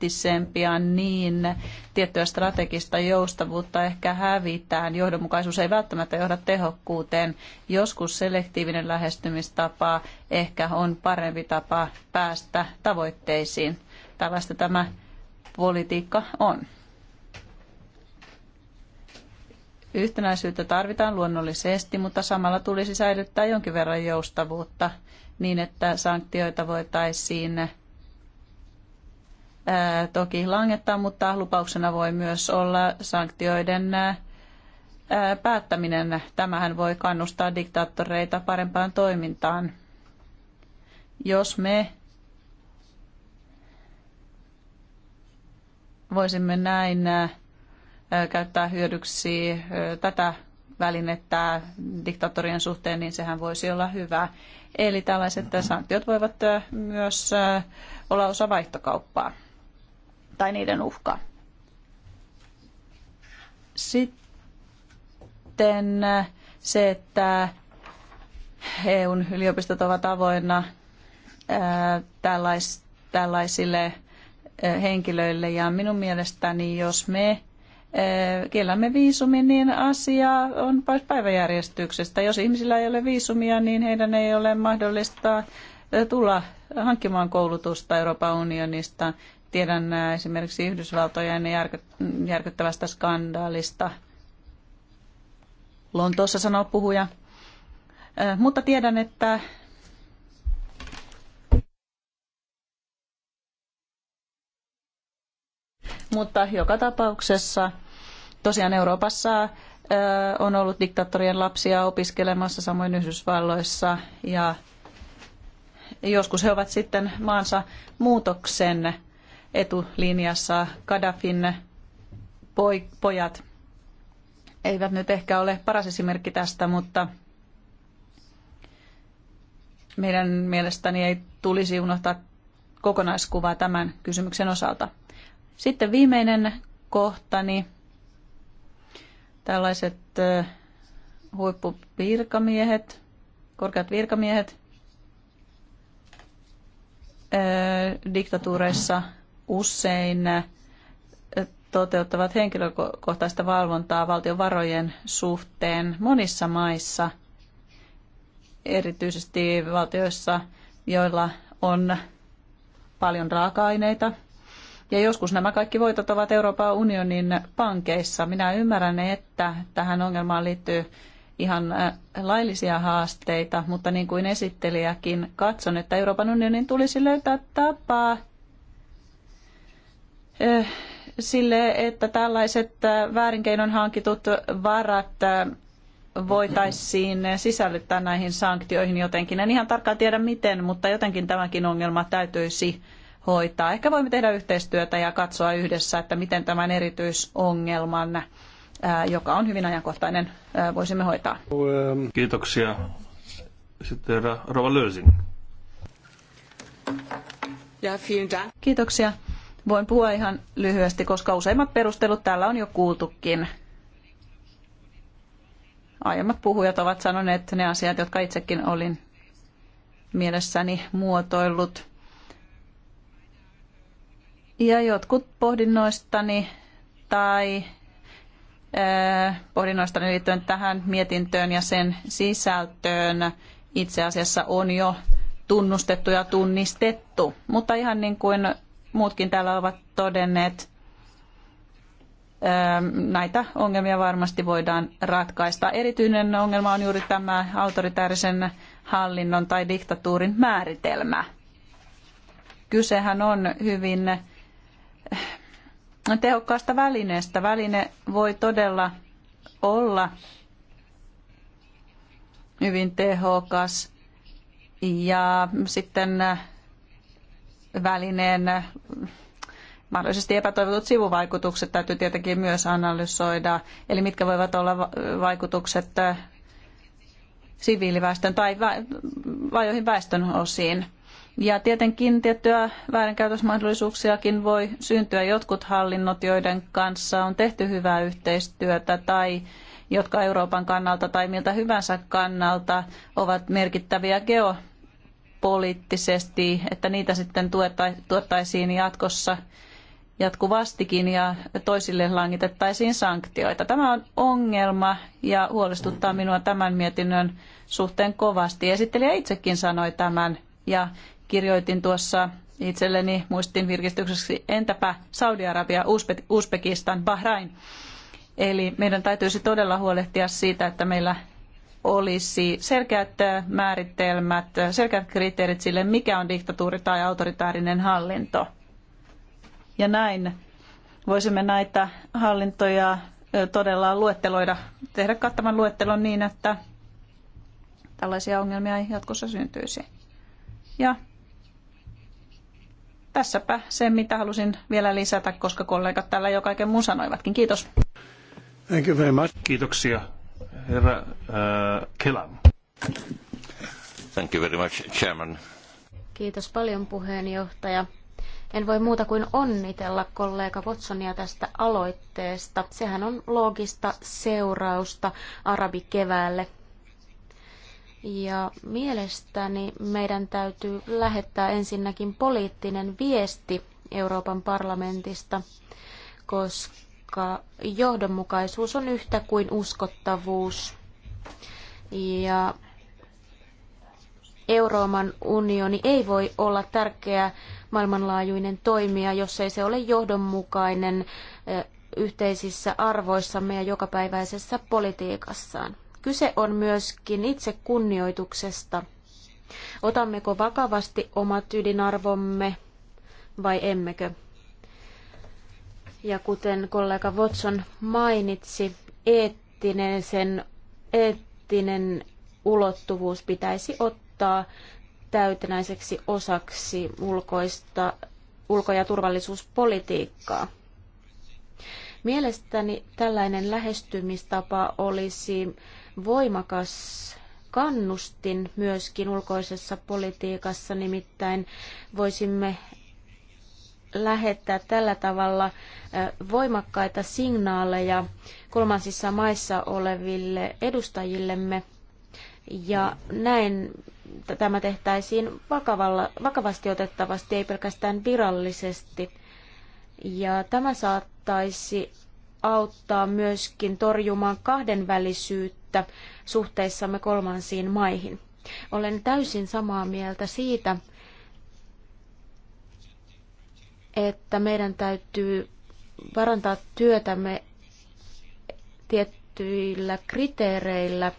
kriittisempiä, niin tiettyä strategista joustavuutta ehkä hävitään. Johdonmukaisuus ei välttämättä johda tehokkuuteen. Joskus selektiivinen lähestymistapa ehkä on parempi tapa päästä tavoitteisiin. Tällaista tämä politiikka on. Yhtenäisyyttä tarvitaan luonnollisesti, mutta samalla tulisi säilyttää jonkin verran joustavuutta niin, että sanktioita voitaisiin toki langettaa, mutta lupauksena voi myös olla sanktioiden päättäminen. Tämähän voi kannustaa diktaattoreita parempaan toimintaan. Jos me voisimme näin käyttää hyödyksi tätä välinettä diktaattorien suhteen, niin sehän voisi olla hyvä. Eli tällaiset sanktiot voivat myös olla osa vaihtokauppaa tai niiden uhka. Sitten äh, se, että EUn yliopistot ovat avoinna äh, tällais, tällaisille äh, henkilöille ja minun mielestäni jos me kiellämme viisumi, niin asia on pois päiväjärjestyksestä. Jos ihmisillä ei ole viisumia, niin heidän ei ole mahdollista tulla hankkimaan koulutusta Euroopan unionista. Tiedän äh, esimerkiksi Yhdysvaltojen järkyttävästä skandaalista. Lontoossa sanoo puhuja. Äh, mutta tiedän, että Mutta joka tapauksessa tosiaan Euroopassa äh, on ollut diktaattorien lapsia opiskelemassa, samoin Yhdysvalloissa. Ja joskus he ovat sitten maansa muutoksen etulinjassa. Gaddafin pojat eivät nyt ehkä ole paras esimerkki tästä, mutta meidän mielestäni ei tulisi unohtaa kokonaiskuvaa tämän kysymyksen osalta. Sitten viimeinen kohtani, tällaiset huippuvirkamiehet, korkeat virkamiehet diktatuureissa usein äh, toteuttavat henkilökohtaista valvontaa valtion varojen suhteen monissa maissa, erityisesti valtioissa, joilla on paljon raaka-aineita. Ja joskus nämä kaikki voitot ovat Euroopan unionin pankeissa. Minä ymmärrän, että tähän ongelmaan liittyy ihan äh, laillisia haasteita, mutta niin kuin esittelijäkin katson, että Euroopan unionin tulisi löytää tapaa Eh, sille, että tällaiset eh, väärinkeinon hankitut varat eh, voitaisiin sisällyttää näihin sanktioihin jotenkin. En ihan tarkkaan tiedä miten, mutta jotenkin tämäkin ongelma täytyisi hoitaa. Ehkä voimme tehdä yhteistyötä ja katsoa yhdessä, että miten tämän erityisongelman, joka on hyvin ajankohtainen, voisimme hoitaa. Kiitoksia. Sitten Rova Lösing. Ja, vielen Kiitoksia. Voin puhua ihan lyhyesti, koska useimmat perustelut täällä on jo kuultukin. Aiemmat puhujat ovat sanoneet ne asiat, jotka itsekin olin mielessäni muotoillut. Ja jotkut pohdinnoistani tai pohdinnoistani liittyen tähän mietintöön ja sen sisältöön itse asiassa on jo tunnustettu ja tunnistettu. Mutta ihan niin kuin muutkin täällä ovat todenneet, näitä ongelmia varmasti voidaan ratkaista. Erityinen ongelma on juuri tämä autoritäärisen hallinnon tai diktatuurin määritelmä. Kysehän on hyvin tehokkaasta välineestä. Väline voi todella olla hyvin tehokas ja sitten välineen eh, mahdollisesti epätoivotut sivuvaikutukset täytyy tietenkin myös analysoida, eli mitkä voivat olla vaikutukset eh, siviiliväestön tai vajoihin väestön osiin. Ja tietenkin tiettyä väärinkäytösmahdollisuuksiakin voi syntyä jotkut hallinnot, joiden kanssa on tehty hyvää yhteistyötä tai jotka Euroopan kannalta tai miltä hyvänsä kannalta ovat merkittäviä geo- poliittisesti, että niitä sitten tuettaisiin jatkossa jatkuvastikin ja toisille langitettaisiin sanktioita. Tämä on ongelma ja huolestuttaa minua tämän mietinnön suhteen kovasti. Esittelijä itsekin sanoi tämän ja kirjoitin tuossa itselleni muistin virkistykseksi, entäpä Saudi-Arabia, Uzbekistan, Bahrain. Eli meidän täytyisi todella huolehtia siitä, että meillä olisi selkeät määritelmät, selkeät kriteerit sille, mikä on diktatuuri tai autoritaarinen hallinto. Ja näin voisimme näitä hallintoja todella luetteloida, tehdä kattavan luettelon niin, että tällaisia ongelmia ei jatkossa syntyisi. Ja tässäpä se, mitä halusin vielä lisätä, koska kollegat täällä jo kaiken muun sanoivatkin. Kiitos. Thank you very much. Kiitoksia. Herra äh, Thank you very much, Chairman. Kiitos paljon puheenjohtaja. En voi muuta kuin onnitella kollega Watsonia tästä aloitteesta. Sehän on loogista seurausta arabikeväälle. Ja mielestäni meidän täytyy lähettää ensinnäkin poliittinen viesti Euroopan parlamentista, koska koska johdonmukaisuus on yhtä kuin uskottavuus. Ja Euroopan unioni ei voi olla tärkeä maailmanlaajuinen toimija, jos ei se ole johdonmukainen yhteisissä arvoissamme ja jokapäiväisessä politiikassaan. Kyse on myöskin itse kunnioituksesta. Otammeko vakavasti omat ydinarvomme vai emmekö? Ja kuten kollega Watson mainitsi, eettinen, sen, eettinen ulottuvuus pitäisi ottaa täytenäiseksi osaksi ulkoista, ulko- ja turvallisuuspolitiikkaa. Mielestäni tällainen lähestymistapa olisi voimakas kannustin myöskin ulkoisessa politiikassa, nimittäin voisimme lähettää tällä tavalla voimakkaita signaaleja kolmansissa maissa oleville edustajillemme. Ja näin tämä tehtäisiin vakavalla, vakavasti otettavasti, ei pelkästään virallisesti. Ja tämä saattaisi auttaa myöskin torjumaan kahdenvälisyyttä suhteissamme kolmansiin maihin. Olen täysin samaa mieltä siitä, että meidän täytyy parantaa työtämme tiettyillä kriteereillä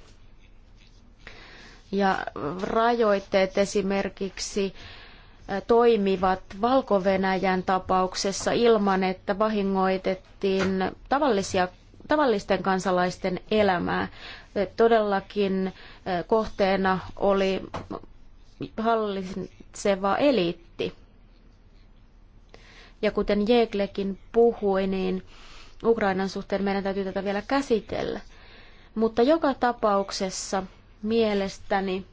ja rajoitteet esimerkiksi toimivat valko tapauksessa ilman, että vahingoitettiin tavallisia, tavallisten kansalaisten elämää. E, todellakin kohteena oli hallitseva eliitti. Ja kuten Jeglekin puhui, niin Ukrainan suhteen meidän täytyy tätä vielä käsitellä. Mutta joka tapauksessa mielestäni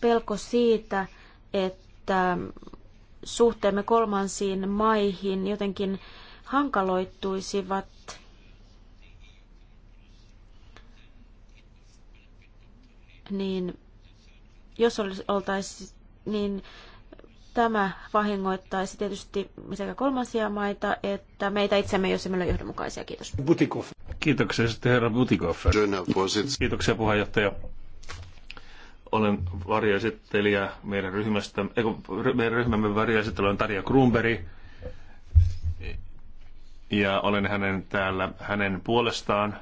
pelko siitä, että suhteemme kolmansiin maihin jotenkin hankaloittuisivat niin jos olisi, oltaisi, niin tämä vahingoittaisi tietysti sekä kolmansia maita että meitä itsemme, jos emme ole johdonmukaisia. Kiitos. Butikoff. Kiitoksia sitten herra Butikoff. Kiitoksia puheenjohtaja. Olen varjoesittelijä meidän ryhmästä, eikö, meidän ryhmämme varjoesittelijä on Tarja Grunberg. Ja olen hänen täällä hänen puolestaan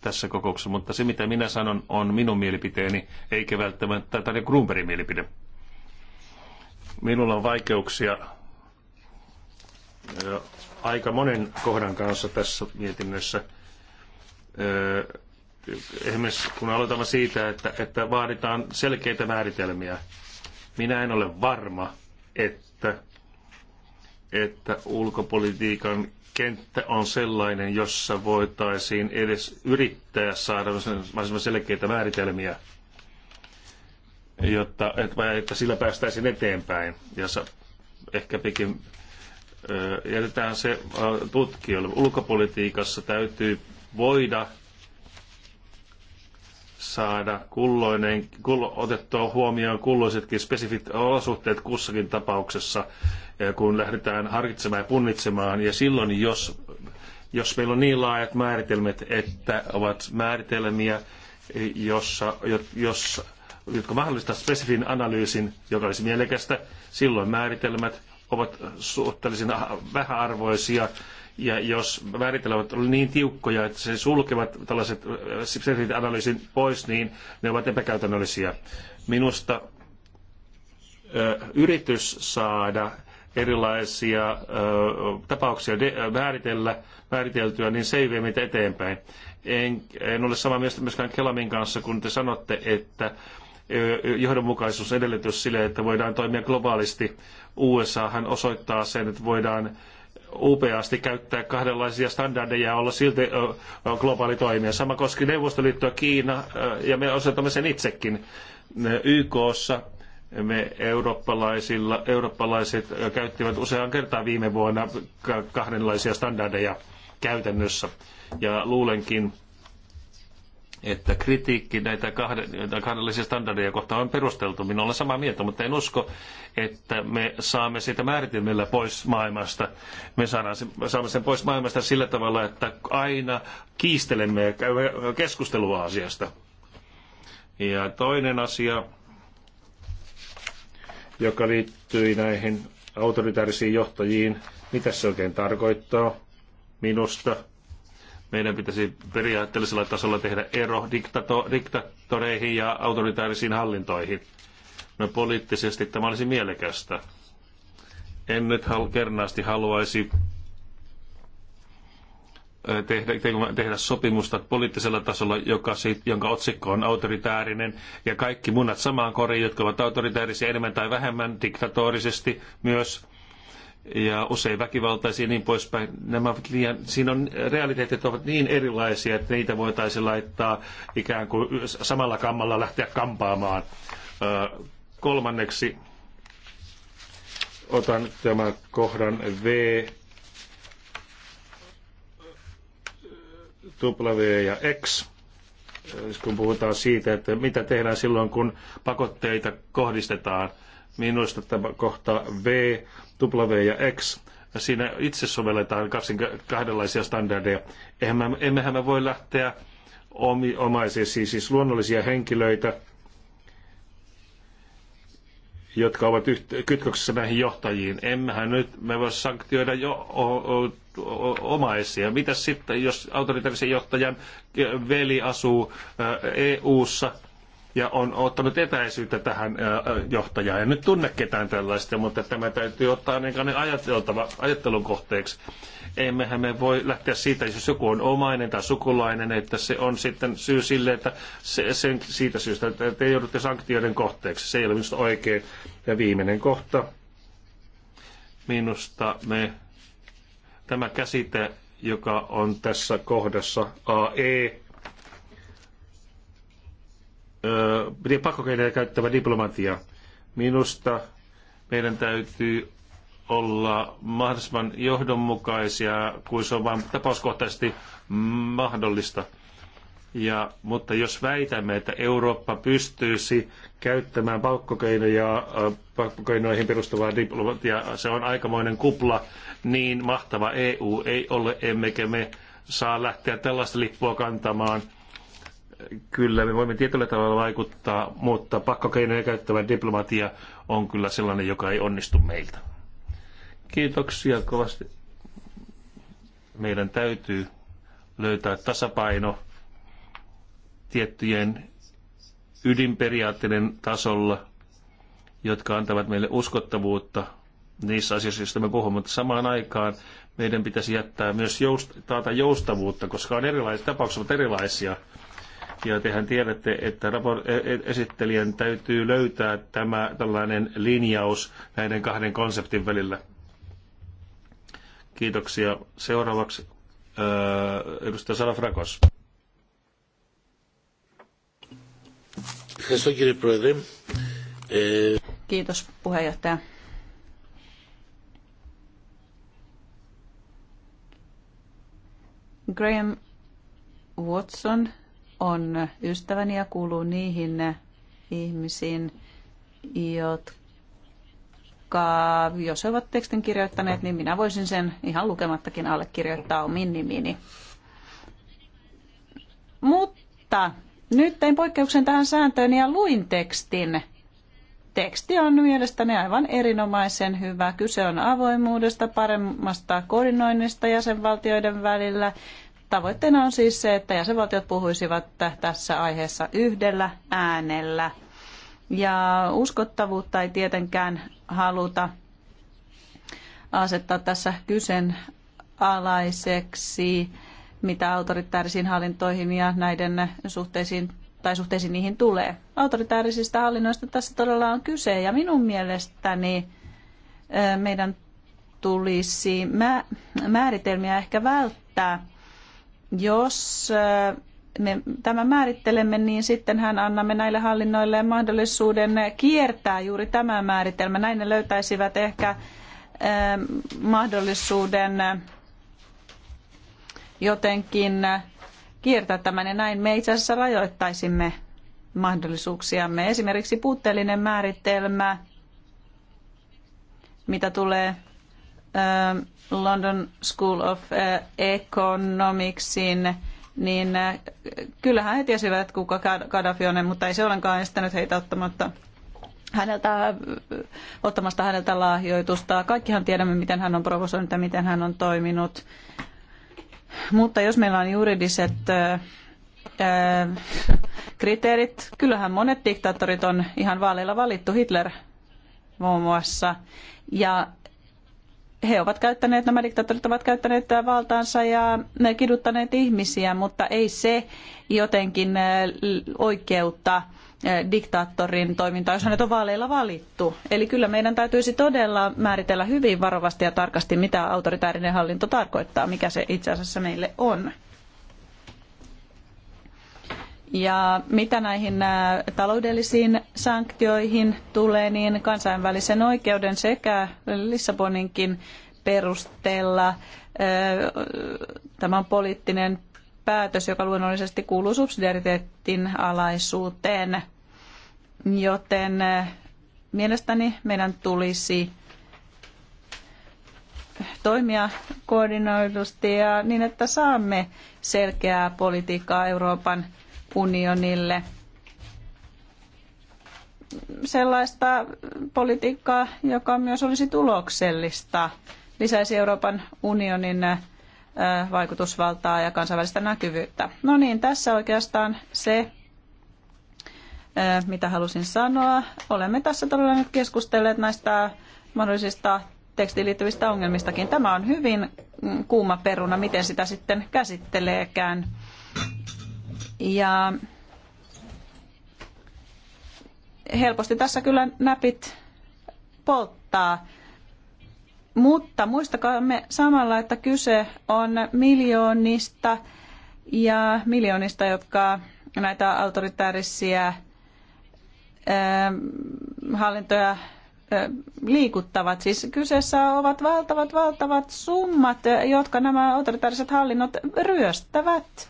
tässä kokouksessa, mutta se mitä minä sanon on minun mielipiteeni, eikä välttämättä Tarja Grunbergin mielipide Minulla on vaikeuksia aika monen kohdan kanssa tässä mietinnössä. Esimerkiksi kun aloitamme siitä, että, että vaaditaan selkeitä määritelmiä. Minä en ole varma, että, että ulkopolitiikan kenttä on sellainen, jossa voitaisiin edes yrittää saada mahdollisimman selkeitä määritelmiä – jotta, että sillä päästäisiin eteenpäin. Ja ehkä pikin jätetään se tutkijoille. Ulkopolitiikassa täytyy voida saada kulloinen, kull, otettua huomioon kulloisetkin spesifit olosuhteet kussakin tapauksessa, kun lähdetään harkitsemaan ja punnitsemaan. Ja silloin, jos, jos meillä on niin laajat määritelmät, että ovat määritelmiä, jossa, jos jotka mahdollistavat spesifin analyysin, joka olisi mielekästä. Silloin määritelmät ovat suhteellisen vähäarvoisia ja jos määritelmät ovat niin tiukkoja, että se sulkevat tällaiset äh, spesifin analyysin pois, niin ne ovat epäkäytännöllisiä. Minusta äh, yritys saada erilaisia ö, äh, tapauksia de, määritellä, määriteltyä, niin se ei vie meitä eteenpäin. En, en ole samaa mieltä myöskään Kelamin kanssa, kun te sanotte, että Johdonmukaisuus edellytys sille, että voidaan toimia globaalisti. USA hän osoittaa sen, että voidaan upeasti käyttää kahdenlaisia standardeja ja olla silti globaali toimija. Sama koski Neuvostoliittoa, Kiina ja me osoitamme sen itsekin. YKssa me eurooppalaisilla, eurooppalaiset käyttivät usean kertaa viime vuonna kahdenlaisia standardeja käytännössä. Ja luulenkin, että kritiikki näitä kahdellisia standardeja kohtaan on perusteltu. Minä olen samaa mieltä, mutta en usko, että me saamme sitä määritelmillä pois maailmasta. Me saadaan sen, saamme sen pois maailmasta sillä tavalla, että aina kiistelemme ja käymme keskustelua asiasta. Ja toinen asia, joka liittyy näihin autoritaarisiin johtajiin, mitä se oikein tarkoittaa minusta – meidän pitäisi periaatteellisella tasolla tehdä ero diktato, diktatoreihin ja autoritaarisiin hallintoihin. No poliittisesti tämä olisi mielekästä. En nyt hal- kernaasti haluaisi tehdä, tehdä sopimusta poliittisella tasolla, joka sit, jonka otsikko on autoritäärinen, ja kaikki munat samaan koriin, jotka ovat autoritäärisiä enemmän tai vähemmän diktatorisesti myös ja usein väkivaltaisia ja niin poispäin. Nämä ovat liian, siinä on, realiteetit ovat niin erilaisia, että niitä voitaisiin laittaa ikään kuin samalla kammalla lähteä kampaamaan. kolmanneksi otan tämän kohdan V, W ja X, siis kun puhutaan siitä, että mitä tehdään silloin, kun pakotteita kohdistetaan. Minusta tämä kohta V W ja X, siinä itse sovelletaan kaksin, kahdenlaisia standardeja. Emmehän me, emmehän me voi lähteä omi, omaisia, siis, siis luonnollisia henkilöitä, jotka ovat yht, kytköksessä näihin johtajiin. Emmehän nyt me voi sanktioida jo o, o, o, omaisia. Mitä sitten, jos autoritaarisen johtajan veli asuu EU-ssa ja on ottanut etäisyyttä tähän johtajaan. En nyt tunne ketään tällaista, mutta tämä täytyy ottaa niin ajateltava, ajattelun kohteeksi. Emmehän me voi lähteä siitä, jos joku on omainen tai sukulainen, että se on sitten syy sille, että se, sen, siitä syystä että te joudutte sanktioiden kohteeksi. Se ei ole minusta oikein. Ja viimeinen kohta. Minusta me tämä käsite, joka on tässä kohdassa AE, öö, pakkokeinoja käyttävä diplomatia. Minusta meidän täytyy olla mahdollisimman johdonmukaisia, kuin se on vain tapauskohtaisesti mahdollista. Ja, mutta jos väitämme, että Eurooppa pystyisi käyttämään palkkokeinoja, palkkokeinoihin perustuvaa diplomatiaa, se on aikamoinen kupla, niin mahtava EU ei ole, emmekä me saa lähteä tällaista lippua kantamaan – kyllä me voimme tietyllä tavalla vaikuttaa, mutta pakkokeinoja käyttävä diplomatia on kyllä sellainen, joka ei onnistu meiltä. Kiitoksia kovasti. Meidän täytyy löytää tasapaino tiettyjen ydinperiaatteiden tasolla, jotka antavat meille uskottavuutta niissä asioissa, joista me puhumme, mutta samaan aikaan meidän pitäisi jättää myös joust- taata joustavuutta, koska on erilaisia, tapauksia, erilaisia ja tehän tiedätte, että e- e- esittelijän täytyy löytää tämä tällainen linjaus näiden kahden konseptin välillä. Kiitoksia. Seuraavaksi ää, äh, edustaja Salafrakos. Kiitos puheenjohtaja. Graham Watson on ystäväni ja kuuluu niihin ihmisiin, jotka, jos he ovat tekstin kirjoittaneet, niin minä voisin sen ihan lukemattakin allekirjoittaa omin nimini. Mutta nyt tein poikkeuksen tähän sääntöön ja luin tekstin. Teksti on mielestäni aivan erinomaisen hyvä. Kyse on avoimuudesta, paremmasta koordinoinnista jäsenvaltioiden välillä Tavoitteena on siis se, että jäsenvaltiot puhuisivat tässä aiheessa yhdellä äänellä. Ja uskottavuutta ei tietenkään haluta asettaa tässä kyseenalaiseksi, mitä autoritäärisiin hallintoihin ja näiden suhteisiin tai suhteisiin niihin tulee. Autoritäärisistä hallinnoista tässä todella on kyse ja minun mielestäni meidän tulisi määritelmiä ehkä välttää jos äh, me tämä määrittelemme, niin sittenhän annamme näille hallinnoille mahdollisuuden kiertää juuri tämä määritelmä. Näin ne löytäisivät ehkä äh, mahdollisuuden jotenkin äh, kiertää tämän ja näin me itse asiassa rajoittaisimme mahdollisuuksiamme. Esimerkiksi puutteellinen määritelmä, mitä tulee Äh, London School of äh, Economicsin, niin äh, kyllähän he tiesivät, kuka Gaddafi on, mutta ei se ollenkaan estänyt heitä ottamatta häneltä, ottamasta häneltä lahjoitusta. Kaikkihan tiedämme, miten hän on provosoinut ja miten hän on toiminut. Mutta jos meillä on juridiset ää, kriteerit, kyllähän monet diktaattorit on ihan vaaleilla valittu, Hitler muun muassa. Ja he ovat käyttäneet, nämä diktaattorit ovat käyttäneet valtaansa ja kiduttaneet ihmisiä, mutta ei se jotenkin äh, oikeutta äh, diktaattorin toimintaa, jos hänet on vaaleilla valittu. Eli kyllä meidän täytyisi todella määritellä hyvin varovasti ja tarkasti, mitä autoritäärinen hallinto tarkoittaa, mikä se itse asiassa meille on. Ja mitä näihin taloudellisiin sanktioihin tulee, niin kansainvälisen oikeuden sekä Lissaboninkin perusteella tämä on poliittinen päätös, joka luonnollisesti kuuluu subsidiariteetin alaisuuteen. Joten mielestäni meidän tulisi toimia koordinoidusti ja niin, että saamme selkeää politiikkaa Euroopan unionille sellaista politiikkaa, joka myös olisi tuloksellista, lisäisi Euroopan unionin äh, vaikutusvaltaa ja kansainvälistä näkyvyyttä. No niin, tässä oikeastaan se, äh, mitä halusin sanoa. Olemme tässä todella nyt keskustelleet näistä mahdollisista tekstiin liittyvistä ongelmistakin. Tämä on hyvin mm, kuuma peruna, miten sitä sitten käsitteleekään. Ja helposti tässä kyllä näpit polttaa. Mutta me samalla, että kyse on miljoonista ja miljoonista, jotka näitä autoritäärisiä ähm, hallintoja äh, liikuttavat. Siis kyseessä ovat valtavat, valtavat summat, jotka nämä autoritaariset hallinnot ryöstävät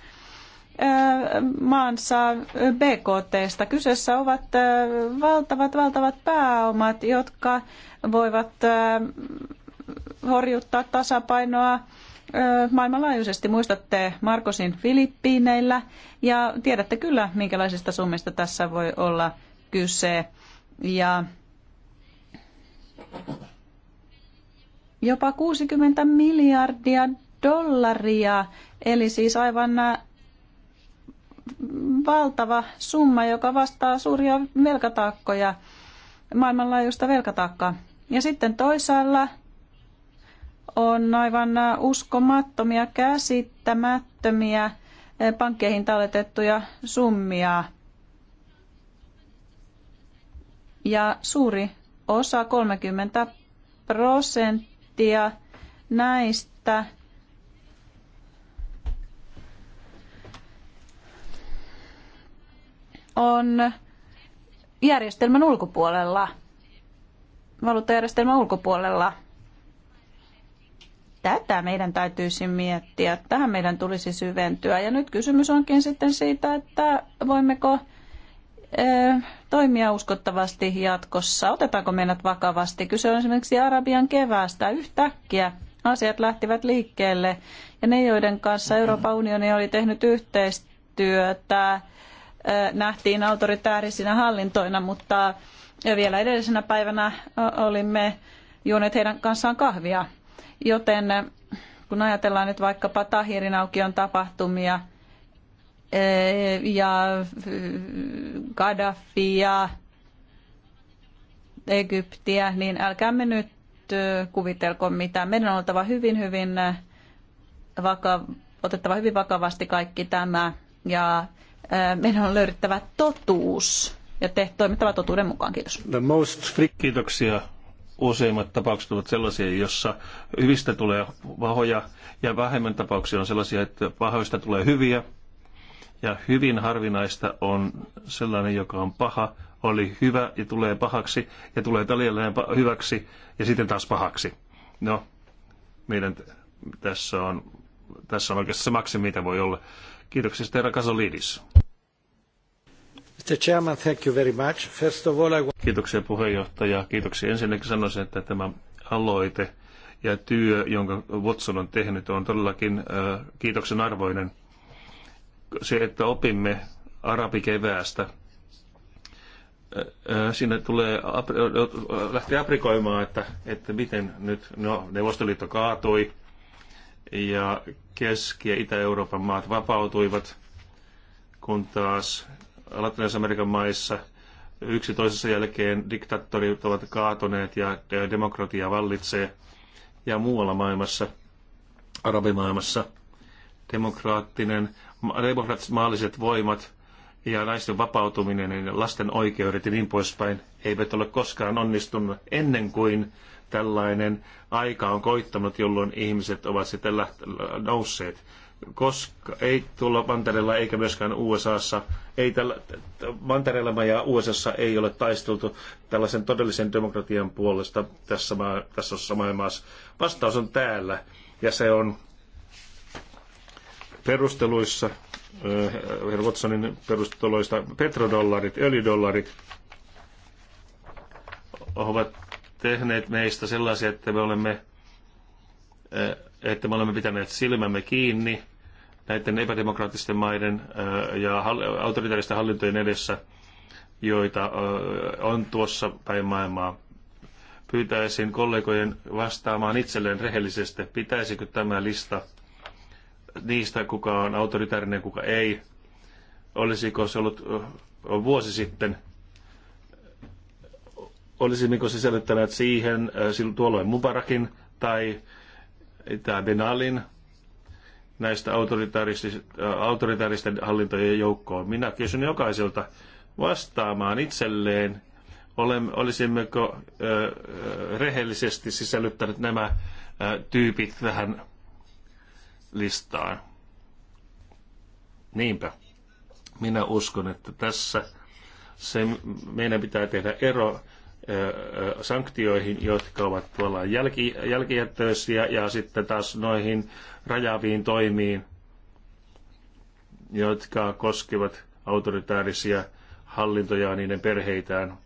maansa BKTstä. Kyseessä ovat valtavat, valtavat pääomat, jotka voivat horjuttaa tasapainoa maailmanlaajuisesti. Muistatte Markosin Filippiineillä ja tiedätte kyllä, minkälaisista summista tässä voi olla kyse. Ja jopa 60 miljardia dollaria, eli siis aivan valtava summa, joka vastaa suuria velkataakkoja, maailmanlaajuista velkataakkaa. Ja sitten toisaalla on aivan uskomattomia, käsittämättömiä eh, pankkeihin talletettuja summia. Ja suuri osa, 30 prosenttia näistä on järjestelmän ulkopuolella, valuuttajärjestelmän ulkopuolella. Tätä meidän täytyisi miettiä, tähän meidän tulisi syventyä. Ja nyt kysymys onkin sitten siitä, että voimmeko toimia uskottavasti jatkossa? Otetaanko meidät vakavasti? Kyse on esimerkiksi Arabian keväästä. Yhtäkkiä asiat lähtivät liikkeelle ja ne, joiden kanssa Euroopan unioni oli tehnyt yhteistyötä, nähtiin autoritäärisinä hallintoina, mutta vielä edellisenä päivänä olimme juoneet heidän kanssaan kahvia. Joten kun ajatellaan nyt vaikkapa Tahirin aukion tapahtumia ja Gaddafia, Egyptiä, niin älkäämme nyt kuvitelko mitään. Meidän on oltava hyvin, hyvin vaka- otettava hyvin vakavasti kaikki tämä ja meidän on löydettävä totuus ja te toimittava totuuden mukaan. Kiitos. The most free. Kiitoksia. Useimmat tapaukset ovat sellaisia, joissa hyvistä tulee pahoja ja vähemmän tapauksia on sellaisia, että pahoista tulee hyviä. Ja hyvin harvinaista on sellainen, joka on paha, oli hyvä ja tulee pahaksi ja tulee talialleen hyväksi ja sitten taas pahaksi. No, meidän tässä on, tässä on oikeastaan se maksimi, mitä voi olla. Kiitoksia, herra Kasolidis. Mr. Chairman, thank you very much. First of all, I... Kiitoksia puheenjohtaja. Kiitoksia. Ensinnäkin sanoisin, että tämä aloite ja työ, jonka Watson on tehnyt, on todellakin äh, kiitoksen arvoinen. Se, että opimme arabikeväästä, äh, äh, siinä tulee, äh, lähteä aprikoimaan, että, että miten nyt, no Neuvostoliitto kaatui ja Keski- ja Itä-Euroopan maat vapautuivat, kun taas Latinalaisen Amerikan maissa yksi toisessa jälkeen diktaattorit ovat kaatuneet ja demokratia vallitsee. Ja muualla maailmassa, arabimaailmassa, demokraattinen, demokraattiset voimat ja naisten vapautuminen ja niin lasten oikeudet ja niin poispäin eivät ole koskaan onnistunut ennen kuin tällainen aika on koittanut, jolloin ihmiset ovat sitten läht- nousseet koska ei tulla Mantereella eikä myöskään USAssa, ei tällä, Mantereella ja USAssa ei ole taisteltu tällaisen todellisen demokratian puolesta tässä, maa, tässä osassa maailmassa. Vastaus on täällä ja se on perusteluissa, äh, herra Watsonin perusteluista, petrodollarit, öljydollarit ovat tehneet meistä sellaisia, että me olemme äh, että me olemme pitäneet silmämme kiinni näiden epädemokraattisten maiden ja autoritaaristen hallintojen edessä, joita on tuossa päin maailmaa. Pyytäisin kollegojen vastaamaan itselleen rehellisesti, pitäisikö tämä lista niistä, kuka on autoritaarinen, kuka ei, olisiko se ollut vuosi sitten, olisimmeko sisällyttäneet siihen tuolloin Mubarakin tai, tai Benalin – näistä autoritaaristen hallintojen joukkoon. Minä kysyn jokaiselta vastaamaan itselleen, olisimmeko rehellisesti sisällyttäneet nämä tyypit tähän listaan. Niinpä. Minä uskon, että tässä se, meidän pitää tehdä ero sanktioihin, jotka ovat tuolla jälki, jälkijättöisiä, ja sitten taas noihin rajaviin toimiin, jotka koskevat autoritaarisia hallintoja ja niiden perheitään.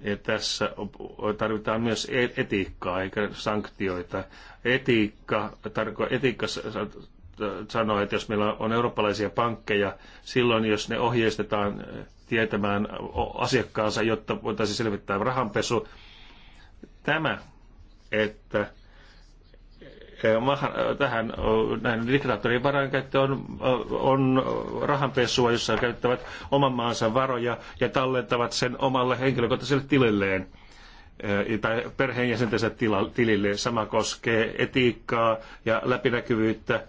Ja tässä tarvitaan myös e- etiikkaa eikä sanktioita. Etiikka, tarko, etiikka sanoo, että jos meillä on eurooppalaisia pankkeja, silloin jos ne ohjeistetaan tietämään asiakkaansa, jotta voitaisiin selvittää rahanpesu, tämä, että tähän näin diktaattorien varankäyttö on, on rahanpesua, jossa käyttävät oman maansa varoja ja tallentavat sen omalle henkilökohtaiselle tililleen tai perheenjäsentensä tilille. Sama koskee etiikkaa ja läpinäkyvyyttä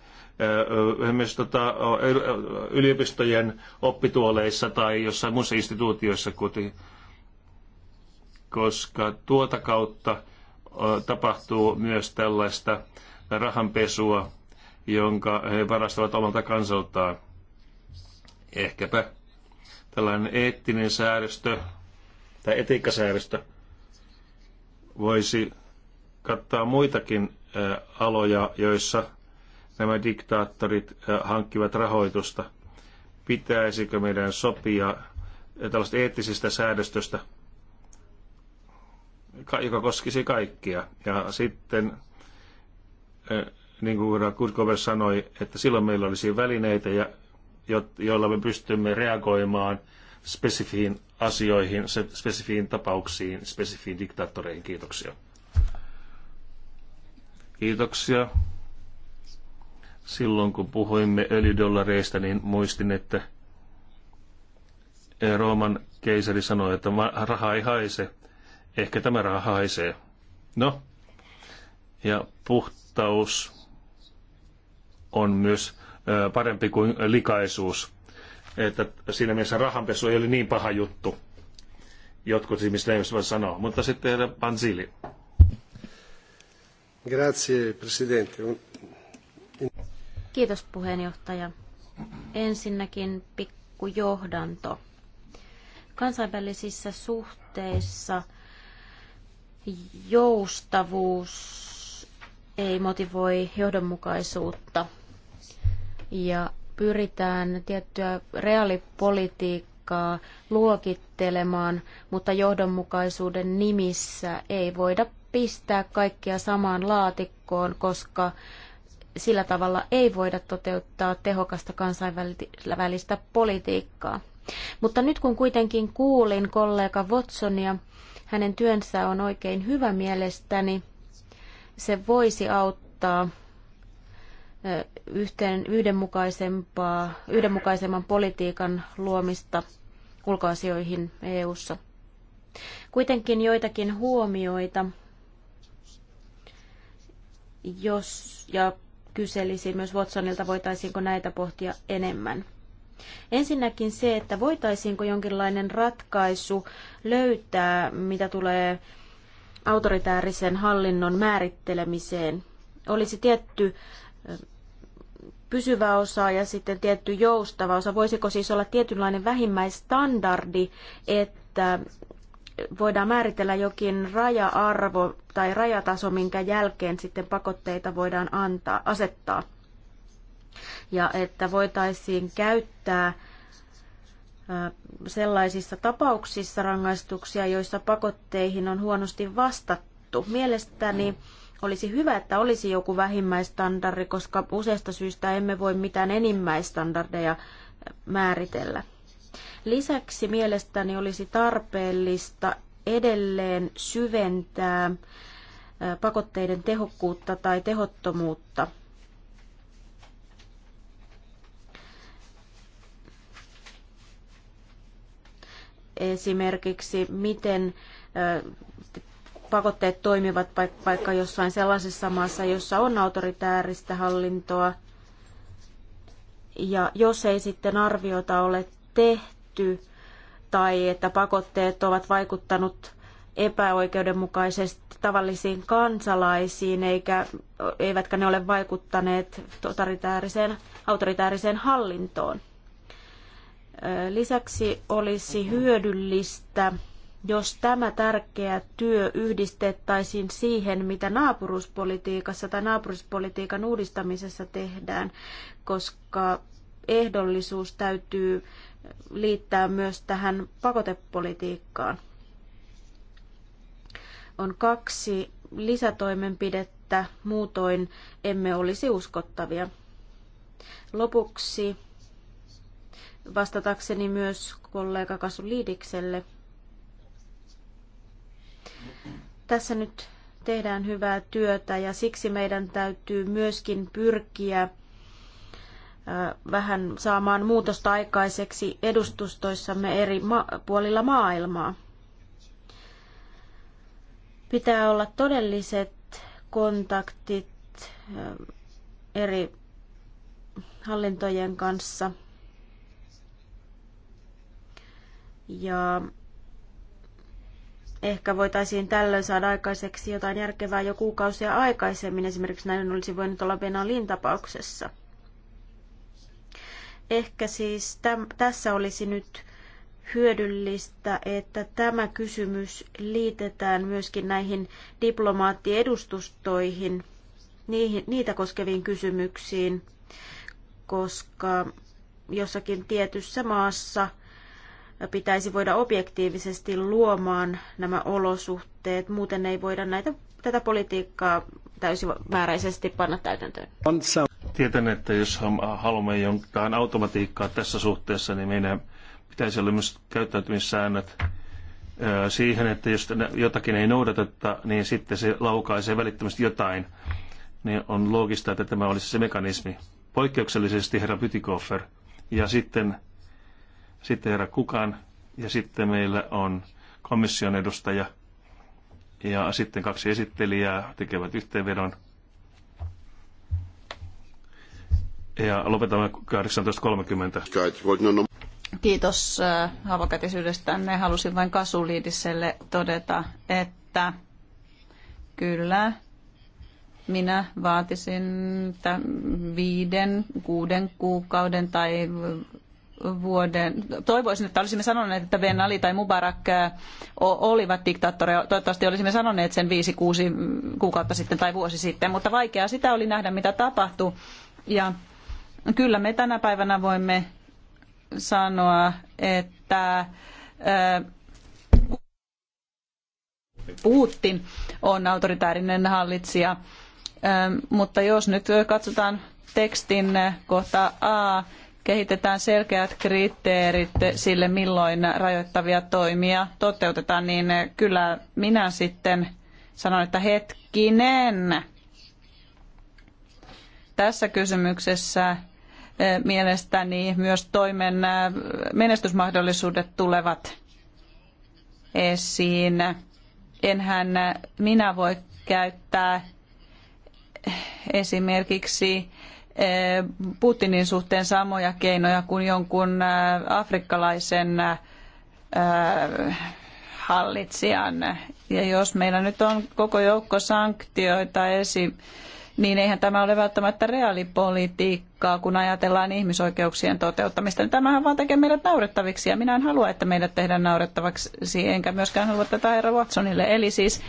myös tota, yliopistojen oppituoleissa tai jossain muissa instituutioissa, kuten, koska tuota kautta tapahtuu myös tällaista rahanpesua, jonka he varastavat omalta kansaltaan. Ehkäpä tällainen eettinen säädöstö tai etiikkasäädöstö voisi kattaa muitakin aloja, joissa nämä diktaattorit hankkivat rahoitusta. Pitäisikö meidän sopia tällaista eettisistä säädöstöstä, joka koskisi kaikkia? Ja sitten niin kuin Kutkover sanoi, että silloin meillä olisi välineitä, ja, joilla me pystymme reagoimaan spesifiin asioihin, spesifiin tapauksiin, spesifiin diktaattoreihin. Kiitoksia. Kiitoksia. Silloin kun puhuimme öljydollareista, niin muistin, että Rooman keisari sanoi, että raha ei haise. Ehkä tämä raha haisee. No, ja puhtaus on myös parempi kuin likaisuus. Että siinä mielessä rahanpesu ei ole niin paha juttu, jotkut ihmiset eivät voi sanoa. Mutta sitten Pansili. Grazie, presidente. Kiitos puheenjohtaja. Ensinnäkin pikku johdanto. Kansainvälisissä suhteissa joustavuus ei motivoi johdonmukaisuutta ja pyritään tiettyä reaalipolitiikkaa luokittelemaan, mutta johdonmukaisuuden nimissä ei voida pistää kaikkia samaan laatikkoon, koska sillä tavalla ei voida toteuttaa tehokasta kansainvälistä politiikkaa. Mutta nyt kun kuitenkin kuulin kollega Watsonia, hänen työnsä on oikein hyvä mielestäni, se voisi auttaa yhteen, yhdenmukaisempaa, yhdenmukaisemman politiikan luomista ulkoasioihin EU:ssa. Kuitenkin joitakin huomioita, jos ja kyselisi myös Watsonilta, voitaisiinko näitä pohtia enemmän. Ensinnäkin se, että voitaisiinko jonkinlainen ratkaisu löytää, mitä tulee autoritäärisen hallinnon määrittelemiseen. Olisi tietty pysyvä osa ja sitten tietty joustava osa. Voisiko siis olla tietynlainen vähimmäistandardi, että voidaan määritellä jokin raja-arvo tai rajataso, minkä jälkeen sitten pakotteita voidaan antaa, asettaa. Ja että voitaisiin käyttää sellaisissa tapauksissa rangaistuksia, joissa pakotteihin on huonosti vastattu. Mielestäni olisi hyvä, että olisi joku vähimmäistandardi, koska useista syistä emme voi mitään enimmäistandardeja määritellä. Lisäksi mielestäni olisi tarpeellista edelleen syventää pakotteiden tehokkuutta tai tehottomuutta esimerkiksi, miten pakotteet toimivat vaikka jossain sellaisessa maassa, jossa on autoritääristä hallintoa. Ja jos ei sitten arviota ole tehty tai että pakotteet ovat vaikuttanut epäoikeudenmukaisesti tavallisiin kansalaisiin, eikä, eivätkä ne ole vaikuttaneet autoritääriseen, hallintoon. Lisäksi olisi hyödyllistä, jos tämä tärkeä työ yhdistettäisiin siihen, mitä naapuruuspolitiikassa tai naapuruuspolitiikan uudistamisessa tehdään, koska ehdollisuus täytyy liittää myös tähän pakotepolitiikkaan. On kaksi lisätoimenpidettä, muutoin emme olisi uskottavia. Lopuksi vastatakseni myös kollega Kasu Liidikselle. Tässä nyt tehdään hyvää työtä ja siksi meidän täytyy myöskin pyrkiä vähän saamaan muutosta aikaiseksi edustustoissamme eri ma- puolilla maailmaa. Pitää olla todelliset kontaktit eri hallintojen kanssa – Ja ehkä voitaisiin tällöin saada aikaiseksi jotain järkevää jo kuukausia aikaisemmin. Esimerkiksi näin olisi voinut olla Benalin tapauksessa. Ehkä siis täm, tässä olisi nyt hyödyllistä, että tämä kysymys liitetään myöskin näihin diplomaattiedustustoihin, niihin, niitä koskeviin kysymyksiin, koska jossakin tietyssä maassa – pitäisi voida objektiivisesti luomaan nämä olosuhteet, muuten ei voida näitä, tätä politiikkaa täysimääräisesti panna täytäntöön. Tietän, että jos haluamme jotain automatiikkaa tässä suhteessa, niin meidän pitäisi olla myös käyttäytymissäännöt siihen, että jos jotakin ei noudateta, niin sitten se laukaisee välittömästi jotain. Niin on loogista, että tämä olisi se mekanismi. Poikkeuksellisesti herra Pytikoffer. Ja sitten sitten herra Kukan ja sitten meillä on komission edustaja ja sitten kaksi esittelijää tekevät yhteenvedon. Ja lopetamme 18.30. Kiitos äh, avokätisyydestänne. Halusin vain Kasuliidiselle todeta, että kyllä minä vaatisin viiden, kuuden kuukauden tai vuoden, toivoisin, että olisimme sanoneet, että Ben Ali tai Mubarak olivat diktaattoreja. Toivottavasti olisimme sanoneet sen viisi kuusi kuukautta sitten tai vuosi sitten, mutta vaikeaa sitä oli nähdä, mitä tapahtui. Ja kyllä me tänä päivänä voimme sanoa, että Putin on autoritäärinen hallitsija, mutta jos nyt katsotaan tekstin kohta A, kehitetään selkeät kriteerit sille, milloin rajoittavia toimia toteutetaan, niin kyllä minä sitten sanon, että hetkinen. Tässä kysymyksessä eh, mielestäni myös toimen eh, menestysmahdollisuudet tulevat esiin. Enhän minä voi käyttää eh, esimerkiksi Eh, Putinin suhteen samoja keinoja kuin jonkun eh, afrikkalaisen eh, hallitsijan. Ja jos meillä nyt on koko joukko sanktioita esi, niin eihän tämä ole välttämättä reaalipolitiikkaa, kun ajatellaan ihmisoikeuksien toteuttamista. Niin tämähän vaan tekee meidät naurettaviksi, ja minä en halua, että meidät tehdään naurettavaksi, enkä myöskään halua tätä herra Watsonille. Eli siis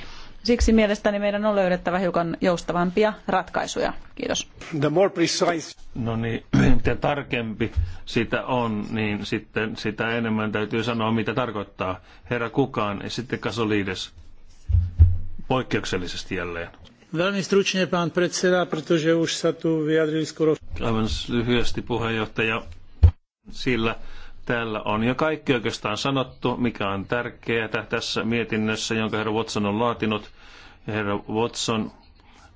Siksi mielestäni meidän on löydettävä hiukan joustavampia ratkaisuja. Kiitos. The more precise. No niin, mitä tarkempi sitä on, niin sitten sitä enemmän täytyy sanoa, mitä tarkoittaa. Herra kukaan, ja sitten Kasolides poikkeuksellisesti jälleen. Veľmi stručne, pán predseda, pretože už sa tu vyjadrili skoro... Aivan lyhyesti, puheenjohtaja, sillä Täällä on jo kaikki oikeastaan sanottu, mikä on tärkeää tässä mietinnössä, jonka herra Watson on laatinut. Herra Watson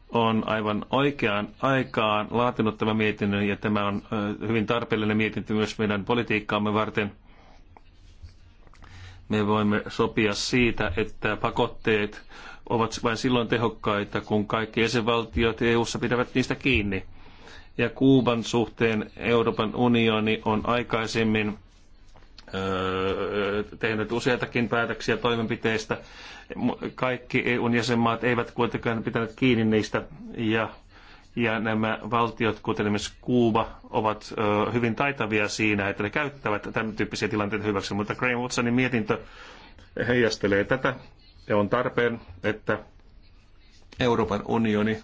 on aivan oikeaan aikaan laatinut tämän mietinnön ja tämä on hyvin tarpeellinen mietintö myös meidän politiikkaamme varten. Me voimme sopia siitä, että pakotteet ovat vain silloin tehokkaita, kun kaikki jäsenvaltiot EU-ssa pitävät niistä kiinni. Ja Kuuban suhteen Euroopan unioni on aikaisemmin Öö, tehnyt useitakin päätöksiä toimenpiteistä. Kaikki EUn jäsenmaat eivät kuitenkaan pitäneet kiinni niistä ja ja nämä valtiot, kuten esimerkiksi Kuuba, ovat ö, öö, hyvin taitavia siinä, että ne käyttävät tämän tyyppisiä tilanteita hyväksi. Mutta Graham Woodsonin mietintö heijastelee tätä ja on tarpeen, että Euroopan unioni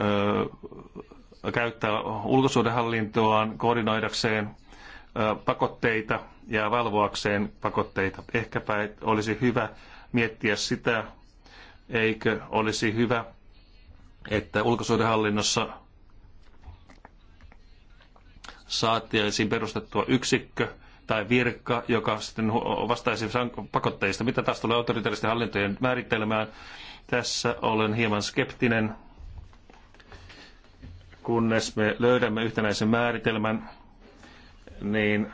ö, öö, käyttää ulkosuhdehallintoaan koordinoidakseen pakotteita ja valvoakseen pakotteita. Ehkäpä olisi hyvä miettiä sitä, eikö olisi hyvä, että ulkosuhdehallinnossa saataisiin perustettua yksikkö tai virkka, joka sitten vastaisi pakotteista. Mitä taas tulee autoritaaristen hallintojen määrittelemään? Tässä olen hieman skeptinen, kunnes me löydämme yhtenäisen määritelmän niin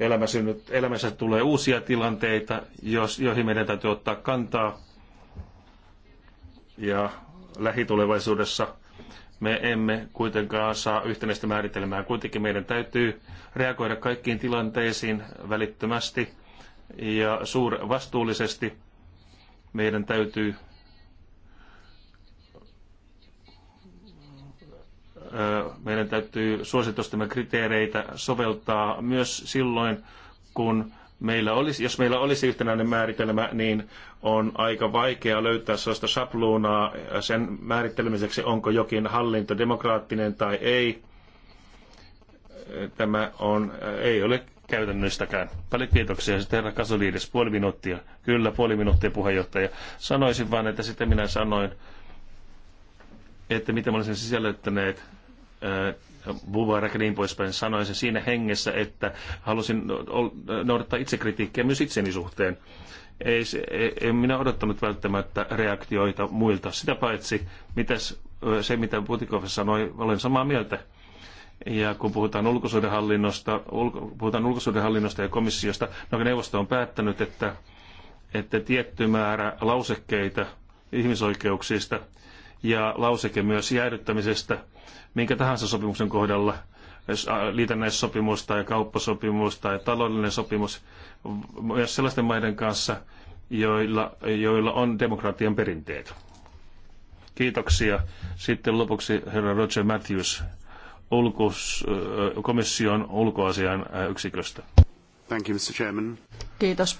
elämä synnyt, elämässä tulee uusia tilanteita, jos, joihin meidän täytyy ottaa kantaa. Ja lähitulevaisuudessa me emme kuitenkaan saa yhtenäistä määritelmää. Kuitenkin meidän täytyy reagoida kaikkiin tilanteisiin välittömästi ja suur, vastuullisesti. Meidän täytyy meidän täytyy suositustemme kriteereitä soveltaa myös silloin, kun meillä olisi, jos meillä olisi yhtenäinen määritelmä, niin on aika vaikea löytää sellaista sapluunaa sen määrittelemiseksi, onko jokin hallinto demokraattinen tai ei. Tämä on, ei ole käytännöistäkään. Paljon kiitoksia. Sitten herra Kasoliides, puoli minuuttia. Kyllä, puoli minuuttia puheenjohtaja. Sanoisin vain, että sitten minä sanoin, että mitä me olisimme sisällyttäneet Mubarak äh, ja niin poispäin sanoin sen siinä hengessä, että halusin noudattaa itsekritiikkiä myös itseni suhteen. Ei, se, ei, en minä odottanut välttämättä reaktioita muilta. Sitä paitsi, mitäs, se mitä Putikov sanoi, olen samaa mieltä. Ja kun puhutaan ulkosuudenhallinnosta, ulko, puhutaan ulkosuudenhallinnosta ja komissiosta, no neuvosto on päättänyt, että, että tietty määrä lausekkeita ihmisoikeuksista – ja lauseke myös jäädyttämisestä minkä tahansa sopimuksen kohdalla, liitännäissopimus tai kauppasopimus tai taloudellinen sopimus, myös sellaisten maiden kanssa, joilla, joilla on demokratian perinteet. Kiitoksia. Sitten lopuksi herra Roger Matthews ulkos, komission ulkoasian yksiköstä. Thank you, Mr. Chairman. Kiitos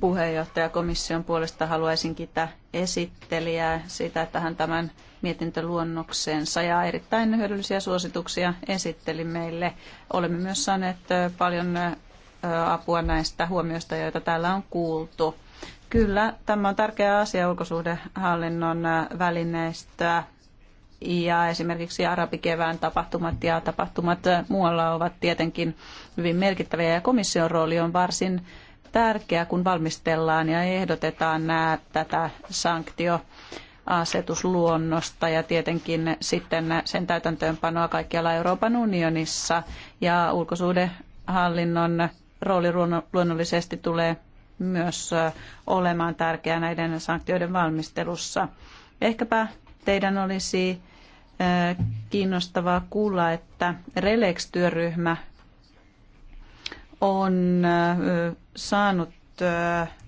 puheenjohtaja komission puolesta haluaisin kiittää esittelijää siitä, että hän tämän mietintöluonnokseensa ja erittäin hyödyllisiä suosituksia esitteli meille. Olemme myös saaneet paljon apua näistä huomioista, joita täällä on kuultu. Kyllä, tämä on tärkeä asia ulkosuhdehallinnon välineistä ja esimerkiksi arabikevään tapahtumat ja tapahtumat muualla ovat tietenkin hyvin merkittäviä ja komission rooli on varsin tärkeä, kun valmistellaan ja ehdotetaan nämä, tätä sanktio asetusluonnosta ja tietenkin sitten sen täytäntöönpanoa kaikkialla Euroopan unionissa ja ulkosuhdehallinnon rooli luonnollisesti tulee myös olemaan tärkeä näiden sanktioiden valmistelussa. Ehkäpä teidän olisi kiinnostavaa kuulla, että RELEX-työryhmä on saanut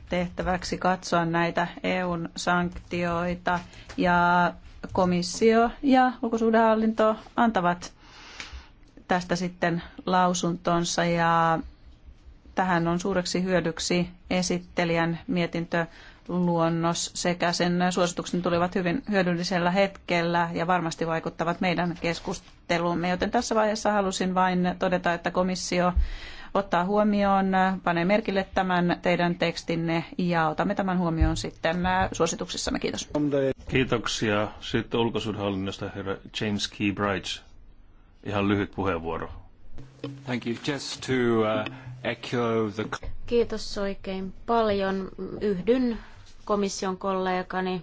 tehtäväksi katsoa näitä EUn sanktioita ja komissio ja ulkosuhdehallinto antavat tästä sitten lausuntonsa ja tähän on suureksi hyödyksi esittelijän mietintö luonnos sekä sen suositukset tulivat hyvin hyödyllisellä hetkellä ja varmasti vaikuttavat meidän keskusteluumme. Joten tässä vaiheessa halusin vain todeta, että komissio ottaa huomioon. Panee merkille tämän teidän tekstinne ja otamme tämän huomioon sitten äh, suosituksissamme. Kiitos. Kiitoksia. Sitten ulkosuudenhallinnosta herra James Key Bright. Ihan lyhyt puheenvuoro. Thank you. Just to, uh, echo the... Kiitos oikein paljon. Yhdyn komission kollegani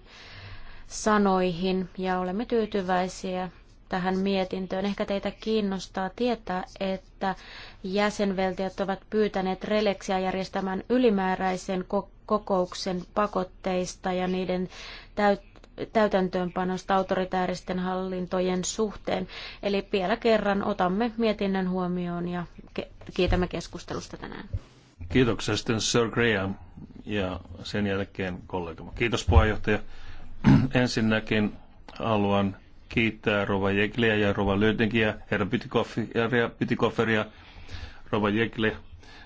sanoihin ja olemme tyytyväisiä tähän mietintöön. Ehkä teitä kiinnostaa tietää, että jäsenveltiöt ovat pyytäneet relexia järjestämään ylimääräisen kokouksen pakotteista ja niiden täyt- täytäntöönpanosta autoritääristen hallintojen suhteen. Eli vielä kerran otamme mietinnön huomioon ja kiitämme keskustelusta tänään. Kiitoksia sitten Sir Graham ja sen jälkeen kollegamme. Kiitos puheenjohtaja. Ensinnäkin haluan kiittää Rova Jekliä ja Rova Lötenkiä, herra Pitikofferia, Rova Jekle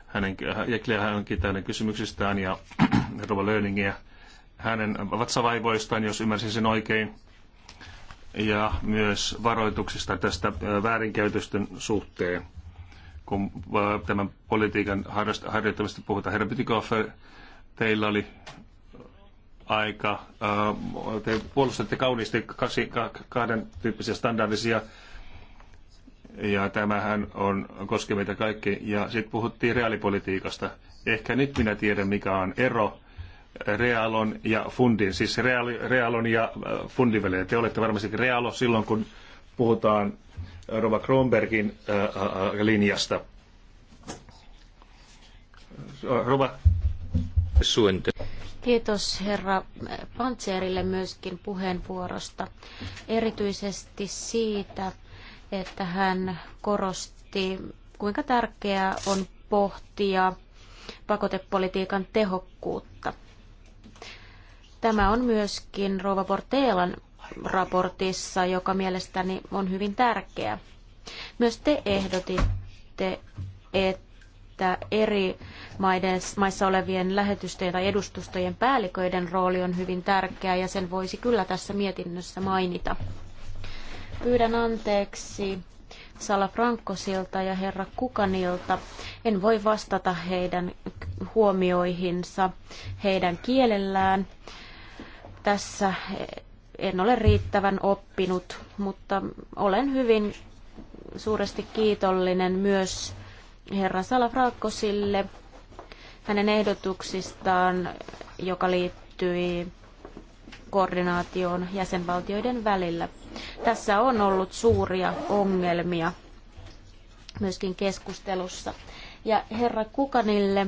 hänen, Jekliä hän kiittää hänen kysymyksistään ja Rova Löningiä hänen vatsavaivoistaan, jos ymmärsin sen oikein, ja myös varoituksista tästä äh, väärinkäytösten suhteen, kun äh, tämän politiikan harjoittamista puhutaan. Herra Pitikoffer, teillä oli aika. Äh, te puolustatte kauniisti kahden tyyppisiä standardisia ja tämähän on, koskee meitä kaikki. Ja sitten puhuttiin reaalipolitiikasta. Ehkä nyt minä tiedän, mikä on ero Realon ja Fundin, siis real, Realon ja äh, Fundin välillä. Te olette varmasti Realo silloin, kun puhutaan Rova Kronbergin äh, linjasta. Rova Suunnitelma. Kiitos herra Pantserille myöskin puheenvuorosta, erityisesti siitä, että hän korosti, kuinka tärkeää on pohtia pakotepolitiikan tehokkuutta. Tämä on myöskin Rova Porteelan raportissa, joka mielestäni on hyvin tärkeä. Myös te ehdotitte, että eri maissa olevien lähetystöjen tai edustustojen päälliköiden rooli on hyvin tärkeä ja sen voisi kyllä tässä mietinnössä mainita. Pyydän anteeksi Sala Frankkosilta ja herra Kukanilta. En voi vastata heidän huomioihinsa heidän kielellään. Tässä en ole riittävän oppinut, mutta olen hyvin suuresti kiitollinen myös herra Salafrakkosille hänen ehdotuksistaan, joka liittyi koordinaatioon jäsenvaltioiden välillä. Tässä on ollut suuria ongelmia myöskin keskustelussa. Ja herra Kukanille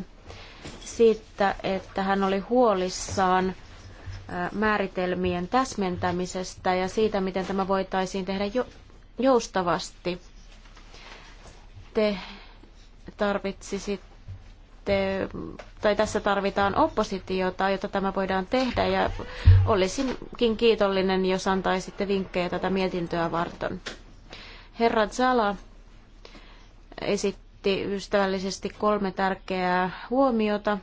siitä, että hän oli huolissaan määritelmien täsmentämisestä ja siitä, miten tämä voitaisiin tehdä joustavasti. Te tarvitsisitte tarvitsee, tai tässä tarvitaan oppositiota, jota tämä voidaan tehdä, ja olisinkin kiitollinen, jos antaisitte vinkkejä tätä mietintöä varten. Herra Zala esitti ystävällisesti kolme tärkeää huomiota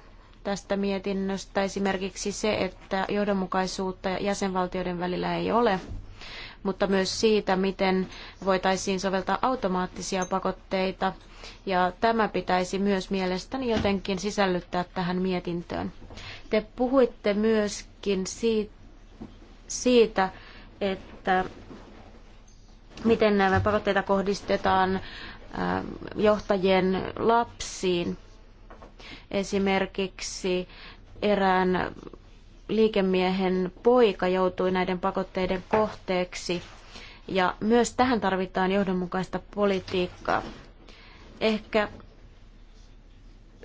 tästä mietinnöstä, esimerkiksi se, että johdonmukaisuutta jäsenvaltioiden välillä ei ole – mutta myös siitä, miten voitaisiin soveltaa automaattisia pakotteita. Ja tämä pitäisi myös mielestäni jotenkin sisällyttää tähän mietintöön. Te puhuitte myöskin siitä, että miten nämä pakotteita kohdistetaan ähm, johtajien lapsiin. Esimerkiksi erään liikemiehen poika joutui näiden pakotteiden kohteeksi. Ja myös tähän tarvitaan johdonmukaista politiikkaa. Ehkä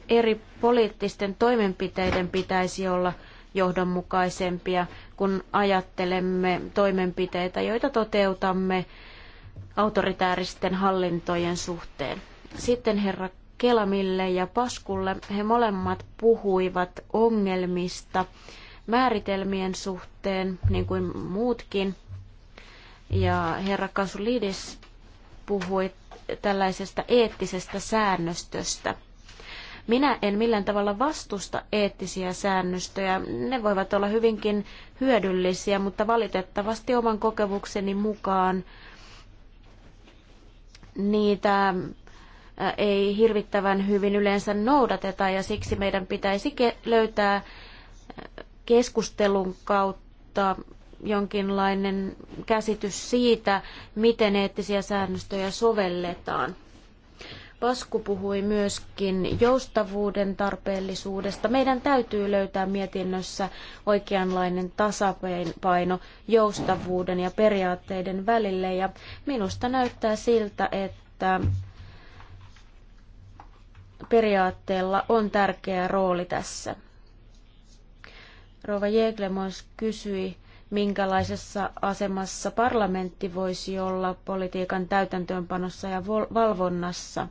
eri poliittisten toimenpiteiden pitäisi olla johdonmukaisempia, kun ajattelemme toimenpiteitä, joita toteutamme autoritääristen hallintojen suhteen. Sitten herra Kelamille ja Paskulle, he molemmat puhuivat ongelmista, määritelmien suhteen, niin kuin muutkin. Ja herra Kasulidis puhui tällaisesta eettisestä säännöstöstä. Minä en millään tavalla vastusta eettisiä säännöstöjä. Ne voivat olla hyvinkin hyödyllisiä, mutta valitettavasti oman kokemukseni mukaan niitä ei hirvittävän hyvin yleensä noudateta ja siksi meidän pitäisi löytää keskustelun kautta jonkinlainen käsitys siitä, miten eettisiä säännöstöjä sovelletaan. Pasku puhui myöskin joustavuuden tarpeellisuudesta. Meidän täytyy löytää mietinnössä oikeanlainen tasapaino joustavuuden ja periaatteiden välille. Ja minusta näyttää siltä, että periaatteella on tärkeä rooli tässä. Rova Jegle kysyi, minkälaisessa asemassa parlamentti voisi olla politiikan täytäntöönpanossa ja valvonnassa.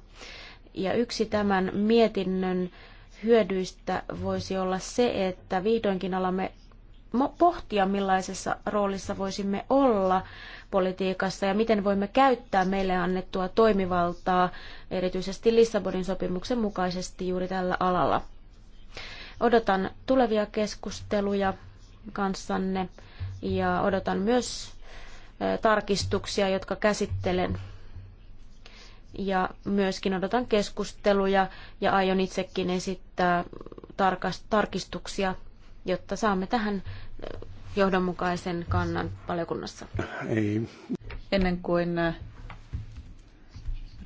Ja yksi tämän mietinnön hyödyistä voisi olla se, että vihdoinkin alamme pohtia, millaisessa roolissa voisimme olla politiikassa ja miten voimme käyttää meille annettua toimivaltaa, erityisesti Lissabonin sopimuksen mukaisesti juuri tällä alalla. Odotan tulevia keskusteluja kanssanne ja odotan myös tarkistuksia, jotka käsittelen. Ja myöskin odotan keskusteluja ja aion itsekin esittää tarkistuksia, jotta saamme tähän johdonmukaisen kannan valiokunnassa. Ei. Ennen kuin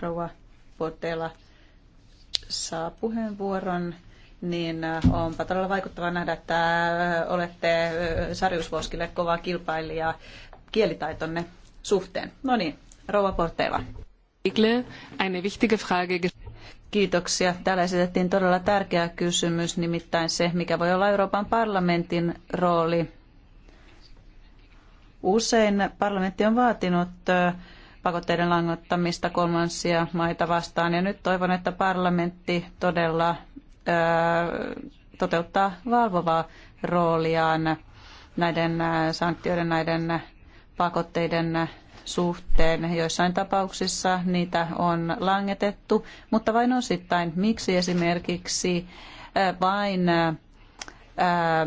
rouva Potela saa puheenvuoron, niin äh, onpa todella vaikuttavaa nähdä, että äh, olette äh, Sarjusvoskille kova kilpailija kielitaitonne suhteen. No niin, rouva Porteva. Kiitoksia. Täällä esitettiin todella tärkeä kysymys, nimittäin se, mikä voi olla Euroopan parlamentin rooli. Usein parlamentti on vaatinut pakotteiden langottamista kolmansia maita vastaan. Ja nyt toivon, että parlamentti todella toteuttaa valvovaa rooliaan näiden sanktioiden, näiden pakotteiden suhteen. Joissain tapauksissa niitä on langetettu, mutta vain osittain. Miksi esimerkiksi vain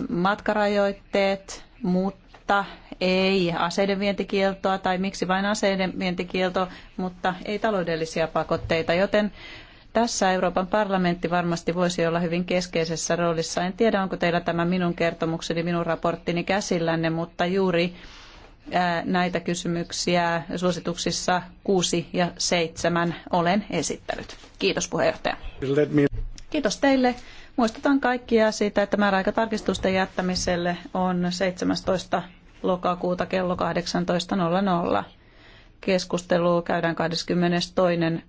matkarajoitteet, mutta ei aseiden vientikieltoa tai miksi vain aseiden vientikielto, mutta ei taloudellisia pakotteita, joten tässä Euroopan parlamentti varmasti voisi olla hyvin keskeisessä roolissa. En tiedä, onko teillä tämä minun kertomukseni, minun raporttini käsillänne, mutta juuri näitä kysymyksiä suosituksissa 6 ja 7 olen esittänyt. Kiitos puheenjohtaja. Kiitos teille. Muistutan kaikkia siitä, että määräaikatarkistusten jättämiselle on 17. lokakuuta kello 18.00 keskustelu käydään 22.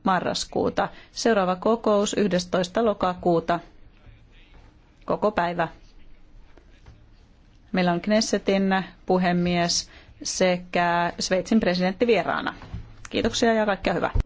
marraskuuta. Seuraava kokous 11. lokakuuta. Koko päivä. Meillä on Knessetin puhemies sekä Sveitsin presidentti vieraana. Kiitoksia ja kaikkea hyvää.